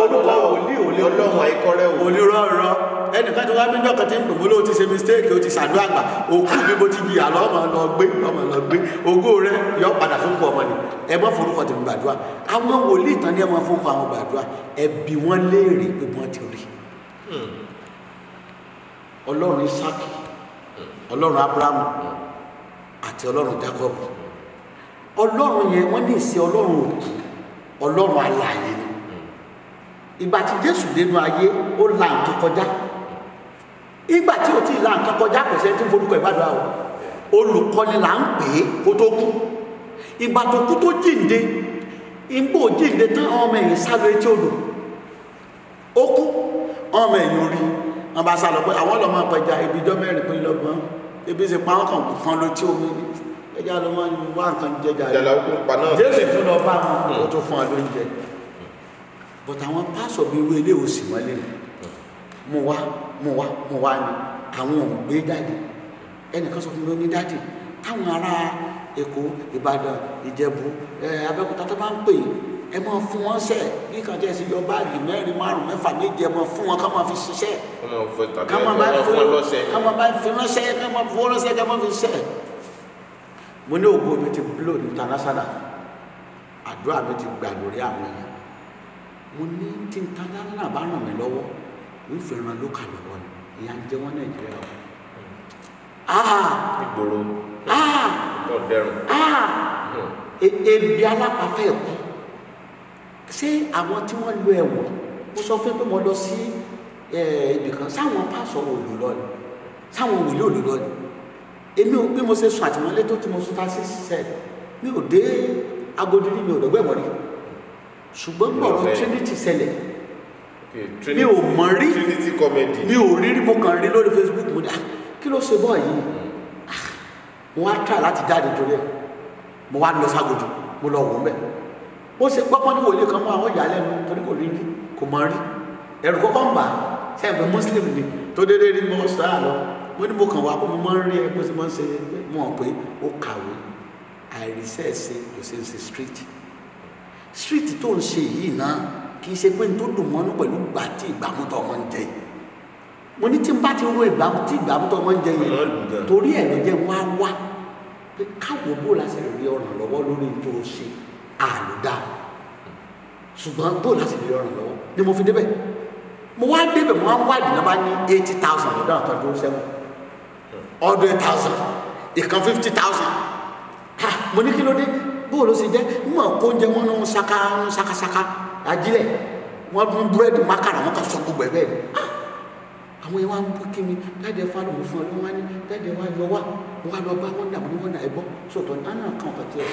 wòlíì òlé ọlọ́run àìkọ́rẹ́ wò. onírọ̀rọ̀ ẹnìkan tí wọ́n á bí jọ́kan tí ń dùn bóló ti ṣe mistake o ti ṣàdúrà gbà òkú bí mo ti jìyà lọ́mọ lọ gbé lọ́mọ lọ gbé ògo rẹ yọ padà fún kọ ọmọ ni ẹ mọ forúkọ tèmi gbàdúrà àwọn wòlíì tán ni ẹ mọ fún kọ àwọn gbàdúrà ẹ bí wọn léèrè pé wọn ti rí hmm. ọlọ́run Isaki ọlọ́run Abrahamu àti ọlọ́run Jacob ọlọ́run yẹn wọ́n ní ìsìn ọlọ́run òkú ọlọ́run alààyè ni ìgbà tí Jésù dénú ayé ó la nǹkan kọjá ìgbà tí ò tí ì la nǹkan kọjá kò sẹ́ni tí ń forúkọ ìbádọ́ àwọn olùkọ́ni là ń pè é kó tó kú ìgbà tó kú tó jíǹde ìgbò jíǹde tán ọmọ ẹ̀yìn sálọ etí odò ó kú ọmọ ẹ̀yìn orí wọn bá pé àwọn ọlọ́mọ apẹja ibi ijọ́ mẹ́rin pín lọ́gbọ́n ebi ṣe pa nǹkan kan lójú omi ẹja ló máa ń wá nǹkan jẹjà rẹ jésù tó lọ bá wọn hmm. ó tó fún wa lóúnjẹ but àwọn pásọ bíi irú ilé òsì wọlé mo wá mo wá mo wá ni àwọn ò gbé jáde ẹnìkan sọ fún mi ó ní dáàdì táwọn ará èkó ìbàdàn ìjẹ̀bú eh, abẹ́òkúta tó bá ń pè yín ẹ máa fún wọn sẹ ní kan tẹ ẹ sì yọ báàgì mẹ́rin márùn mẹ́fà méje ẹ máa fún wọn ká máa fi ṣiṣẹ́
ká máa bá fi ká máa bá fi ránṣẹ́
ká máa fowó ránṣẹ́ ká máa fi ṣiṣẹ́. mo ní ògbó mi ti blow ní tanásàlà àdúrà mi ti gbà lórí àwọn èèyàn mo ní tí n tanásàlà bá ràn mí lọ́wọ́ n fẹ́ ran lókà lọ́wọ́ ni ìyá ń jẹ wọ́n nàìjíríà o. Ah! ìgboro
ah! ọ̀dẹ̀rùn.
Ah! Hmm. E, ebi alápàfẹ́ kú ṣé àwọn tí wọ́n lo ẹ̀wọ̀n mo sọ fún pé mo lọ sí ibìkan sáwọn pásọ òlò lọ ni sáwọn wòlíì òlò lọ ni èmi ò bí mo ṣe sùn àtìmọ́lé tó tí mo sùn tá sí sẹ́ẹ̀ mi ò dé agodi rí mi ò dọ̀gbẹ́ ìwọ̀n rí ṣùgbọ́n gbọ̀rọ̀ trinity ṣẹlẹ̀ mi ò mọ̀ rí mi ò rí rí mo kàn rí lórí facebook mo ní ah kí ló ṣe bọ́ yìí
hmm. ah,
mo wá try láti jáde torí ẹ̀ mo wá lọ ságodi mo lọ wọ̀ mẹ́ẹ̀ ó ṣe gbọ́pọ́n ní wòlíì kan mọ́ àwọn ìyá lẹ́nu torí kò rí rí kò mọ̀ rí ẹ̀rù kọ́kọ́ ń bà sẹ́yìn pé muslim ni tó déédéé rí mọ́ sáà ah, lọ mo ní mo kàn wá pé mo máa ń rí ẹ bó ṣe máa ń ṣe mọ̀ pé ó kàwé àìríṣẹ́ ṣe kò ṣe ń ṣe street street tó ń ṣe yìí náà kì í ṣe pé n tó dùn mọ́nú pẹ̀lú ìgbà tí ìgbàmú tó ọmọ ń jẹ yìí mo ní tí n bá ti ro ìgbàmú tí ìgbàmú ọmọ ń jẹ yìí torí ẹ̀ ló wá wá pé káwọ́ bó la ṣe rí ọ̀ràn lọ́wọ́ lórí tó ṣe àlùdá ṣùgbọ́n bó láti lè rọrùn lọ́wọ́ ni mo fi débẹ̀ mo wá débẹ̀ mo wá ń wádìí náà bá ní eighty thousand lọ́dọ̀ àtọ́jú sẹ́wọ̀n ọdún eight thousand ìkan fifty thousand ha mo ní kí ló dé bó ló ṣe jẹ́ mọ̀ kó ń jẹ wọn ní ṣaka ń ṣakaṣaka ajílẹ̀ wọn dún búrẹ́dì mákàrà wọn kà sọ gbogbo ẹ̀ bẹ́ẹ̀ àwọn yẹn wá ń bú kí mi dáadé fáwọn òun fún ọ lọ́wọ́ ní dáadé wá yọ wá wọn lọ bá wọn dà wọn ní wọn dà ẹ bọ́ sọ̀tọ̀ ní àná kan kàn tiẹ̀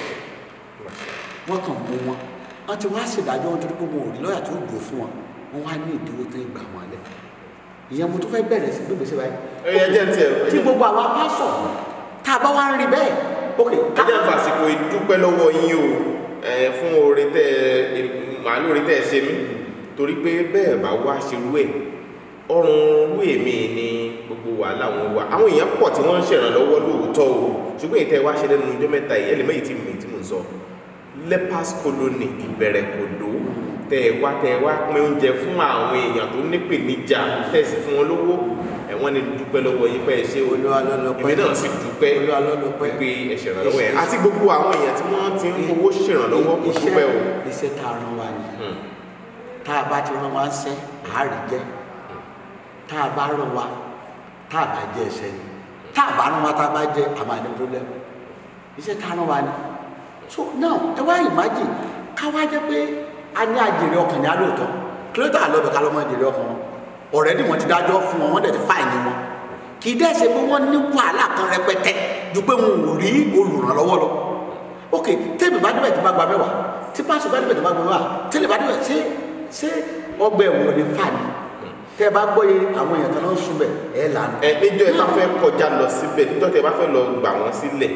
wọ́n kàn mú wọn wọ́n ti wá ṣèdájọ́ wọn torí pé wọn ò rí lọ́ọ̀yà tó dùn fún wọn wọ́n wá ní ìdíwó tó ń gbà wọn lẹ̀ ìyẹn mo tún fẹ́ bẹ̀rẹ̀ sí gbèsè báyìí. ẹyẹ jẹ́ tiẹ̀ tí gbogbo àwa pásọ̀
tá a bá wá ń rí bẹ́ẹ̀ ok. ẹ jẹ́ fàṣìkò ìdúpẹ́ lọ́wọ́ yín o fún oore tẹ́ màálù oore tẹ́ ṣe mí torí pé bẹ́ẹ̀ bá wá ṣerú ẹ̀ ọrùn orú èmi ni gbogbo wàhálà wọn wà àwọn èèyàn pọ̀ tí wọ́n ń ṣèrànlọ́wọ́ lóòótọ́ o ṣùgbọ́n ìtẹ́ wá ṣe lẹ́nu ọjọ́ mẹ́ta yìí ẹlẹ́mẹ́yìí tí mi tí mò ń sọ lepers colony ìbẹ̀rẹ̀kòdó tẹ ẹ wá tẹ ẹ wá pín oúnjẹ fún àwọn èèyàn tó nípèníjà tẹ̀sí fún wọn lówó ẹ̀wọ́n ni dúpẹ́ lọ́wọ́ yín pé ẹ ṣe èmi náà sì dúpẹ́ pé ẹ ṣèrànlọ́wọ́ ẹ̀ àti gbogbo àwọn èèyàn tí wọ́n ti ń fowó ṣèrànlọ́wọ́ kò dúpẹ́
o. iṣẹ́ tá a rán wa ni hmm. tá a bá ti rán wa ń ṣe àárín jẹ́ hmm. tá a bá rán wa tá a bá jẹ ẹsẹ̀ ni tá a bá rán wa tá a bá jẹ àmàlẹ́ problem iṣẹ́ tá a rán wa ni so now ẹ wá imagine káwá jẹ́ pé a ní àjèrè ọkàn ní alóòótọ́ kílódé àlọ́bẹ̀ ká lọ́mọ àjèrè ọkàn wọn ọ̀rẹ́dì wọn ti dájọ́ fún wọn wọ́n dẹ̀ ti fáìní wọn kì í dẹ́ ṣe pé wọ́n ní wàhálà kan rẹpẹtẹ ju pé wọn ò rí olùrànlọ́wọ́ lọ ok tẹ́mi bá débẹ̀ tó bá gba mẹ́wàá tí pásítọ̀ bá débẹ̀ tó bá gba mẹ́wàá tẹ́lẹ̀ bá débẹ̀ ṣé ṣé ọgbà ẹ̀wọ̀n ní fàní tẹ́ ẹ bá gbọ́ yé àwọn èèyàn kan náà sùn bẹ̀ ẹ̀ lànà.
ẹ níjọ́ ẹ bá fẹ́ kọjá lọ síbẹ̀ níjọ́ tẹ́ bá fẹ́ lọ gbà wọ́n sílẹ̀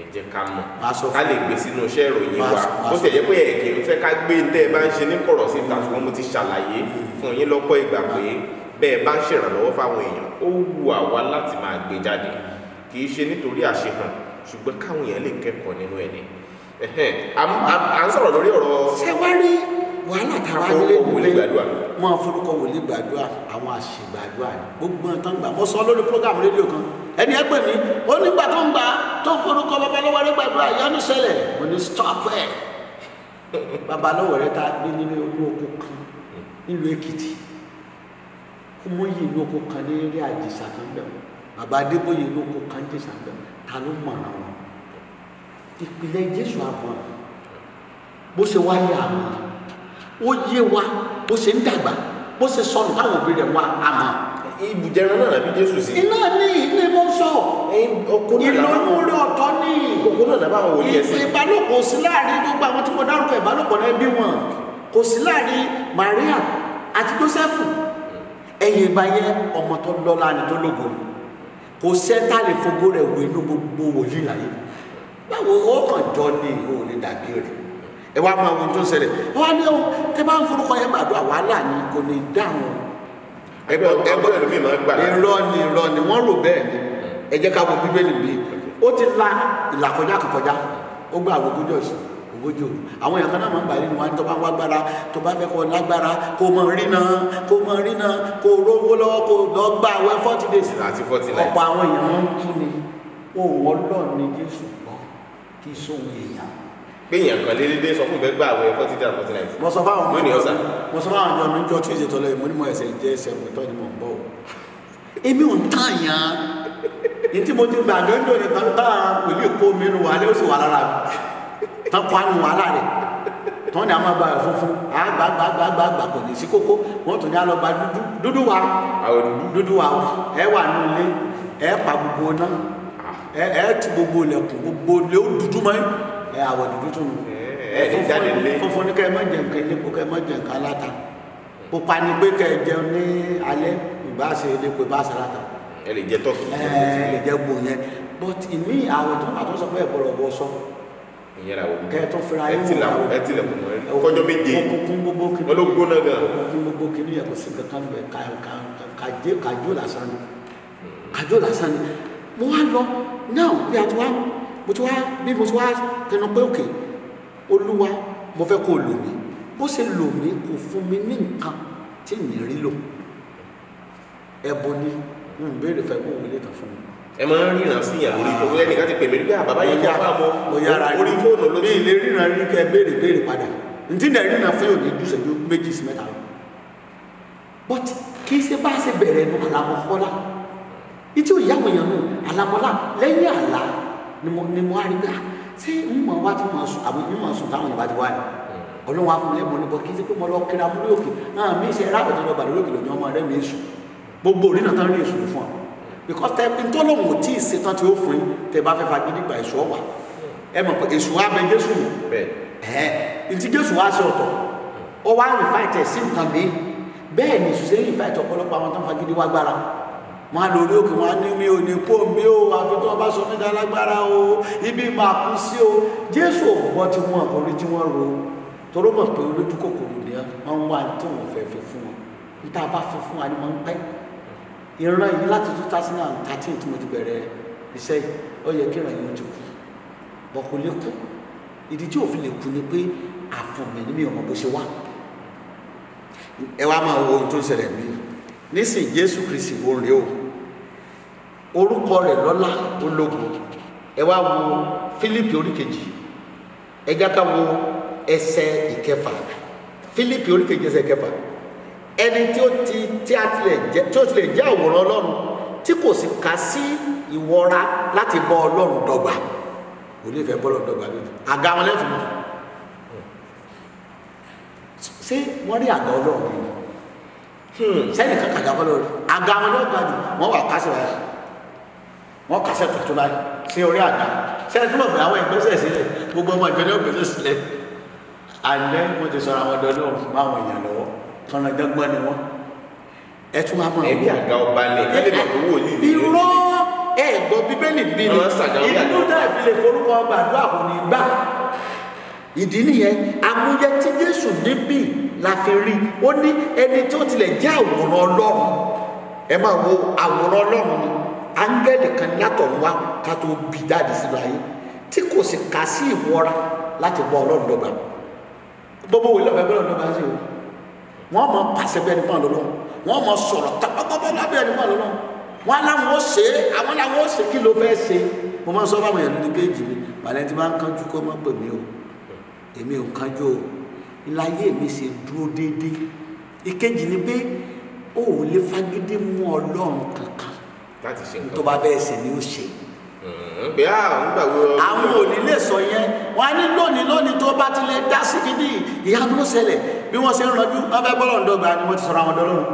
ẹ jẹ́ ká mọ̀ ká lè gbé sínú iṣẹ́ ìròyìn wa bó tẹ̀yẹ pé ẹ̀ kì fẹ́ ká gbé tẹ́ ẹ bá ń ṣe ní kọ̀rọ̀ sí ìta ṣùgbọ́n mo ti ṣàlàyé fún yín lọ́pọ̀ ìgbà pé bẹ́ẹ̀ bá ń ṣèrànlọ́wọ́ fáwọn èèyàn ó wù àwa láti máa gbé jáde kì í ṣe nítorí àṣehàn ṣùgbọ́n káwọn èèyàn lè kẹ́kọ̀ọ́ nínú ẹ̀ ni à ń sọ̀rọ̀ lórí ọ̀rọ̀ ṣẹ́wárí wàhálà tàwa nílé nílé mọ forúkọ wòlé gbàdúrà
àwọn àṣegbàdúrà gbogbo ọ̀tá ń gbà mọ sọ lórí program rédíò kan ẹni ẹgbẹ́ mi ó nígbà tó ń gbà tó ń forúkọ babaláwo rẹ gbàdúrà yánú ṣẹlẹ̀ mo ní stop ẹ̀
*laughs* babaláwo rẹ ta
gbé nínú inú oko kan nílùú Èkìtì kó mọ iye inú oko kan ní eré àjèsà kan bẹ̀ wọ́n bàbá Adébóyè inú oko kan jèsà bẹ̀ wọ́n ta ló mọ̀ràn ó yé wa bó ṣe ń dàgbà bó ṣe sọnù táwọn òbí
rẹ̀ wá àmọ́. ibùjẹran náà nàbí jésù sí.
iná ní ilé mọ sọ ìlóyún orí ọ̀tọ̀ ní ìbálòpọ̀ sí láàrin gbogbo àwọn tí mo dárúkọ ìbálòpọ̀ náà bí wọn kò sí láàrin Maria àti Joseph ẹ̀yìn ìbáyẹ ọmọ tó lọ́lá ni tó lógo kò sẹ́ńtà lè fogó rẹ̀ wé inú gbogbo wòlíì láyé báwo ó kàn jọ ní ìhòòhò ní dàbí rẹ̀ ẹ wá máa wọn tó ń ṣẹlẹ̀ wọn ní ọ oh, tẹ bá ń forúkọ yẹn gbàdúrà wàhálà ni kò ní dáhùn. ẹgbẹ́ ẹgbẹ́ ẹlòmíì máa gbà. irọ́ ni irọ́ ni wọ́n rò bẹ́ẹ̀ ni ẹ jẹ́ ká wo bíbélì bíi ó ti la ìlàkọjá kọkọjá ó gbà àwọn ogójì ọ̀sìn ogójì òru àwọn èèyàn kan náà máa ń bà nínú wa tó bá wá gbára tó bá fẹ́ kọ́ lágbára kó mọ rí náà kó mọ rí náà
kó rówó lọ́wọ́ kó lọ gbà wẹ́ forty days. àti forty nights ọ̀pọ̀ àwọn èèyàn ń
kú ni òun oh, ọlọ́ọ̀ni Jésù gbọ́ kí sóhun èèyàn
pé èèyàn kan lé lédè sọ fún ìfẹ́ gbà àwẹ̀ forty days forty nights. mo sọ fáwọn ọmọ mo sọ fáwọn ọmọ mi jọ tún ìṣètò lọ ìmọ̀ onímọ̀ ẹ̀sẹ̀ jẹ́ ẹsẹ̀
mọ̀tọ́ ni mò ń bọ̀ èmi ò ń tàn yàn ní tí mo ti gbà dọ́jọ́ ni tọ́ta pẹ̀lú ìkó mi nu wàhálẹ́ ó sì wà lára mi tán pa nu wàhálà rẹ̀ tán ni a máa gba ẹ̀ funfun àgbàgbàgbàgbà kò ní sí kókó wọ́n tún ní alọ́gba dúdú wa dúdú wa ẹ wà nù ẹ pa gbogbo náà ẹ tu gbogbo ilẹ̀kùn gbogbo ilé dúdú mọ́ ẹ àwọ̀ dúdú tún funfun ní kẹ́ ẹ má jẹ nǹkan elépo kẹ́ ẹ má jẹ nǹkan aláta pupa ni pé kẹ́ ẹ jẹun ní alẹ́ ìgbà ṣe elépo ìbá ṣe aláta. ẹ lè jẹ tọ́kì. ẹ lè jẹ gbò yẹn but ìmí àwọ̀ tó ń bàtọ́ sọ pé ẹ̀ bọ̀rọ̀ bọ̀ sọ ìyẹn la wò ó kẹtọ fira yín wò ó ẹ tilẹ̀ mọ̀ ẹ kọjọ méje okùnkùn gbogbo kìíní ológun náà gan okùnkùn gbogbo kìíní yẹ kò sí kankan bẹ ka ka kàjé kàjó lásán ni kàjó lásán ni mo wá lọ náà bí a ti wá
mo ti wá bí mo ti wá pinnu
pé òkè olúwa mo fẹ́ kó o lò mí bó ṣe lò mí kò fún mi ní nǹkan tí mi rí lò ẹ̀bùn ni mo ń béèrè fẹ́ kó o wọlé tán fún mi.
ẹ máa ń ríran sí ìyàwó orí fóònù ẹnìkan ti pè mí nígbà bàbá yẹn kọ́ àmọ́ orí fóònù ló ti. mi ì lè ríran rí kẹ́ béèrè béèrè
padà ntí náà ríran fún yóò ní ju ṣẹ́jú méjì sí mẹ́ta lọ but kì í ṣe bá a ṣe bẹ̀rẹ̀ nu àlàmọ́ kọ́lá ìtí òyàwó yẹn nu àlàmọ́lá lẹ́yìn àlá ni mo ni mo á rí pé ah, ṣé n mọ̀ wá tí mo sùn àwọn n mọ̀ sùn táwọn yorùbá ti ni hmm. ọlọ́run á fún mi lẹ́mọ̀ nípa kí n ṣe pé mo lọ kíra mú lóòkè náà mi ṣe ẹ̀rọ àbẹ̀tẹ̀ lọ́ba lórí òkèlè ọmọ rẹ mi sùn gbogbo òrìnà tán rí èsùn fún ọ because tẹ ntọ́lọ́hún ò tí ì ṣetán tí ó fún yín tẹ bá fẹ́ fagídí gba èsù ọ̀wà ẹ mọ̀ pé èsù wa bẹ jésù ẹ̀ ntí jésù wa ṣe ọ̀tọ̀ ọ wá rìn fáìtẹ̀ sí nǹkan mi bẹ́ẹ̀ ni èsù ṣe rìn fáìtẹ̀ ọ̀pọ̀lọpọ̀ àwọn tó ń fagídí wá gbára wọ́n á lórí òkè wọ́n á ní mi ò ní pòmí o àfi tó wọ́n bá sọ mí dálágbára o ibi máa kú sí o jésù ògbọ́ tí wọ́n àkórí tí wọ́n ro toró mọ̀ pé olójú kòkòrò ni wọ́n ń wá tí wọ́n fẹ́ fi fún wọn níta bá fi fún wa ni wọ́n ń pẹ́ ìran yìí láti two thousand and thirteen tí mo ti bẹ̀rẹ̀ iṣẹ́ yìí ó yẹ kí ìran yìí ti kú bọ́ kò lè kú ìdí tí òfin lè kú ni pé àfọ̀mẹ́ ni mi ò mọ̀ bó ṣe wà ẹ wá máa wo ohun tó ń ṣẹlẹ̀ bí nísìnyí jésù kristi òun rèé o orúkọ rẹ̀ lọ́lá ológun ẹ wá wo Fílípì oríkejì ẹ já ká wo ẹsẹ̀ ìkẹfà Fílípì oríkejì ẹsẹ̀ ìkẹfà ẹni tí ó ti tí a tilẹ̀ jẹ́ tí ó tilẹ̀ jẹ́ àwòrán Ọlọ́run tí kò sì kà sí ìwọra láti bọ́ Ọlọ́run dọ́gba kò ní fẹ́ bọ́lọ̀ dọ́gba lójú àga wọn lẹ́fù mọ́ ṣé wọ́n rí àga Ọlọ́run sẹ́nìkan hmm, kàga fọlọ́run àga wọn lọ́gbàdì wọ́n wà kásìwáyà wọ́n kàṣẹ́ tuntun láì sí orí àga sẹ́yìn tó mọ̀ pé àwọn ìgbésẹ̀ sílẹ̀ gbogbo ọmọ ìgbẹ́lẹ́ ògbésẹ̀ sílẹ̀ alẹ́ mo ti sọ̀rọ̀ àwọn ọ̀dọ́ náà bá àwọn èèyàn lọ́wọ́ tọ́nà dọ́gbọ́n ni wọ́n
ẹ tún wá mọ̀ ọ́ ẹbí àga ọba lè kí lè mọ̀ owó yìí irọ́ ẹ gbọ́ bíbélì bí ni ìlú
táì lè forúkọ gbàdúrà kò ní gbà ìdí nìyẹn amúyẹ tí Jésù níbí la fi rí ó ní ẹni tó tilẹ̀ jẹ́ àwòrán Ọlọ́run ẹ máa wo àwòrán Ọlọ́run ni áńgẹ́lì kan látọ̀ wá ká tó bí jáde sínú ayé tí kò sì kà sí ìwọra láti bọ́ ọlọ́run dọ́gba gbogbo wo lọ́fẹ̀ẹ́ bẹ́ẹ̀ lọ́dọ̀ bá sí o wọ́n mọ pàṣẹ bẹ́ẹ̀ nípa lọ́lọ́ wọ́n mọ sọ̀rọ̀ tàbábábá lábẹ́ nípa lọ́lọ́ wọn làwọn ó ṣe é àwọn làwọn ó ṣe kí ló fẹ́ ṣe mo máa sọ fáwọn èèyàn ní péjì mi valenti máa ń kánjú kó má pè mí o èmi ò kánjú o láyé mi ṣe dúró déédéé ìkejì ni pé o ò lè
fagídé mú ọlọ́run kankan láti ṣe nǹkan tó bá bẹ́ẹ̀ ṣe ni ó ṣe. pé a ń gbàgbé ọ. àwọn òní lè sọ yẹn
wọn á ní lónìí lónìí tó bá ti lè dá sí gidi ìyá tó ṣẹlẹ̀ bí wọ́n ṣe ń rọjú wọ́n fẹ́ bọ́lọ̀ ń dọ́gba ni wọ́n ti sọ̀rọ̀ àwọn dọ́lọ́run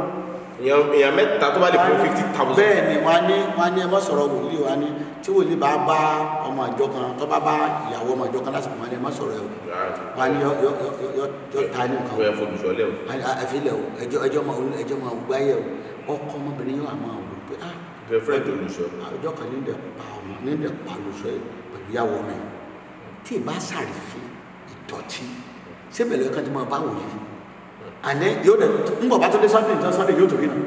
èèyàn mẹ́ta tó bá lè fún fifty thousand. bẹ́ẹ̀ ni wọ́n á ní
wọ́n á ní ẹ má sọ̀rọ̀ wòlíì wọ́n á ní tí wòlíì bá bá ọmọ àjọ kan tó bá bá ìyàwó ọmọ àjọ kan lásìkò wọ́n á ní ẹ má sọ̀rọ̀ ẹ o wọ́n á ní yọ yọ yọ yọ ta ní nǹkan o ẹ̀fọ́ olùsọ̀lẹ̀ o ẹ̀fílẹ̀ o ẹjọ́ ẹjọ́ máa gbáyẹ̀ o ọkọ ọmọbìnrin yóò máa o girlfriend olùsọ. ọjọ́ kan ní dẹ̀ pa ọmọ ní dẹ̀ pa olùsọ yìí pẹ̀lú ìyàwó mi tí ì bá sàrífín ìdọ̀tí síbẹ̀ lọ́yọ́ kan tí mo bá wò yìí àní yóò dẹ̀ ń bọ̀ bá tó dé sunday ìjọ sunday yóò tó rí nà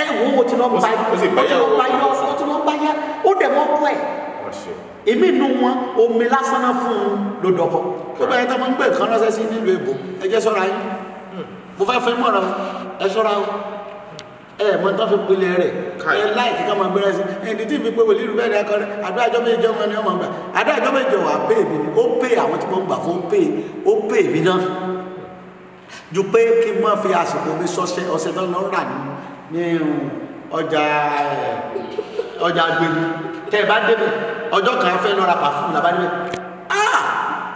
ẹ wo wo tí wọ́n bá yọ ó ti wọ́n bá yá ó dẹ̀ mọ́ kọ́ ẹ̀ èmi nu wọn omi lásán náà fún un ló dọkọ ó bẹ̀rẹ̀ tó máa ń gbé nǹkan ránṣẹ́ sí nílùú ẹ mọ tó fi pilẹ̀ rẹ̀ ẹ láìsí ká máa bẹ̀rẹ̀ sí ẹni tí fi pé wòlíì rúbẹ ní akọrin àdó àjọ méjì jọ wọn ni wọn máa gbà àdó àjọ méjì jọ wà á pè mí ni ó pè àwọn tí mo gbà fún pè ó pè mí náà ju pé kí n má fi àsìkò mi sọsẹ ọ̀sẹ̀ tó lọ rà ní ọjà ọjà gbèrú tẹ ẹ bá débẹ̀ ọjọ́ kan fẹ́ lọ pàfún làbá níbẹ̀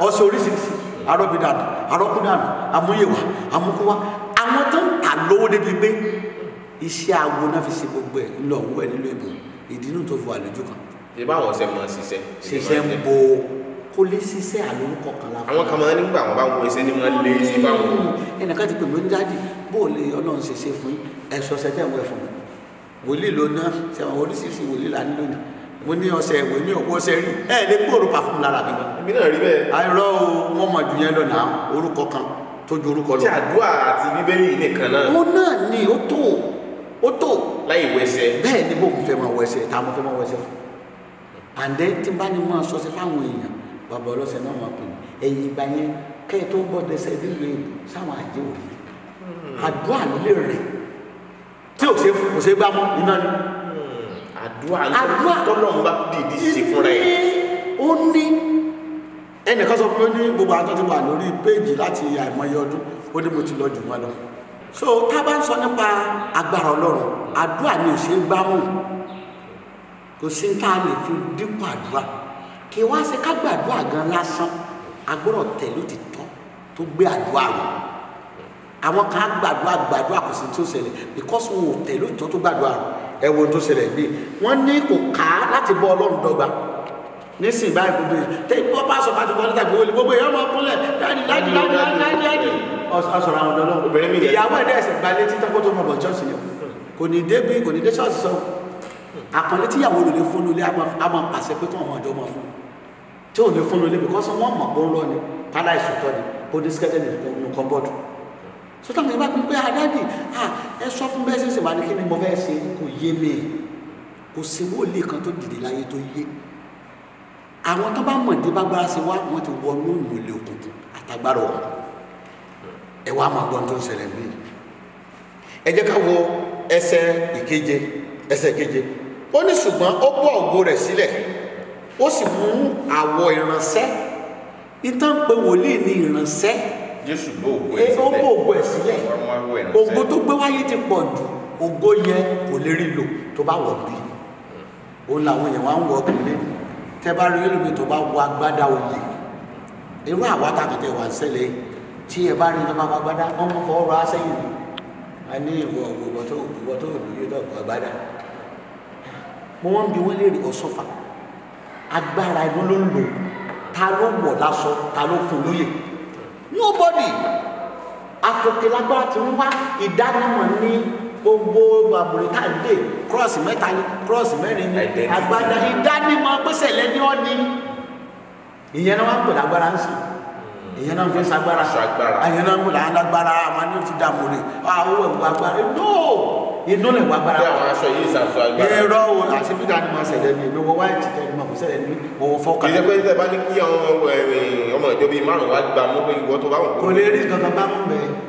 ọ̀sẹ̀ oríṣiríṣi arọbìdàdà arọkúdàdà amúyẹwà amúkúwà àwọn tó ń tà lówó débi gbé iṣẹ́ awo náà fi ṣe gbogbo ẹ̀ ńlọ òwú ẹ̀ nílò ìbò ìdínú tó fi wà lójú kan. ṣé báwọn ọ̀sẹ̀
máa ṣiṣẹ́. ṣiṣẹ́ ń bo
kó lè ṣiṣẹ́ àlórúkọ kan láfọ. àwọn kan máa nígbà wọn bá wọ iṣẹ́
ni wọ́n lé sí fáwọn.
ẹnìkan ti pè mí dáàdì bó o lè ọlọ́run ṣe ṣe fún ẹ̀sọ́ ṣẹ́tẹ̀ wẹ̀ fún mi wòlíì ló ná ṣẹ̀wọ̀n oríṣiríṣi wòlíì là ń lónìí mo ní ọsẹ ìwé ní òkú ọsẹ rí ẹ lè gbòòrò pàfún lára mi. èmi náà rí bẹ́ẹ̀. àìrọ o wọn mọ ju yẹn lọnà orúkọ kan tó ju orúkọ lọ. tí àdúrà àti bíbélì nìkan náà. ó náà ni ó tó ó tó láyé wẹsẹ. bẹ́ẹ̀ ni bó ń fẹ́ máa wẹsẹ tá a mọ̀ fẹ́ máa wẹsẹ fún àǹdẹ tí bá ní máa sọ sí fáwọn èèyàn bàbá ọlọ́sẹ̀ náà máa pè ní ẹ̀yìn ìgbà yẹn kẹ́ẹ̀ tó ń bọ̀ dẹsẹ̀ nílùú èbù sáwọn àjẹ òbí hmm. àdúrà nílé rẹ̀ tí ò ṣe kò ṣe gbá mọ́ iná ni. Hmm. àdúrà àdúrà tọ́lọ́run bá dìídì ṣe fúnra ẹ̀. ó ní ẹnìkan sọ pé ó ní gbogbo àtọ́ wà lórí péèjì láti àìmọye ọdún ó ní mo ti lọ jù wọn lọ so tá a bá ń sọ nípa agbára ọlọ́run àdúrà ni òṣè ń gbámú kò sí tá a lè fi dípò àdúrà kí wá ṣe ká gbàdúrà gan lásán agbọ́dọ̀ tẹ̀lé ti tọ́ tó gbé àdúrà rẹ̀ àwọn kan gbàdúrà gbàdúrà kò sí tó ṣẹlẹ̀ because wọn ò tẹ̀lé òtítọ́ tó gbàdúrà rẹ̀ ẹ wo tó ṣẹlẹ̀ bíi wọ́n ní kò ká láti bọ́ ọlọ́run dọ́gba nísìnyí báyìí gbogbo yẹn tẹ ìgbọ́ bá sọ pàtó bọ́lá tàbí olè gbogbo yẹn ọmọ kúnlẹ̀ dáàdì dáàdì dáàdì dáàdì dáàdì ọ̀sọ̀rọ̀ àwọn ọ̀dọ́ obìnrin mi yẹn ìyàwó ẹ̀dá ẹ̀sẹ̀ gbalẹ̀ títí kó tó mọ̀ bọ̀ chọ́ọ̀sì yẹn kò ní dé bí kò ní dé chọ́ọ̀sì sọ àpọ̀lẹ́ tíyàwó lò lè fún lulẹ̀ a máa pàṣẹ pé kàn ọmọdé ọmọ fún tí ò lè fún lulẹ̀ bíkọ́sọ wọn mọ̀ bó ń lọ ni pálá ìsòtọ́ ni ó ní sikẹ́tẹ̀ ní nǹkan bọ́ọ̀dù sọtọ́ mi bá pín pé adáàdì ah, ah, ẹ sọ fún bẹ́ẹ̀ ṣẹ̀ṣẹ̀ wà ní kí ni mo fẹ́ ṣe kò yé mi kò sí wòlíì kan tó dìde láyé tó yé mi àwọn tó bá mọ̀ ní bágbára sí wa wọ́n ti wọnú ìmọ̀lẹ̀ òkùnkùn àtàgbàrọ̀ ẹ wá máa gbọ́n tó ń ṣẹlẹ̀ mí. ẹ jẹ́ ká wo ẹsẹ̀ ìkeje ẹsẹ̀ ìkeje ó ní ṣùgbọ́n ó bọ́ ògo rẹ̀ sílẹ̀ ó sì mú àwọ̀ ìránṣẹ́ ìtàn pé wòlíì ní ìránṣẹ́ jésù ló ó bọ́ ògo ẹ̀ sílẹ̀ ògo tó gbé wáyé ti pọ̀ jù ògo yẹn kò lè lò tó bá wọ̀ bí òun làwọn èèyàn wá ń wọ ọkùnrin lẹ́nu tẹ bá rí ẹlòmíì tó bá wọ agbádá òye irú àwa tá a fi tẹ wà ń ṣẹlẹ̀ tí ẹ bá rí ẹlòmíì tó bá agbádá ọmọ fọwọ́ rọ asẹ́yìn ni a ní ìwọ ìwọ tó ìwọ tó lóye náà kọ agbádá mo wọ́n ń bi wọ́n léèrè ọ̀sọ́fà agbára inú ló ń lò ta ló wọ̀ lásọ ta ló fún lóye nobody àtòkè lágbára ti ń wá ìdánimọ̀ ní gbogbo àbúrò tá à ń dè cross mẹ́ta ni cross mẹ́rin ni àgbàdà ìdánimọ̀ pèsè lẹ́ni ọ́ ni ìyẹn náà wà ń pè lágbára ń sìn hmm. ìyẹn náà fi sagbara ìyẹn náà múlò alágbára àwọn ní o ti dààmú rẹ àwọn ẹwà agbára no inú
lè wà agbára. bí àwọn aṣọ yìí ṣàṣọ agbára.
èrò wo àti bí dáadé máa ṣẹlẹ̀ ní ìgbéwọ wáyé ti tẹ ìgbìmọ̀ kò ṣẹlẹ̀
ní owó fọ́ọ̀kà. ìṣe pé ìṣe bá ní kí àwọn ọmọ ìjọba márùn-ún wá gbà mú pé ìwọ tó bá wọn. kò lè rí nǹkan kan bá mú bẹ́ẹ̀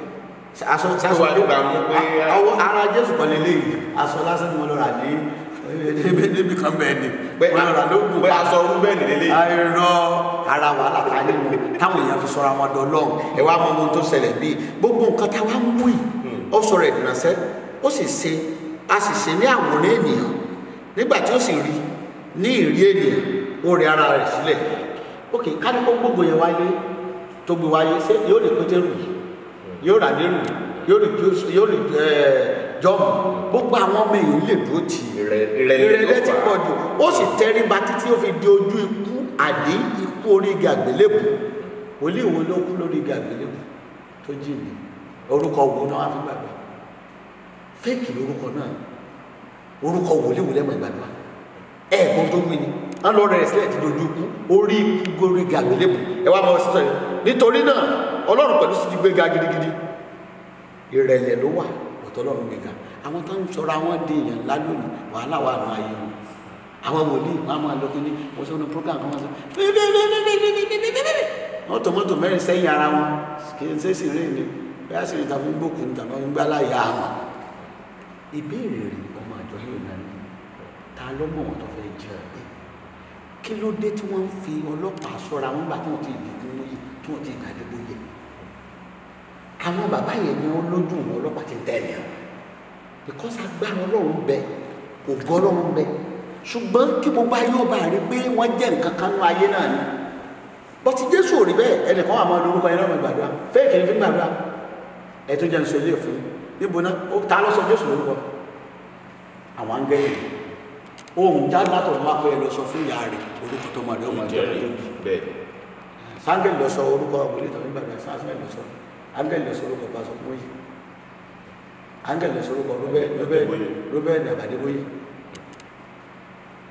aṣọ aṣọ níbàámu pé ọwọ́ ara jésù kan lélẹ̀
yìí aṣọ lásán ni mo lọ rà kan bẹ́ẹ̀ ni pé ara ló kù pé aṣọ orú bẹ́ẹ̀ ni lélẹ̀ yìí. irọ́ ara wàhálà ta nínú táwọn èèyàn fi sọra wọn dọ́lọ́ ẹ wá mọ ohun tó ṣẹlẹ̀ bíi gbogbo nǹkan tá a wá mú yìí ó sọ̀rọ̀ ìdìrànṣẹ́ ó sì ṣe a sì ṣe ní àwòrán ènìyàn nígbà tí ó sì rí ní ìrí ènìyàn ó rí ara rẹ̀ sílẹ̀ ok ká ní kó gbogbo yẹn wáyé tó gbé wáyé ṣé yóò lè pété rù yóò rà lérò yóò rí yóò rí jọ́ọ̀mù gbogbo àwọn ọmọ èèyàn lè dúró
tì rẹ̀ rẹ̀ ti pọ̀ jù
ó sì tẹríba títí ó fi di ojú ikú àdí ikú orígi àgbélébù wòlíì wo ló kú lórígi àgbélébù tó jí mi orúkọ wo náà wá fi gbàgbé fẹ́ẹ̀kì lórúkọ náà orúkọ wòlíì wòlíì ẹ̀mọ̀ ìgbàdúrà ẹ̀ẹ̀kan tó wí ni wọ́n lọ rẹ̀ sílẹ̀ ti dojú ikú orí ikú orígi àgbélébù ẹ̀ wá mọ́ sí sọ́yìn nítorí náà ọlọ́run pẹ̀lú sí ti gbéga gidigidi ìrẹ̀lẹ̀ ló wà ọ̀tọ̀ ọlọ́run gbéga àwọn tó ń sọra wọn di èèyàn ńlá lónìí wàhálà wà nù ayé wọn àwọn wòlíì wọn á máa lọ kíní wọn sọ wọn program kan wọn sọ wọn tòmọ́tò mẹ́rin sẹ́yìn ara wọn kì í ṣe sì rìn ní bẹ́ẹ̀ sì rìn tàbí gbókùn tàbí ń gbá láyà àwọn. ìbéèrè rẹ̀ ọmọ àjọ yìí náà ta ló àwọn bàbá yẹn ni wọ́n lójú ìwọ ọlọ́pàá ti tẹ̀lé ọ because agbára ọlọ́run bẹ ògo ọlọ́run bẹ ṣùgbọ́n kí gbogbo ayé ọba rí pé wọ́n jẹ́ nǹkan kan nínú ayé náà ni bọ́tí jésù ò rí bẹ́ẹ̀ ẹnìkan wà máa lórúkọ ẹni ọmọ gbàdúrà fẹ́ẹ̀kì ní fi gbàdúrà ẹ tó jẹ́ ń sọ ilé ìfún níbo náà ó ta ló sọ jésù lórúkọ àwọn áńgẹ́lì ohun jáde látọ̀rọ̀ máa pẹ́ lọ sọ fún ìyá rẹ̀ orúkọ tó máa rí ọmọ ìjọba tó bí sáńgẹ́lì lọ sọ orúkọ ọ̀gbìn ìtàn nígbàdúrà sáńgẹ́lì lọ sọ áńgẹ̀lì lọ sọ́rọ́ bàbá sọ bóyì
áńgẹ̀lì lọ sọ́rọ́ bàbá
Robert Adébóyè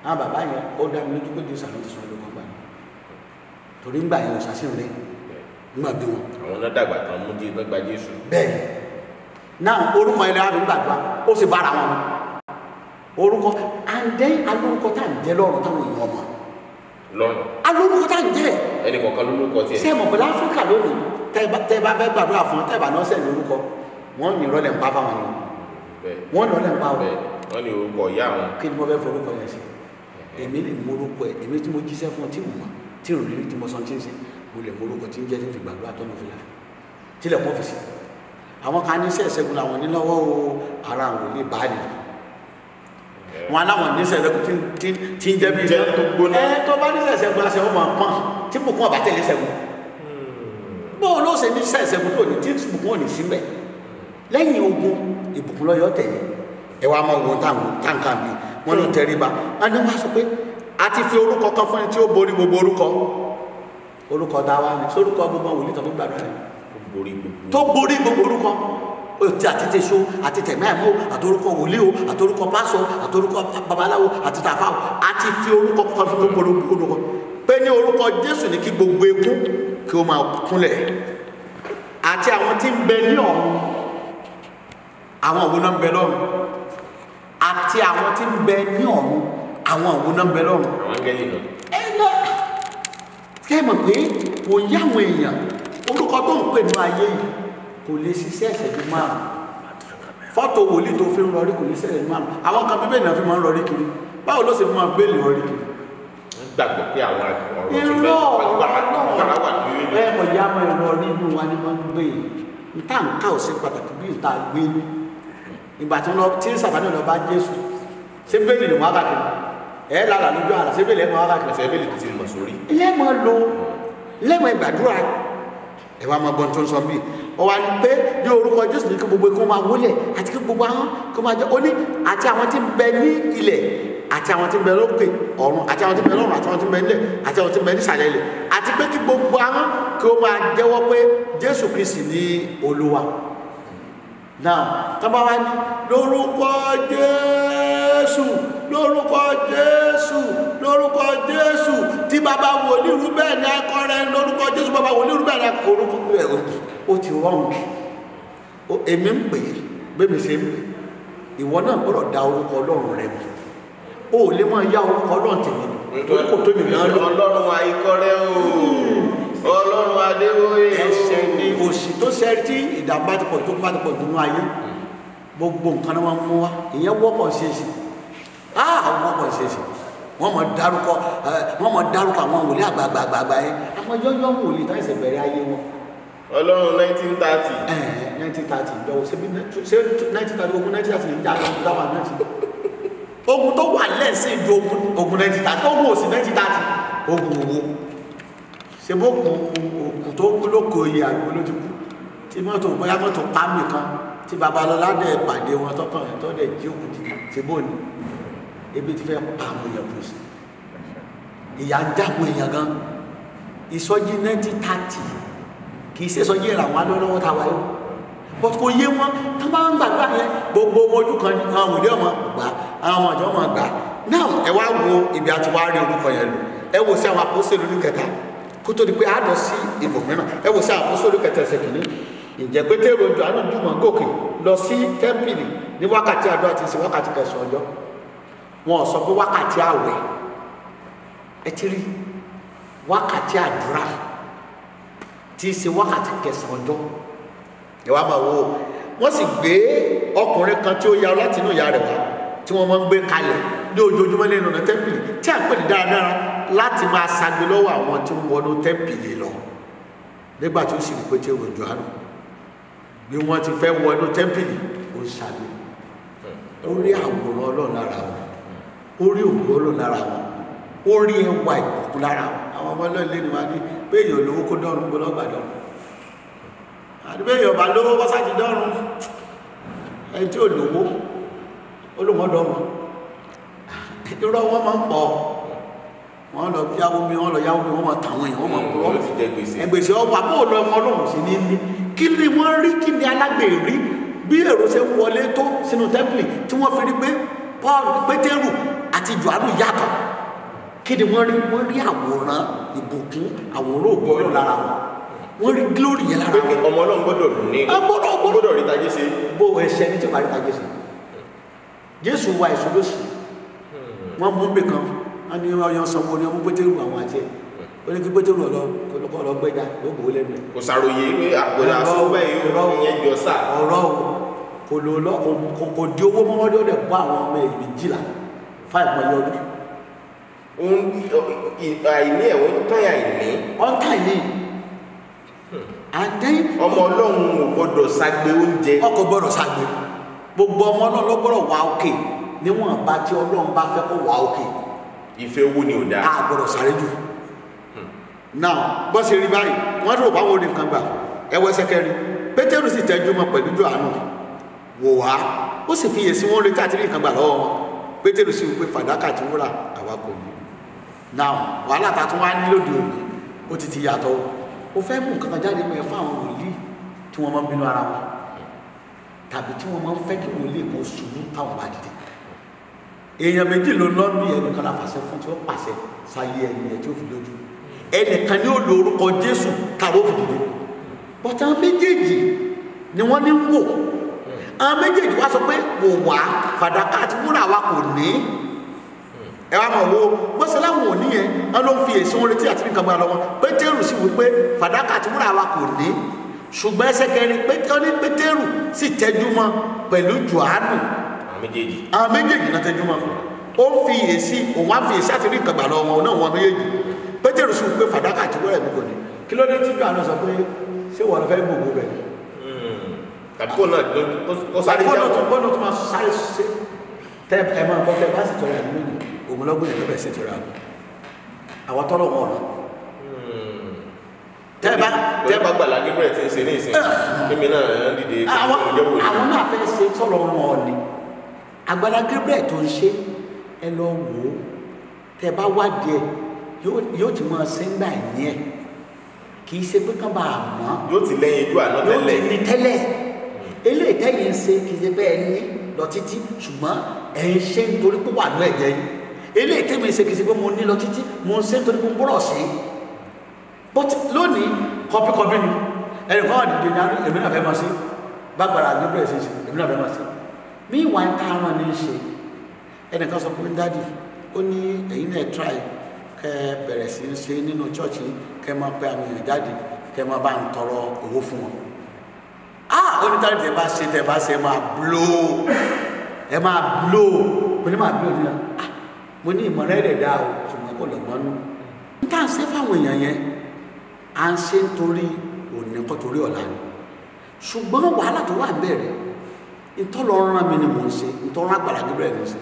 àwọn bàbá yẹn ó dá mi lójú pé jésù àwọn ti sọ lóko gbà ní torí ńgbà yẹn ò sàṣìrò lé ńgbà bí wọn.
àwọn náà dàgbà tán mú jí gbẹgbà jésù. bẹ́ẹ̀
náà orúkọ yẹn lẹ́yìn àgbàdua
ó sì bára wọn
orúkọ àǹdẹ alórúkọ tá à ń jẹ lọ́rùn táwọn èèyàn mọ̀. lọ́rùn. alórúkọ tá à ń jẹ.
ẹnì kọ̀ọ̀kan lórúkọ tiẹ̀. sẹ́ẹ̀mọ̀ pẹ̀lú áfíríkà
lónìí tẹ́ bá fẹ́ gbàdúrà fún tẹ́ bá náà sẹ̀ lórúkọ wọ́n ní ìrọ̀lẹ́ ńpa fáwọn ni wọ́n ní ìrọ̀lẹ́ ńpa o wọ́n ní orúkọ ìyá wọn. kí ni mo fẹ́ forúkọ yẹn sí èmi lè mú orúkọ ẹ èmi tí mo jíṣẹ́ fún tí mo mọ̀ tí mo rírí tí mo sọ́n tí ń sìn mo lè mú orúkọ tí ń jẹ́ tí ń fi gbàdúrà tọ́nu fi láfi tilẹ̀ kọ́ fi sí àwọn kan ní sẹ́ẹ̀sẹ́gun làwọn ní lọ́wọ́ o ara àwọn ilé báàlì
wọn aláwọn ní sẹ́ẹ̀sẹ́gun tí ń jẹ́ bí ẹ tó
bá ní sẹ́ẹ̀sẹ́gun àṣẹ wọn máa pọ́n tí mo kún ọ̀bá tẹ̀lé sẹ́gun bóun ló ṣe ní sẹ̀sẹ̀ kúrò ní tí ìbùkún òní síbẹ̀ lẹ́yìn ogun ìbùkún lọ́yọ́ tẹ̀lé ẹ wá máa wọ táǹkà mi wọn ló tẹríba ẹni wá sọ pé a ti fi orúkọ kan fún ẹni tí ó borí gbogbo orúkọ orúkọ tá a wá ní sórúkọ gbogbo wòlíì tó fi gbàdúrà rẹ tó borí gbogbo orúkọ ti àti tẹ̀só àti tẹ̀mẹ́ẹ̀mó àtorúkọ wòlíì o àtorúkọ pásọ àtorúkọ babaláwo àti tàfáwò àti fi orúkọ kan fún gbogbo orúkọ pé ní orúkọ Jésù ní kí gbogbo ekú kí ó máa kúnlẹ̀ àti àwọn tí ń bẹ ní ọ̀run àwọn òun náà ń bẹ lọ́run àti àwọn tí ń bẹ ní ọ̀run àwọn òun náà ń bẹ lọ́run. àwọn angẹ́lì náà. pé kò yá àwọn èèyàn orúkọ tó ń pè ní ayé yìí kò lè ṣiṣẹ́ ìṣẹ́jú márùn fọ́tò wòlíì tó fi ń rọrí kò lè ṣiṣẹ́ ìṣẹ́jú márùn àwọn kan bíbélì náà fi máa ń rọrí kiri báwo ló ṣe fi máa bẹ́ẹ̀lì rọrí kiri.
wọ́n gbàgbọ́ pé àwọn irọ́ ẹ mọ̀ ìyá mọ̀
ẹ̀rọ nínú wa ni wọ́n ń gbé nta nka ò sí pàtàkì bí nta gbé ní ìgbà tí wọn tí sàtánì lọ bá Jésù ṣé bẹ́ẹ̀ ni wọ́n á kàkiri ẹ lára lójú àlà ṣé bẹ́ẹ̀ lẹ́mọ̀ á kàkiri ṣé bẹ́ẹ̀ lè ti mọ̀ sórí. lẹ́mọ̀ lo lẹ́mọ̀ ìgbàdúrà ẹ wá máa gbọ́ tó ń sọ bíi ọwọ́ ni pé ní orúkọ Jésù ní kí gbogbo kó máa wólẹ̀ àti kí gbogbo àwọn kó máa jẹ́ ó àti àwọn tí ń bẹ ní ilẹ̀ àti àwọn tí ń bẹ lókè ọ̀run àti àwọn tí ń bẹ lọ́run àti àwọn tí ń bẹ nílẹ̀ àti àwọn tí ń bẹ nísàlẹ̀ ilẹ̀ àti pé kí gbogbo àwọn kí ó máa jẹ́wọ́ pé Jésù Kristi ni Olúwa náà tọ́ba wa ní lórúkọ Jésù lórúkọ Jésù lórúkọ Jésù tí bàbá wòlíì rú bẹ́ẹ̀ ni akọrin lórúkọ Jésù bàbá wòlíì rú bẹ́ẹ̀ ni akọrin ó ti rọrùn èmi ń pè é bẹ́ẹ̀ mi ṣe ń pè ìwọ náà gbọ́dọ̀ da orúkọ Ọlọ́run rẹ mọ̀ o ò lè máa yá ọlọ́run tèmi orí kò tó mi náà lọ. ọlọ́run àìkọ́rẹ́ o ọlọ́run adéwòye o. ẹsẹ̀ ni òsì tó ṣe tí ìdàgbà ti pọ̀ tó bá ti pọ̀ dùnú ayé gbogbo nǹkan náà wọ́n mú wa ìyẹn wọ́pọ̀ ṣe é ṣe àwọn wọ́pọ̀ ṣe é ṣe wọ́n mọ̀ dárúkọ wọ́n mọ̀ dárúkọ àwọn wòlíì àgbààgbààgbà yẹn àwọn yọ́yọ́ wòlíì táyì ṣe bẹ̀rẹ̀ ayé wọn. ọlọ́run nineteen thirty. nineteen thirty ìjọwọ́ ṣe nineteen thirty ogun nineteen thirty ìjà àwọn ọ̀dọ́ nineteen ogun tó wà lẹ́sìn ju ogun ogun nineteen thirty ogun òsì nineteen thirty ogun owó ṣe bó kun ogun tó kú lóko iye àgbẹ̀ ló ti kú tí mọ́tò bóyá mọ́tò pámì kan tí babalọ́lá dẹ̀ pàdé wọn tọkàn ẹ̀ tọ́ dẹ̀ jí òkú dìde ṣe bó ni ebi ti fẹ́ pa àwọn èèyàn kù sí ìyá ń dàpọ̀ èèyàn gan ìsọjí nineteen thirty kì í ṣe ìsọjí ìràwọ̀ alọ́lọ́wọ́ ta wáyé bọ́t kò yé wọn tó bá ń gbàgbọ́ àyẹ gbogbo ojú kan ní àwọn òde ọmọ gbà àwọn ọmọ ìjọ máa gbà náà ẹ wá wo ibi àti wá rí orúkọ yẹn lò ẹ wò sí àwọn apọ́sẹ̀lú ní kẹta kó tó di pé àádọ́ sí ibò mìíràn ẹ wò sí àwọn apọ́sẹ̀lú kẹta ẹsẹ̀ kìíní ǹjẹ́ pétérò ojú àánú jùmọ̀ gòkè lọ sí tẹ́ḿpìlì ní wákàtí àdó àti ìsìn wákàtí kẹsàn-án ọjọ́ wọn sọ pé wákàtí àwẹ̀ ẹ ti rí wákàtí àdúrà tí í wákàtí kẹsàn-án ọjọ́ ẹ wá máa wo wọ́n sì gbé ọkùnrin kan tí ó ya látinú ìyá rẹ̀ wá tí wọ́n máa ń gbé kalẹ̀ ní ojoojúmọ́ lẹ́nu ọ̀nà tẹ́ḿpìlì tí à ń pè ní dáradára láti máa ṣagbe lọ́wọ́ àwọn tí ń wọnú tẹ́ḿpìlì lọ nígbà tí ó sì rí pé tí òjò àrùn bí wọ́n ti fẹ́ wọnú tẹ́ḿpìlì ó ṣagbe ó rí àwòrán ọlọ́run lára wọn ó rí òwúrọ̀ ọlọ́run lára wọn ó rí ẹwà ìkùkù lára àwọn ọmọ ọlọ́run lẹ́nu wa ní pé èèyàn lówó kó dọ́rùn gbọ́ lọ́gbà dọ́rùn ẹni tí ò lówó olùmọ́dọ̀ wọn irọ́ wọn máa ń pọ̀ wọ́n lọ yáwó mi wọ́n lọ yáwó mi wọ́n máa tàwọn èèyàn wọ́n
máa pọ̀ wọ́n ti jẹ gbèsè
ẹgbèsè ọ̀pọ̀ àbọ̀ ọ̀lọ́ ọmọ ọlọ́run sí ní ní kí ni wọ́n rí kí ni alágbèrè bí èrò ṣe wọlé tó sínú tẹ́pìlì tí wọ́n fi rí pé Paul Pétérù àti Jòhánù yàtọ̀ kí ni wọ́n rí wọ́n rí àwòrán ìbùkún àwòrán ògbó ọlọ́run lára wọn wọ́n rí glory yẹn lára wọn. ọmọ
ọlọ́run gbọ́dọ̀ ní gbọ́dọ̀ rí tajé ṣe.
bó ẹsẹ̀ ní tí wàá rí tajé ṣe jésù wa ìṣòlóṣù wọ́n mú bì kan wọ́n ní ọyàn sanwó ní ọmú pétérù àwọn àti ẹ̀ ó ní kí pétérù ọlọ́ gbẹ́dá yóò bò ó lẹ́nu ẹ̀.
kò sàròyé pé àgbọ̀dá sọ́bẹ̀ yóò yẹn jọ sà. ọ̀rọ̀
kò lò lọ kò di owó mọ́wọ́ ló dẹ̀ bọ́ àwọn ọmọ ìbí jìlá five million ọdún. àìní ẹ̀ wọ́n tán àìní. wọ́n tán àìní ọmọ ọlọ́run ò gbọ́dọ̀ ságbe oúnjẹ. ọkọ̀ gbọ́dọ̀ ságbe gbogbo ọmọ náà ló gbọ́dọ̀ wà òkè níwọ̀n bá tí ọlọ́run bá fẹ́ kó wà òkè. ìfẹ́ owó ni ò dáa. a gbọ́dọ̀ sáré jù. now bó ṣe rí báyìí wọ́n rò báwo ni nǹkan gbà ẹwẹ́ sẹ́kẹ́rì pétérù sì tẹ́jú mọ́ pẹ̀lú jọ àánú wò wá ó sì fi yèsí wọn retí àti rí nǹkan gbà lọ́wọ́ wọn pétérù sì wípé fàdákà ti wúrà àwa kò ní. now wàhálà ta tún wá ní lóde òní ó ti ti yàtọ̀ o fẹ́ mú nǹkan kan jáde mọ́ ẹ fún àwọn wòlíì tí wọ́n máa bínú ara wọn tàbí tí wọ́n máa ń fẹ́ kí wòlíì kan ṣubú táwọn bá dìde èèyàn méjì ló lọ́ bí ẹnìkan láfàṣẹ fún tí ó pàṣẹ sáyé ẹni ẹ tí ó fi lójú ẹnìkan ní ó lo orúkọ Jésù táwọn fi dìde bọ́tà méjèèjì ni wọ́n ní wò àwọn méjèèjì wá sọ pé kò wá fàdákà àti wúrà wa kò ní ẹ wá mọ̀ wo mọ́sáláwọ̀ òní yẹn wọn ló ń fi èso orin tí àti nǹkan gbà lọ́wọ́ Pétérù sì wípé fàdákà àti wúrà wa kò ní ṣùgbọ́n ẹsẹ̀ kẹrin pété pétérù sì tẹ́jú mọ́ pẹ̀lú johannu àwọn méjèèjì náà tẹ́jú mọ́ ó fi èsì òun á fi èsì àti rí nǹkan gbà lọ́wọ́ náà wọn méjèèjì pétérù sì pé fàdákà àti wẹ́rẹ̀ mi kò ní kí ló dé tí johannu sọ pé ṣé wọn fẹ́ gbogbo
rẹ̀ hmm. tàbí kó náà tó sáré jáwọ́ kó náà tó kó náà tó máa
sáré ṣe tẹ ẹ máa kọ́ tẹ bá sì tọrọ ẹ̀ lónìí òun lọ́gbọ̀n yẹn lọ́bẹ̀ sí tọrọ àwọn tọ́lọ̀
wọn ọ̀nà tẹ́ẹ̀bá tẹ́ẹ̀bá gbàlá Gabriel ti ń ṣe ní ìsìn ah. mímí náà ń dìde ah, àwọn àwọn
náà fẹ́ ṣe sọ̀rọ̀ wọn ni àgbàlá Gabriel tó ń ṣe ẹ lọ wò ó tẹ́ẹ̀bá wádìí ẹ yóò ti máa ṣe ń gbà yẹn kì í ṣe pé kán bá a mọ́ yóò ti lẹ́yìn ojú àná tẹ́lẹ̀ yóò ti ní tẹ́lẹ̀ eléyìí tẹ́yìn ń ṣe kì í ṣe pé ní lọ títí ṣùgbọ́n ẹ ń ṣe nítorí pé wà ní ẹ̀jẹ̀ yìí eléyìí tẹ́yìn ń ṣe kì í ṣe pé mo ní lọ títí mo ń ṣe nítorí pé mo bọ́rọ̀ sí i but lónìí kọpíkọpí ni ẹnì kan wà ní ìdènà èmi náà fẹ́ máa ṣe bágbára ní bẹ̀rẹ̀ ṣe èmi náà fẹ́ máa ṣe mí wà ń tààrà ní í ṣe ẹnì kan sọ pé dádì ó ní ẹ̀yin náà try kẹ bẹ̀rẹ̀ sí í ṣe nínú chọ́ọ̀chì kẹ máa pẹ́ àwọn èèyàn jáde kẹ máa bá ń tọrọ owó fún wọn ah ó ní dáàdì tẹ bá ṣe tẹ bá ṣe máa blow ẹ máa blow mo ní máa blow ní ah mo ní ìmọ̀ràn ẹ̀rẹ̀ dáa o ṣùgbọ́n kò lọ́gbọ́n nù. n tàn ṣe fáwọn èèyàn yẹn à ń ṣe nítorí òní kọ́ torí ọ̀la ni ṣùgbọ́n wàhálà tó wà ń bẹ̀rẹ̀ ìtọ́lọ́run mi ni mò ń ṣe ìtọ́run àgbàlá Gabriel ni ṣe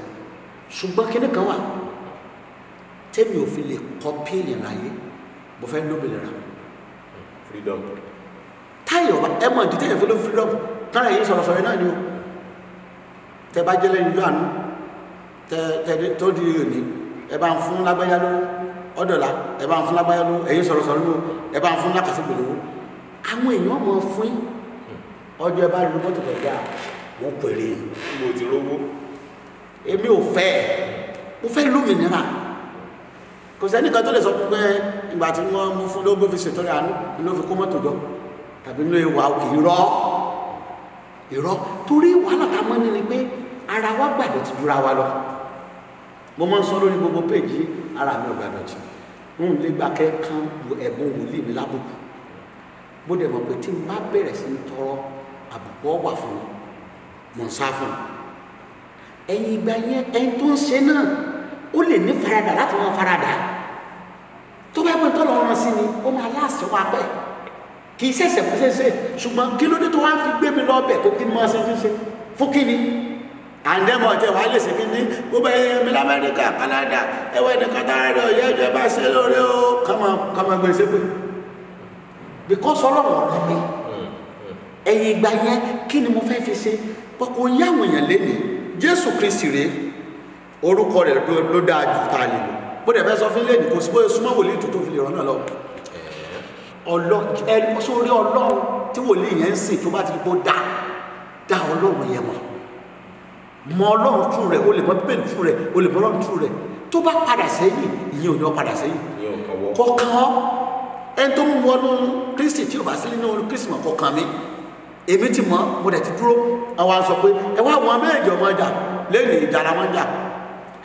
ṣùgbọ́n kíní kan wà tẹ́mi ò fi lè kọ́ péèyàn láyé mo fẹ́ lóbìnrin freedom táyọ̀ ẹ mọ̀ ìdí tẹ́yàn fẹ́ ló freedom táyà yìí sọ̀rọ̀ sọ̀rọ̀ náà ni o tẹ bá jẹ́ lẹ́yìn ìjọ àánú tẹ tẹ tó di òní ẹ bá ń fún lágbájá lówó ọdọla ẹ bá ń fún lágbáyé ló ẹyin sọ̀rọ̀ sọ̀rọ̀ ló ẹ bá ń fún lákàtí gbòlówó àwọn èèyàn mọ fún ọjọ́ ẹ bá lu mọ́tò pẹ̀lú à wọn pèrè mo ti rówó èmi ò fẹ́ mo fẹ́ lómìnira kò sẹ́nìkan tó lè sọ pé ìgbà tí wọ́n mú fún lóògbé fi ṣètọ́rẹ́ àánú ló fi kó mọ́tò jọ tàbí ló wà òkè irọ́ irọ́ torí wàhálà tá a mọ́ ní ni pé ara wa gbàdé ti dúra wa lọ mo máa ń sọ lórí gbogbo péjì ara mi ọgbà dọ̀tí n lè gba kẹ́kàn bu ẹ̀bùn wòlíì mi lábùkù bó dẹ̀ mọ̀ pé tí n bá bẹ̀rẹ̀ sí ní tọrọ àbùkù ọ̀wà fún mi mò ń sá fún mi ẹ̀yìn ìgbà yẹn ẹni tó ń ṣe náà ó lè ní faradà láti wọn faradà tó bá gbọ́n tó lọ rán sí ni ó máa láàṣẹ wá pẹ́ kì í ṣẹ̀ṣẹ̀ fún ṣẹ̀ṣẹ̀ ṣùgbọ́n kí ló dé tó wá ń fi gbé mi lọ kó kí n máa ṣe ṣe fún kí ni àndẹ́mọ̀ tẹ wàá lè sèké ní gbogbo ẹyẹ mi lamẹ́ríkà Canada ẹwẹ́ nìkan tá a rẹ ọ̀yẹ́ ẹjọ́ bá ṣe lórí o kàmá kàmá gbèsè pé because ọlọ́run ọ̀rọ̀ mi ẹ̀yìn ìgbà yẹn kí ni mo fẹ́ fi ṣe pọ̀kọ̀ yá àwọn èèyàn lẹ́nu Jésù Kristi rèé orúkọ rẹ̀ ló dáa jù tá a lè lò bó dẹ̀ fẹ́ sọ fún lẹ́nu kò sí bóyá súnmọ́ wòlíì tuntun fi lè ràn náà lọ ọlọ́ọ̀ sórí ọlọ́run tí wòlíì yẹn ń sìn mọ ọlọ́run tú rẹ̀ o lè mọ bíbélì tú rẹ̀ o lè mọ ọlọ́run tú rẹ̀ tó bá padà sẹ́yìn ìyẹn ò ní ọ padà sẹ́yìn kọ̀ọ̀kan ọ ẹni tó ń wọnú kristi tí o bá sí nínú kristi mọ̀ kọ̀ọ̀kan mi èmi ti mọ̀ mo dẹ̀ ti dúró àwa sọ pé ẹ wá àwọn méjì ọmọ ọjà lẹ́nu ìdára wọn jà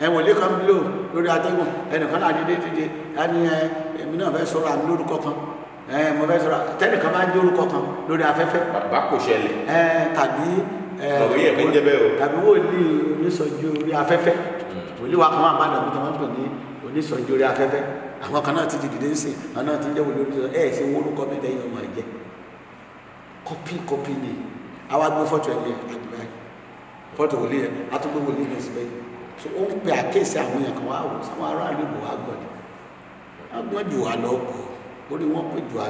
ẹ̀wọ̀n ilé kan lò lórí atẹ́gùn ẹnìkan náà dídé dídé ẹni ẹ èmi náà fẹ́ sọ̀rọ̀ àmì lórúkọ kan ẹ mo fẹ́ sọ̀rọ̀ tẹ́nìkan máa ń dé orúkọ kan lórí afẹ́fẹ́. bàbá kò ṣẹlẹ̀. ẹ tàbí òye ẹ̀kọ́ ń jẹ bẹ́ẹ̀ o. tàbí wòlíì onísọjú orí afẹ́fẹ́ wòlíì wa kan wà bá dàbí tí wọ́n pè ní onísọjú orí afẹ́fẹ́ àwọn kan náà ti di dìde ń sìn àwọn náà ti ń jẹ́ wòlíì onísọjú ẹ̀ ṣe wọ́n orúkọ mi lẹ́yìn ọmọ ẹ̀jẹ̀ kọ́pì kọ́pì ni àwa gbé fọ́tò ẹ̀ yẹn àgbẹ̀ fọ́tò wòlíì yẹn àtúgbò wòlíì yẹn síbẹ̀ so ó ń pè àkéèsí àwọn èèyàn kan wá wò sáwọn aráàlú ìbò wá gbọ́ ni wọ́n gbọ́n jù wá lọ kọ́ orí wọn pè jù wá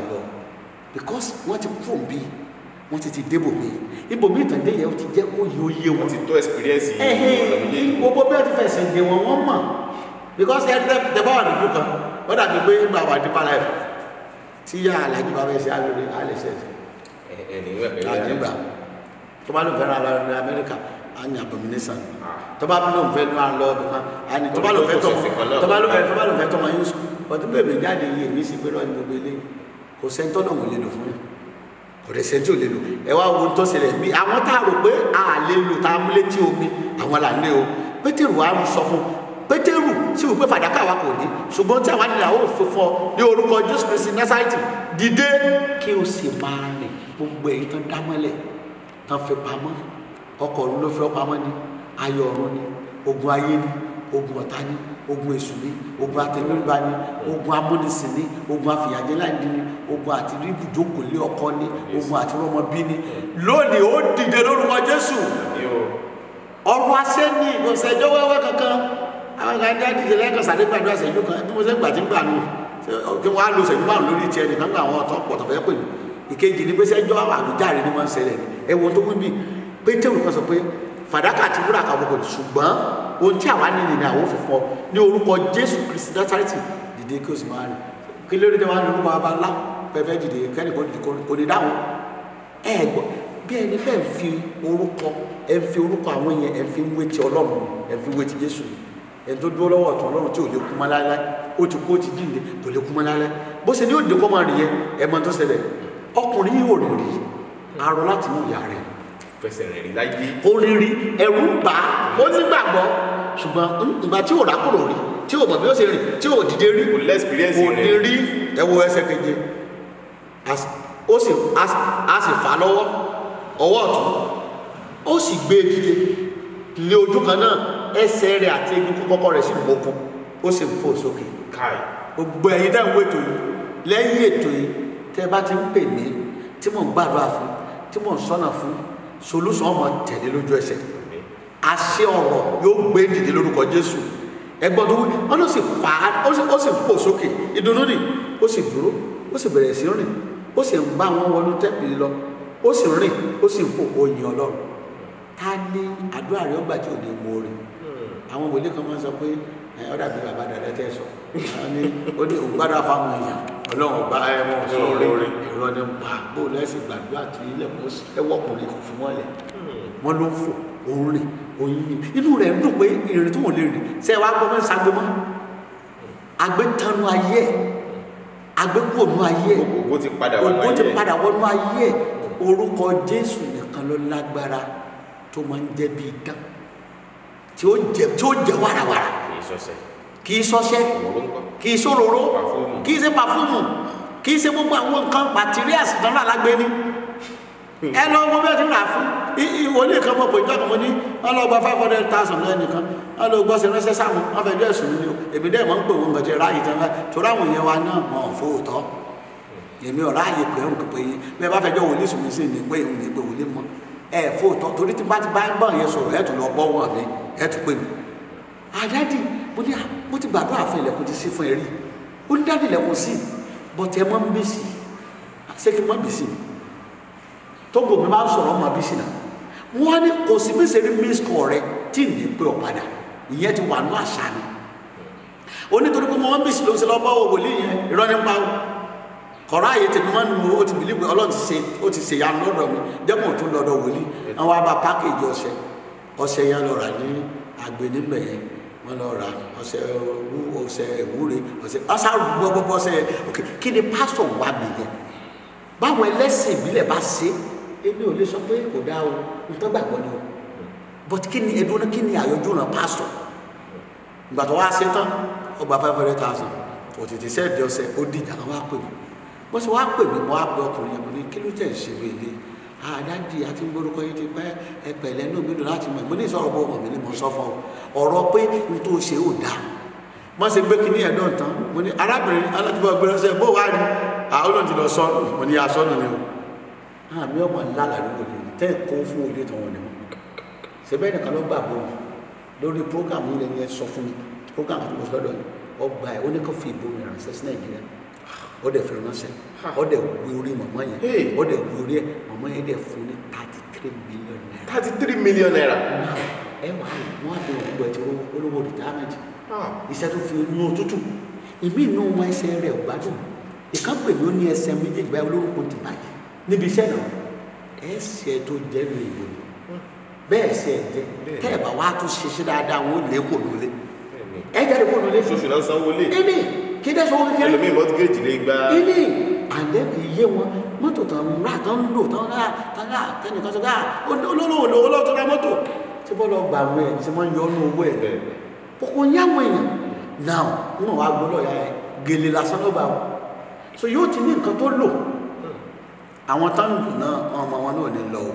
because wọ́n ti pọ̀ bíi wọ́n ti ti débò mi ibòmí ìtàndé yẹn ó ti jẹ́ kó yí ó yé wọn. wọ́n ti tó experience yìí. ẹ̀hìn gbogbo bí wọ́n ti fẹ̀sẹ̀ dè wọ́n wọ́n mọ̀ because ẹ tẹ tẹ bá wà lójú kan wọ́n dàbí pé ń bá wà dípa láìpẹ́ tí yá alájú bá fẹ́ ṣe alóore alẹ́sẹ̀ àdìgbà tó bá ló fẹ́ ra lọ ní Amẹ́ríkà á ní abomination ah. tó bá ló fẹ́ lọ lọ kan á ní tó bá ló fẹ́ tọmọ tó bá ló fẹ́ tó bá ló fẹ́ tọmọ yín sùn ọtí bèbè jáde yìí èmi sì gbé lọ ní gbogbo ilé kò sẹ́ńtọ́ náà wọlé lò fún mi kò dẹ̀ sẹ́ni tí ò lè lò ẹ wá wo tó ṣẹlẹ̀ bí àwọn tá a rò pé a lè lò tá a mú létí omi àwọn là ń lé o pétérù wa ń sọ fún pétérù tí o pé fàdákà wa kò ní ṣùgbọ́n tí àwọn àdìlà ò fi fọ ní orúkọ jésù kristi násàìtì dìde kí o sì máa rìn gbogbo èyí tán dámọ́lẹ̀ tán fi pamọ́ ọkọ̀ òun ló fi ọ́ pamọ́ ni ayọ̀ ọ̀run ni ogun ayé ni ogun ọ̀tá ni ogun èṣù ni ogun atẹnudọgba ogun amúnisìn ogun àfìyàjẹláńdì ogun àti ibùjókòólé ọkọ ogun àti rọmọbí lónìí ó dìde lórúkọ Jésù ọrọ̀ asẹ́ ni ìgbọ̀nsẹ̀ ẹjọ́ wẹ́wẹ́ kankan àwọn kan dá dìde lẹ́ẹ̀kan sàdé gbàdúrà ṣẹ́jú kan bí mo ṣe ń gbà tí ń gbà nù kí lórí tiẹ̀ nìkan gba àwọn ọ̀tọ̀ pọ̀tọ̀ fẹ́ pè mí ìkejì ni pé ṣẹ́jọ́ àwọn àlùjáre ni wọ́n ń ṣẹlẹ̀ tó wí bíi pété òrùka pé fàdákà ti wúrà kàwọn kò ṣùgbọ́n ohun tí àwa nílò ní àwọn òfìfọ ní orúkọ jésù kristi dátàrìtì dìde kí o sì máa rìn kí lórí tẹ wá ní orúkọ abá ńlá pẹfẹ dìde kẹ́ni kò dìde kò ní dáhùn ẹ gbọ́ bí ẹni bẹ́ẹ̀ fi orúkọ ẹ fi orúkọ àwọn yẹn ẹ fi wé ti ọlọ́run ẹ fi wé ti jésù ẹni tó dúró lọ́wọ́ ọ̀tún ọlọ́run tí ò lè kú mọ́ ó ti kú ó ti dìde kò lè kú fẹsẹ̀ rẹ̀ rí láyé. ó rí rí ẹ̀rù bà ó nígbàgbọ́ ṣùgbọ́n ìgbà tí ò rákòrò rí tí ò mọ̀ bí ó ṣe rìn tí ò dìde rí kò ní rí ẹ̀wọ̀ ẹsẹ̀ keje ó sì a sì fà lọ́wọ́ ọwọ́ ọ̀tún ó sì gbé e dìde lé ojú kan náà ẹsẹ̀ rẹ̀ àti egungun kọ́kọ́ rẹ̀ sì gbókun ó sì fò sókè káì gbogbo ẹ̀yin dá ìwé ètò yìí lẹ́yìn ètò yìí tẹ́ bá ti ń pè mí tí mò ń gbàdúrà fún tí mò ń sọ́nà fún solution ọmọ tẹ̀lé lójú ẹsẹ̀ àṣẹ ọ̀rọ̀ yóò gbé dìde lórúkọ Jésù ẹgbọ́n tó wí wọn ló sì fà á ó sì fò sókè ìdùnnú nì ó sì dúró ó sì bẹ̀rẹ̀ sí rìn ó sì ń bá wọn wọnú tẹ́pìlì lọ ó sì rìn ó sì ń fò oyin Ọlọ́run ta ni àdúrà rẹ ọgbà tí ò ní mú orin hmm. àwọn wòlé kan máa ń sọ pé ọ dàbí bàbá dàdẹ tẹ sọ ó ní ògbádà fáwọn èèyàn ọlọ́run ọba ẹ̀wọ̀n sórí ìrọ̀ ni bá bó lẹ́sìn gbàdúrà tí ilẹ̀ mọ́ sí ẹwọ́ ọkùnrin kò fún wọn lẹ̀ hmm. wọ́n ló ń fò òun rìn òun yìn inú rẹ̀ ń dùn pé ìrìn tó wọ́n lè rìn sẹ́ wàá gbọ́ mọ́ ṣàgbé mọ́ àgbétanu ayé ẹ̀ àgbékùnú ayé ẹ̀ ògbó ti padà wọnú ayé ẹ̀ orúkọ Jésù nìkan ló lágbára tó máa ń jẹ́ bí idán tí ó jẹ́ wàràwàrà kì í sọ́sẹ́ kì í sóróró kì í ṣe pàfúmù kì í ṣe gbogbo àwọn nǹkan materials tán lálágbé ní hmm. ẹ lọ ọmọ bẹ́ẹ̀ tí ń rà fún ìwọlé kan mọ̀ pé ìjọ kan mo ní ọlọ́gba five hundred thousand náà nìkan ọlọ́gbọ́sẹ̀ ránṣẹ́ sáwọn wọn fẹ́ jẹ́ ẹ̀sùn ní o èmi dẹ́ mọ̀ ń pè wọ́n gbọ̀jẹ̀ ráàyè tán láì torí àwọn èèyàn wa náà mọ̀ fóòtọ́ èmi ò ráàyè pé òun kò pé yín bẹ́ẹ̀ bá fẹ́ jọ sùn mí sí ní pé òun ní pé wòlé mọ́ ẹ̀ fóòtọ́ torí tí bá ti bá ń bọ̀ yẹn sọ̀rọ̀ ẹ̀ tún lọ bọ́ wọn mi ẹ̀ tún pè mí àdádì mo ní mo ti gbàdúrà fún ilẹ̀kùn ti sí fún ẹ̀rí ó ní dádì ilẹ̀kùn sí bọ̀tẹ̀ mọ́ ń bèsì ṣé kí n mọ́ bèsì tó gbò mi máa ń sọ̀rọ̀ ọmọ bèsì náà wọ́n á ní kò sí bèsì rí miss call rẹ tí ì ní pé ọ̀padà ìyẹn ti wà ní àṣà ni ó ní torí pé mo ń bèsì ló ń ṣe lọ́bọ̀ wò wòlíì yẹn irọ́ nípa o kọ̀rọ̀ àyè tèmi wọ́n nu ó ti bìlí pé ọlọ́run ti ṣe ìyanu lọ́dọ̀ mi dẹ́kun òtún lọ́dọ̀ wòlíì àwọn abá pákéjì ọ̀sẹ̀ ọ̀sẹ̀ yẹn lọ́ra ní wọ́n lọ ra ọṣẹ ru ọṣẹ ìwúre ọṣẹ ọṣẹ arúgbó gbogbo ọṣẹ ok kí ni pásítọ̀ wà mí yẹn báwọn ẹlẹ́sìn ìbílẹ̀ bá ṣe èmi ò lè sọ pé kò dáa o nítorí gbàgbọ́ ni o but kí ni ẹdun kí ni àyọjú náà pásítọ̀ ìgbà tó wá ṣe tán ọgbà five hundred thousand òtítì sẹ́ẹ̀dì ọṣẹ ó dìjà wọ́n wá pè mí wọ́n sì wá pè mí wọ́n á pè ọkùnrin yẹn mo ní kí ló tẹ̀ ń ṣe wí ilé àdájì ah, àti gbórúkọ yìí ti pẹ́ ẹ̀pẹ̀lẹ́ ní òmìnira láti mọ̀ ìmọ̀ ní ìsọ̀rọ̀ bọ̀ ọmọ mi ni mo sọ fún ọ ọ̀rọ̀ pé n tó ṣe ò dáa má ṣe gbé kínní ẹ̀dọ́ tán mo ní arábìnrin alátìmọ̀ gbẹrẹsẹ̀ bó wà ní àwọn ti lọ sọ mo ní aṣọ nìyẹn o àmì ah, ọmọ ńlá ni mo ṣẹbẹ́ nìkan ló lórí program yìí lẹ́yìn ẹ sọ fún mi program tó lọ sọ́dọ̀ yìí ọgbà ẹ̀ ó ní kó fi ìbomìíràn ṣe sí nàìjíríà ó dẹ̀ fi ránṣẹ́ ó dẹ̀ gbé orí màmá yẹn
ó dẹ̀ gbé orí ẹ̀ màmá yẹn dẹ̀ fún ní thirty three million naira. thirty three million naira. ẹ wà á wọn á bẹ̀rẹ̀ gbogbo ẹ̀jẹ̀ olówó retirement
iṣẹ́ tó fi inú òtútù ìmí inú wọn ẹsẹ̀ rẹ̀ ò gbádùn ìkan pè ló ní ẹsẹ̀ méjì gba olórúkọ ti bàjẹ́ níbi iṣẹ́ náà ẹsẹ̀ tó jẹ́ ní ìbò hmm. bẹ́ẹ̀ ẹsẹ̀ jẹ́ tẹ́ ẹ̀ bá wá tún ṣiṣẹ́ dáadáa
wọn ò lé kò lólé ẹ jáde kò lólé. oṣooṣù náà sanwó lé. ẹ bẹ́ẹ̀ kí dẹ́ sọ wọn kékeré ẹlòmíì bọ́ ti gèjì lè gba ilé àdẹ́kù
iye wọn mọ́tò tán rà tán lò tán rà tán rà tẹnìkan sọ rà olólùwò lówó lọ́wọ́ tó ra mọ́tò tí so yóò ti ní nǹkan tó lò àwọn tán lù náà ọmọ wọn náà ò ní lọ o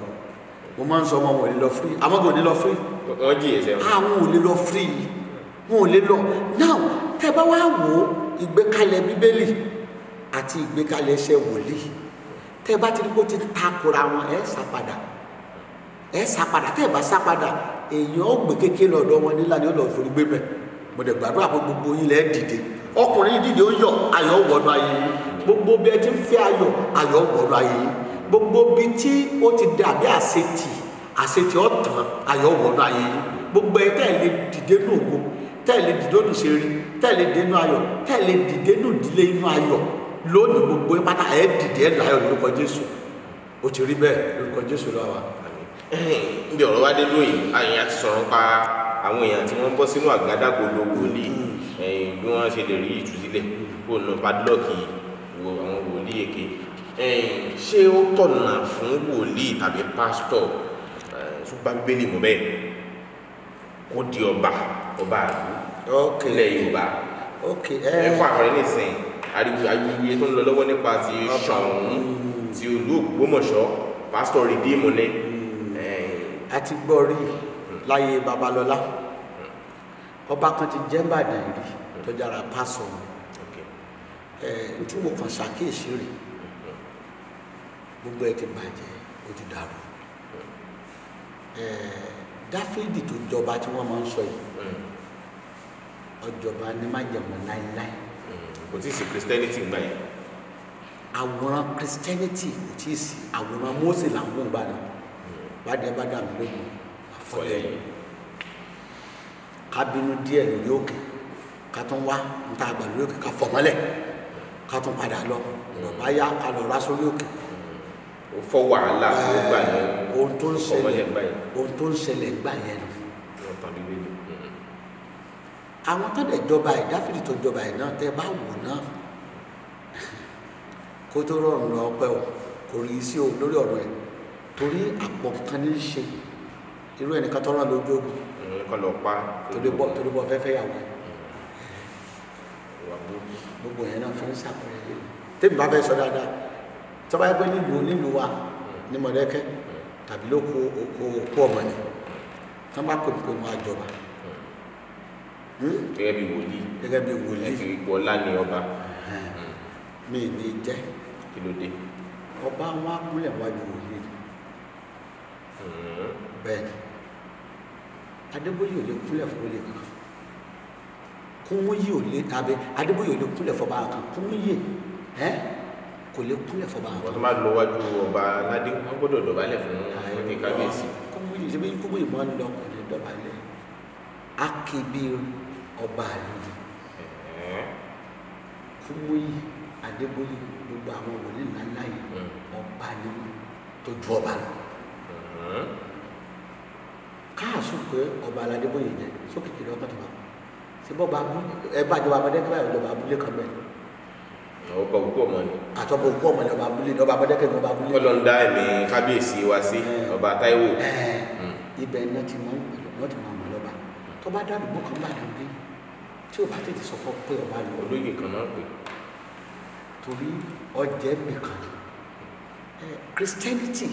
mo máa ń sọ ọmọ wọn ò ní lọ free àwọn kò ní lọ free
àwọn ò ní lọ free
wọn ò lè lọ now tẹ́ bá wá wò ó ìgbékalẹ̀ bíbélì àti ìgbékalẹ̀ iṣẹ́ wòlíì tẹ́ bá ti rí kó ti takora wọn ẹ̀ sápadà ẹ̀ sápadà tẹ́ bá sápadà èèyàn ọ̀gbìn kékeré ọ̀dọ̀ wọn nílànà yóò lọ forí gbé bẹ́ẹ̀ mo dẹ̀ gbàdúrà pé gbogbo yín lẹ́ẹ̀ dìde ọkùnrin dìde ó yọ ayọ̀ wọnú ayé yín gbogbo bí ẹ ti ń fẹ́ ayọ̀ ayọ̀ wọnú ayé yín gbogbo bí tí ó ti dàbí àṣetì àṣetì ọ̀tàn ayọ̀ wọnú ayé yín gbogbo ẹ tẹ́ ẹ lè dìde ní ògo tẹ̀lé dìdónù ṣe rí tẹ̀lé dénú ayọ̀ tẹ̀lé dìdénú ìdílé inú ayọ̀ lónìí gbogbo pátá ẹ̀ dìde ẹ̀ láyọ̀ lórúkọ Jésù ó ti rí bẹ́ẹ̀ lórúkọ Jésù lọ́wọ́
níbi ọ̀rọ̀ wá dé lóyè àyìn àti sọ̀rọ̀ pa àwọn èèyàn tí wọ́n bọ́ sínú àgádágodo wòlíì bí wọ́n ṣe lè rí ìtúsílẹ̀ kó nu padlọ́ọ̀kì wo àwọn wòlíì èké ṣé ó tọ̀nà fún wòlíì tàbí pásítọ̀ ṣùgbọ́n bíbélì mọ́ bẹ́ẹ̀ kó di ọba ọba àdúgbò ilẹ̀ yorùbá
ẹ̀fọ́ àkọlé nìsín
ayuyẹ tó ń lọ lọ́wọ́ nípa ti ṣọ̀hún hmm. ti olú ògbómọ̀ṣọ́ pásítọ̀ rìdí ìmọ̀lẹ́. Hmm. a ti gbọ́ rí hmm. láyé babalọ́lá
ọba kan ti jẹ́ ìbàdàn rí tó jára pásọ̀ ntí mo kàn ṣàkíyèsí rẹ̀ gbogbo ẹ ti bàjẹ́ ó dàrú dáfídì tó jọba tí wọ́n máa ń sọ yìí ọjọba ní májẹ̀mú láéláé. kò tí ì sí christianity gbà yẹn. àwòrán christianity kò tí ì sí àwòrán mose là ń mú gbà náà bàdé bàdé àmì lógun àfọlẹ́yìn kábínú díẹ̀ ní yóò kẹ́ ká tún wá ń ta àgbà lórí òkè ká fọmọ́lẹ̀ ká tún padà lọ bàbá yá ká lọ rá sórí òkè. ó fọ wàhálà tó gbà yẹn ohun tó ń ṣẹlẹ̀ gbà yẹn àwọn tó dẹ̀ jọba ẹ̀ Dáfídì tó jọba ẹ̀ náà tẹ́ bá wò náà kó tó rọrùn lọ pẹ́ o kò rí sí o lórí ọ̀rọ̀ ẹ̀ torí àpọ̀ kan ní í ṣe irú ẹnìkan tó rán lójú ogun torí bọ́ torí bọ́ fẹ́fẹ́ yàwó ẹ̀ gbogbo yẹn náà fi ń sàpẹ́rẹ́ tèmi bá fẹ́ sọ dáadáa tó bá yẹ pé nílùú nílùú wa ní Mọ̀dákẹ́kẹ́
tàbí lóko òkú ọmọ ni tó bá pèpè mọ́ àjọba gẹ́gẹ́ bí wòlíì gẹ́gẹ́ bí wòlíì ẹ̀sìn ipò ọlá ni ọba mi ní jẹ́ kí ló dé
ọba wa kúlẹ̀ wájú wòlíì bẹ́ẹ̀ ni adébóyè ò lè kúlẹ̀ fún olè kan kúnmúyè ò lè tàbí adébóyè ò lè kúlẹ̀ fọba kan kúnmúyè
ẹ́ kò lè kúnlẹ̀ fọba kan. ọtọ́ bá lọ wájú ọba aládé wọn gbọ́dọ̀ dọ̀bálẹ̀ fún ní kábíyèsí.
kúnmúyè ṣe bí kúnmúyè máa ń lọ kò lè dọ̀bálẹ̀ akébí ọba àlù kúmóyí adébóyí gbogbo àwọn wòlíì ńláńlá yìí hmm. ọba ni tó ju ọba lọ hmm. káàsù pé ọba aládébóyè jẹ sókè kiri ọkọ tó bá ṣe bọ́ bá ẹbá ìjọba abẹ́dẹ́kẹ́ báyìí ọba abúlé kan bẹ́ẹ̀. ọba òkú ọmọ ni. àtọ́bọ̀ òkú ọmọ ni ọba abúlé ni ọba abẹ́dẹ́kẹ́ ni ọba abúlé. kọ́lọ́ ń dá ẹ̀mí kábíyèsí
wa sí ọba táíwò. Hmm.
ibẹ̀ náà ti mọ ìlú náà ti mọ àmọ́ lọ́ba tó bá dá kan bá dàn tí o bá tètè sọ fún pé ọba lò olóyè kan náà pè torí ọjẹ nìkan christianity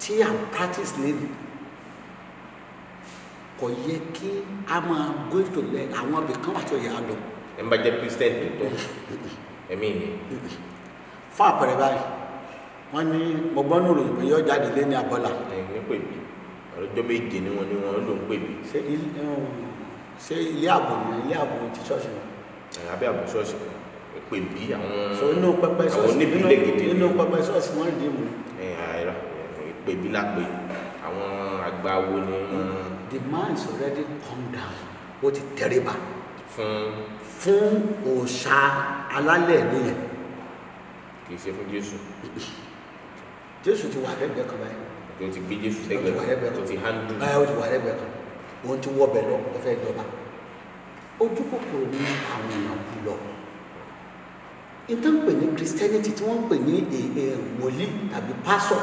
tí à ń practice lẹ́nu kò yẹ kí a máa gbé tó lẹ àwọn ibì kan àti ọ̀yà lọ.
ẹ má jẹ christian tó tọ
ẹmí ni. fún àpẹẹrẹ báyìí wọn ní mo gbọ́ nù ròyìn pé yọ jáde lé ní abọ́là. ẹ ní pèbí ọjọ́ méje ni wọ́n ní wọ́n ló ń pèbí. ṣé ilé ọ̀hún ṣé ilé ààbò ni ilé ààbò ti ṣọ́ọ̀ṣì wọn.
àbí ààbò ṣọ́ọ̀ṣì kan pè bí àwọn àwọn oníbílẹ̀ gidi nínú pẹpẹ ṣọ́ọ̀ṣì wọn rìn dìbò. pè bí lápè àwọn àgbà wo ni. the man is already calm down ó ti tẹríba. fún. fún òòṣà
alálẹ̀ nìyẹn. kì í ṣe fún jésù. jésù ti wà
lẹ́gbẹ̀ẹ́ kan báyìí. o ti gbé jésù sẹ́gbẹ̀ẹ́ kan o ti handle. báyọ̀ o ti wà lẹ́gbẹ̀ẹ́ kan
wọ́n ti wọ́ bẹ̀ lọ wọ́n fẹ́ jọba ojú kòkòrò ní àwọn èèyàn kú lọ nítorí wọ́n pè ní christianity tí wọ́n pè ní wòlíì tàbí pásọ̀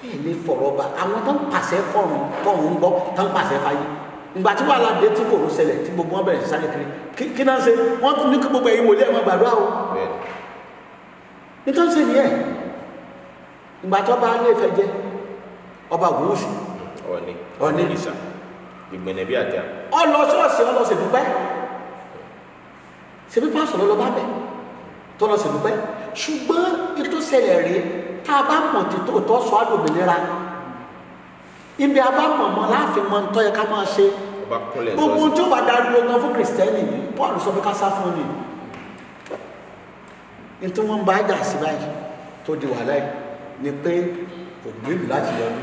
bẹ́ẹ̀ ni fọ̀rọ̀ bá àwọn tó ń pàṣẹ fọ̀rùn fọ̀rùn ń bọ́ tó ń pàṣẹ fáyé ìgbà tí wàhálà dé tí kò ló ṣẹlẹ̀ tí gbogbo wọn bẹ̀rẹ̀ sí sáré kiri kí náà ṣe wọ́n tún ní kí gbogbo ẹ̀yin wòlíì ẹ̀ máa gbàdúrà o nítorí ṣe nìyẹn ìgbà tó bá lè fẹ́ jẹ́
ọba ògúnwùsì ọ̀ọ́ni ọ̀ọ́ni ìgbẹ̀nẹ̀ bí àtẹ.
ọlọ ṣọ́ọ̀ṣì ọlọ ṣèdúpẹ́ ṣèbí pásọ lọ lọ bá bẹ tó lọ ṣèdúpẹ́ ṣùgbọ́n ètò ṣẹlẹ̀ rèé tá a bá mọ̀ títò tó sọ àdòmìnira ibi abámọ̀mọ́ láàfin mọ́ ntọ́ yẹ ká máa ṣe gbogbo tí ó bá dariwo gan fún kìrìsìtẹ́nì paul sọ pé ká sá fún mi ní tí wọ́n ń bá jà sí báyìí tó di wàhálà yìí ni pé kò gbìyànjú láti yọjú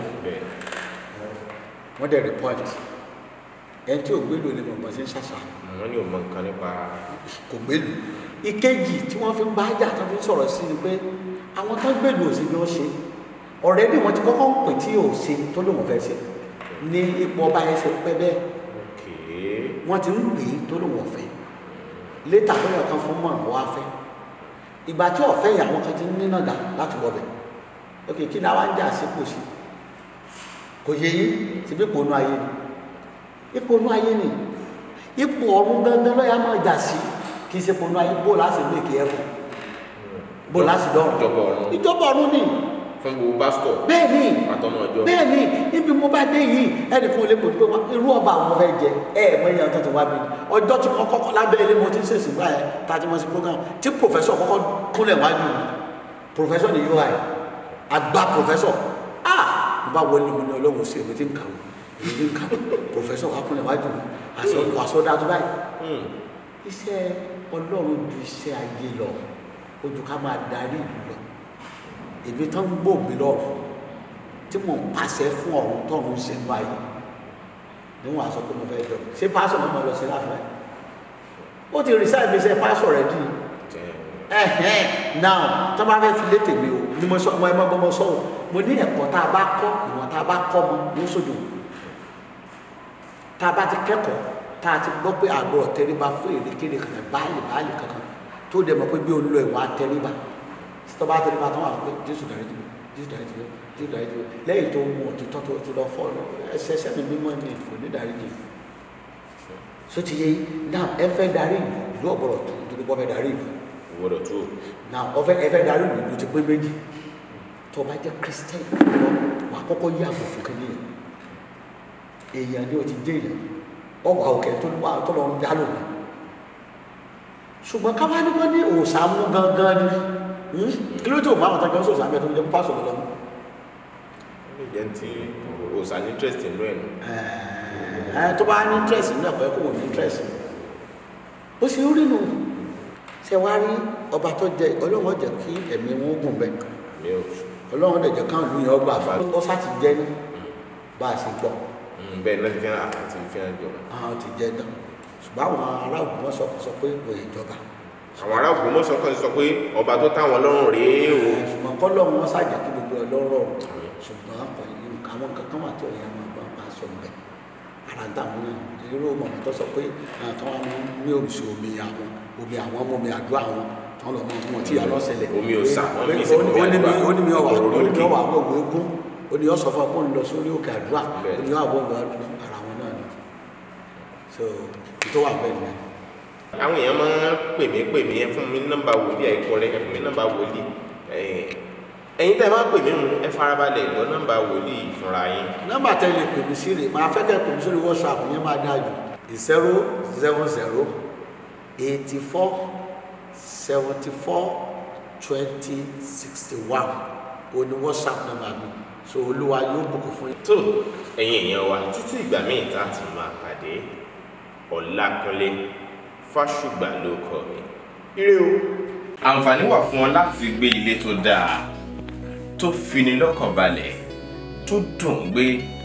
wọ́n dẹ̀ report
ẹni tí ò gbélò ni bàbá ṣe ṣàṣà. àwọn ni ò mọ nǹkan nípa. kò gbélò
ìkejì tí wọ́n fi ń bá jà tó fi ń sọ̀rọ̀ sí ni pé àwọn tó gbélò ò sí ni wọ́n ṣe ọ̀rẹ́ bí wọ́n ti kọ́kọ́ pè tí ò ṣe tó lóun fẹ́ ṣe ní ipò ọba yẹn ṣe pẹ́ bẹ́ẹ̀ wọ́n ti ń pè é tó lóun ọ̀fẹ́ létà tó yẹ kan fún mọ́ àwọn afẹ́ ìgbà tí ọ̀fẹ́ ìyàwó kan ti ní nàgà láti wọ ok kí ni àwa ń jà sípò sí kò yẹ yín síbí kò nu ayé ni ipò inú ayé ni ipò ọ̀run gangan lọ́yà máa jà sí kì í ṣe ipò inú ayé bó láti lè
kí ẹ̀fọ́ bó láti dọ̀rùn ìjọba ọ̀run
ìjọba ọ̀run ni
fún gbogbo pásítọ̀ bẹ́ẹ̀ni àtọmọ ọjọ́ bẹ́ẹ̀ni
níbi mo bá dé yìí ẹnì kan lè mọ̀ pé irú ọba àwọn fẹ́ jẹ ẹ ẹ mọ èèyàn tó ti wá mi ọjọ́ tí mo kọ́kọ́ lábẹ́ ilé mo ti ń ṣèṣì gbà tàbí mo ti program tí pòfẹ́sọ̀ kọ́kọ́ kúnlẹ̀ wájú pòfẹ́sọ̀ ni ui àgbà pòfẹ́sọ̀ ah mo bá wọlé mo ní ọlọ́run ṣe èmi ti ń kàwé èyí ká pòfẹ́sọ̀ wa kún níwájú àsọdájú báyìí hmm. iṣẹ́ ọlọ́run ju iṣẹ́ ayé lọ ojú ká máa darí ìlú lọ èmi tán ń gbòmí lọ tí mò ń pàṣẹ fún ọ̀run tọ́run ṣe ń báyìí ni wọn àsọ pé mo fẹ́ lọ ṣé pásọ̀ náà mo lọ sí láfẹ́ ó ti resign mi ṣe pásọ̀ rẹ̀ dì ẹ̀hẹ́n now tó bá fẹ́ fi lé tèmi o ni mo sọ ọmọ ẹgbẹ́ mo sọ o mo ní ẹ̀kọ́ tá a bá kọ́ ìwọ̀n tá a bá kọ́ mo ní sódò tá a bá ti kẹ́kọ̀ọ́ tá a ti gbọ́ pé àgọ́ ọ̀tẹ́ríba fún èrèkèrè kankan báàlì báàlì kankan tó dẹ̀ mọ̀ pé bí olú ẹ̀ wá tẹ́ríba tó bá tẹ́ríba tó wà pé jésù dàrí jù jésù dàrí jù jésù dàrí jù lẹ́yìn tó mú òtítọ́ tó ti lọ fọ́ ẹsẹ̀ ẹsẹ̀ mi mímọ́ mi kò ní dàrí jù so ti yé now ẹ fẹ́ darí ìlú ìlú ọ̀gbọ̀rọ̀ tó nítorí bọ́ fẹ́ darí ìlú ọ̀gbọ̀rọ̀ tó now ọ̀fẹ́ ẹ fẹ́ darí ìlú ìlú ti pé méjì tó jẹ́ christian èèyàn yóò ti dé ìlẹ̀ ọwọ́ òkè tó wà tó lọ ń dá lòdì ṣùgbọ́n káwá ní wọ́n ní òòsà mú gangan ni hmm? kí ló tó máa wọn tàbí ọ̀sán àbẹ̀tọ̀ jẹ́ pásọ̀ lọ́wọ́.
ó ti òòsà ní interest inú ẹ̀ nù. tó bá ní interest inú ẹ̀ pẹ́ kó wò ní interest
bó ṣe rí nù ṣe wá rí ọba tó jẹ ọlọ́run jẹ́ kí ẹ̀mí wọn gùn bẹ́ẹ̀ ọlọ́run dẹ̀ jẹ́ káwọn lu yẹn ọgbà fún ọ sá ti
bẹ́ẹ̀ lọ́sí fẹ́ràn àti
fẹ́ràn ìjọba. àwọn ti jẹ dán ṣùgbọ́n àwọn ará Ògbómọ̀ṣọ́ kan sọ pé kò yẹ ìjọba.
àwọn ará Ògbómọ̀ṣọ́ kan sọ pé ọba tó táwọn lọ́rùn rèé o. ṣùgbọ́n
kọ́ lọ́run wọn ṣàjà kí gbogbo ẹ lọ́rọ̀ ṣùgbọ́n àwọn nǹkan kan wà tí òye àwọn ọba bá sọ bẹ́ẹ̀ ara ń dààmú náà irú ọmọ tó sọ pé àwọn mi ò sí omi àwọn omi àwọn ọmọ mi àdúrà wọn tán lọ mọ ọmọ tí òní yóò sọ fún ọ pé òun lọ sórí òkè àdúrà òní ara wọn náà ni
so tó wà bẹ́ẹ̀ ni. àwọn èèyàn máa ń pè mí pè mí ẹ fún mi nọ́mbà wòlíì àìkọ rẹ ẹ fún mi nọ́mbà wòlíì ẹ̀yin tẹ́ bá pè mí mu ẹ farabalẹ̀ gbọ́ nọ́mbà wòlíì fúnra yín. nọ́mbà tẹ́ lè pè mí sí rè máa
fẹ́ kẹ́ pè mí sórí wọ́ṣọ̀pù yẹn máa dáa jù zero zero zero eighty four seventy four twenty sixty one òní wọ́ṣọ̀pù nọ́mbà
mi so olúwa yóò bùkún fún yín. tó ẹ̀yin èèyàn wa títí ìgbà míì tá a ti máa pàdé ọlákúnlé fásùgbà ló kọ mi. ire o. àǹfààní wà fún ọ láti gbé ilé tó dáa tó fini lọ́kàn balẹ̀ tó dùn gbé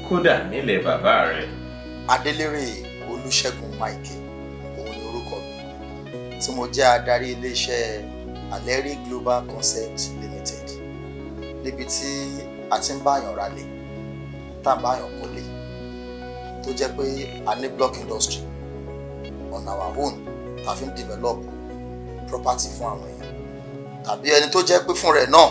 kódà nílẹ̀ bàbá rẹ̀. adélérè
olúṣẹ́gun mike òun ni orúkọ mi tí mo jẹ́ adarí iléeṣẹ́ aleri global concept limited níbi tí a ti ń báyàn ra lé tá à báyàn kó lé tó jẹ́ pé a ní block industry on our own ta fi ń develop property fún àwọn èèyàn tàbí ẹni tó jẹ́ pé fún rẹ̀ náà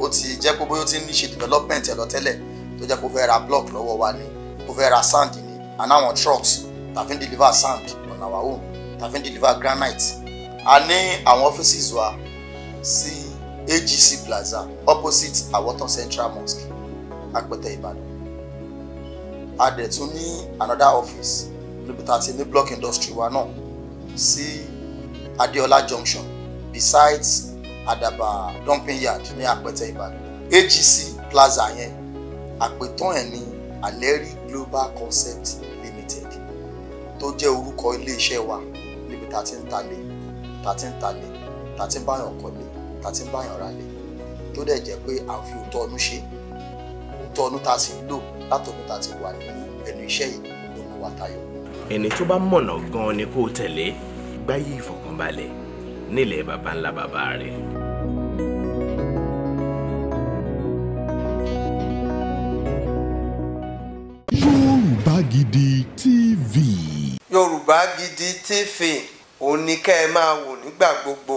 ó ti jẹ́ pé bóyá ó ti ń ṣe development ẹ̀ lọ tẹ́lẹ̀ tó jẹ́ pé fẹ́ ra block lọ́wọ́ wa ni ó fẹ́ ra sand ni and àwọn trucks ta fi ń deliver sand on our own ta fi ń deliver granite a ní àwọn offices wa sí AGC Plaza opposite Awotan Central Mosque Apẹtẹ Ìbàdàn a dẹ̀ tún another office níbi tá New block industry wa náà sí Adeola Junction besides Adaba dumping yard near Apẹtẹ Ìbàdàn AGC Plaza yẹn àpètàn ẹ̀ ní Aleri Global Concept Limited tó jẹ́ orúkọ iléeṣẹ́ wa níbi tá a ti ń talé tá a ti ń tá ti ń báyàn ra lẹ̀ tó dẹ̀ jẹ́ pé à fi òótọ́ ọdún ṣe òótọ́ ọdún tá sì ń lò látọ̀dún tá ti wà ní ẹnu iṣẹ́ yìí ló mú wa tayọ.
ẹni tó bá mọ̀nà gan-an ni kó tẹ̀lé gbáyé ìfọ̀kànbalẹ̀ nílẹ̀ baba ńlá baba rẹ̀. Yorùbá Gidi TV.
Yorùbá Gidi TV òun ni kẹ́ ẹ máa wò nígbà gbogbo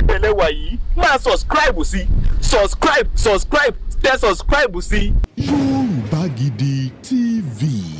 ìbẹ̀lẹ̀ wà yìí máa subscribe sí subscribe subscribe tẹ subscribe sí. Yorùbá Gidi TV.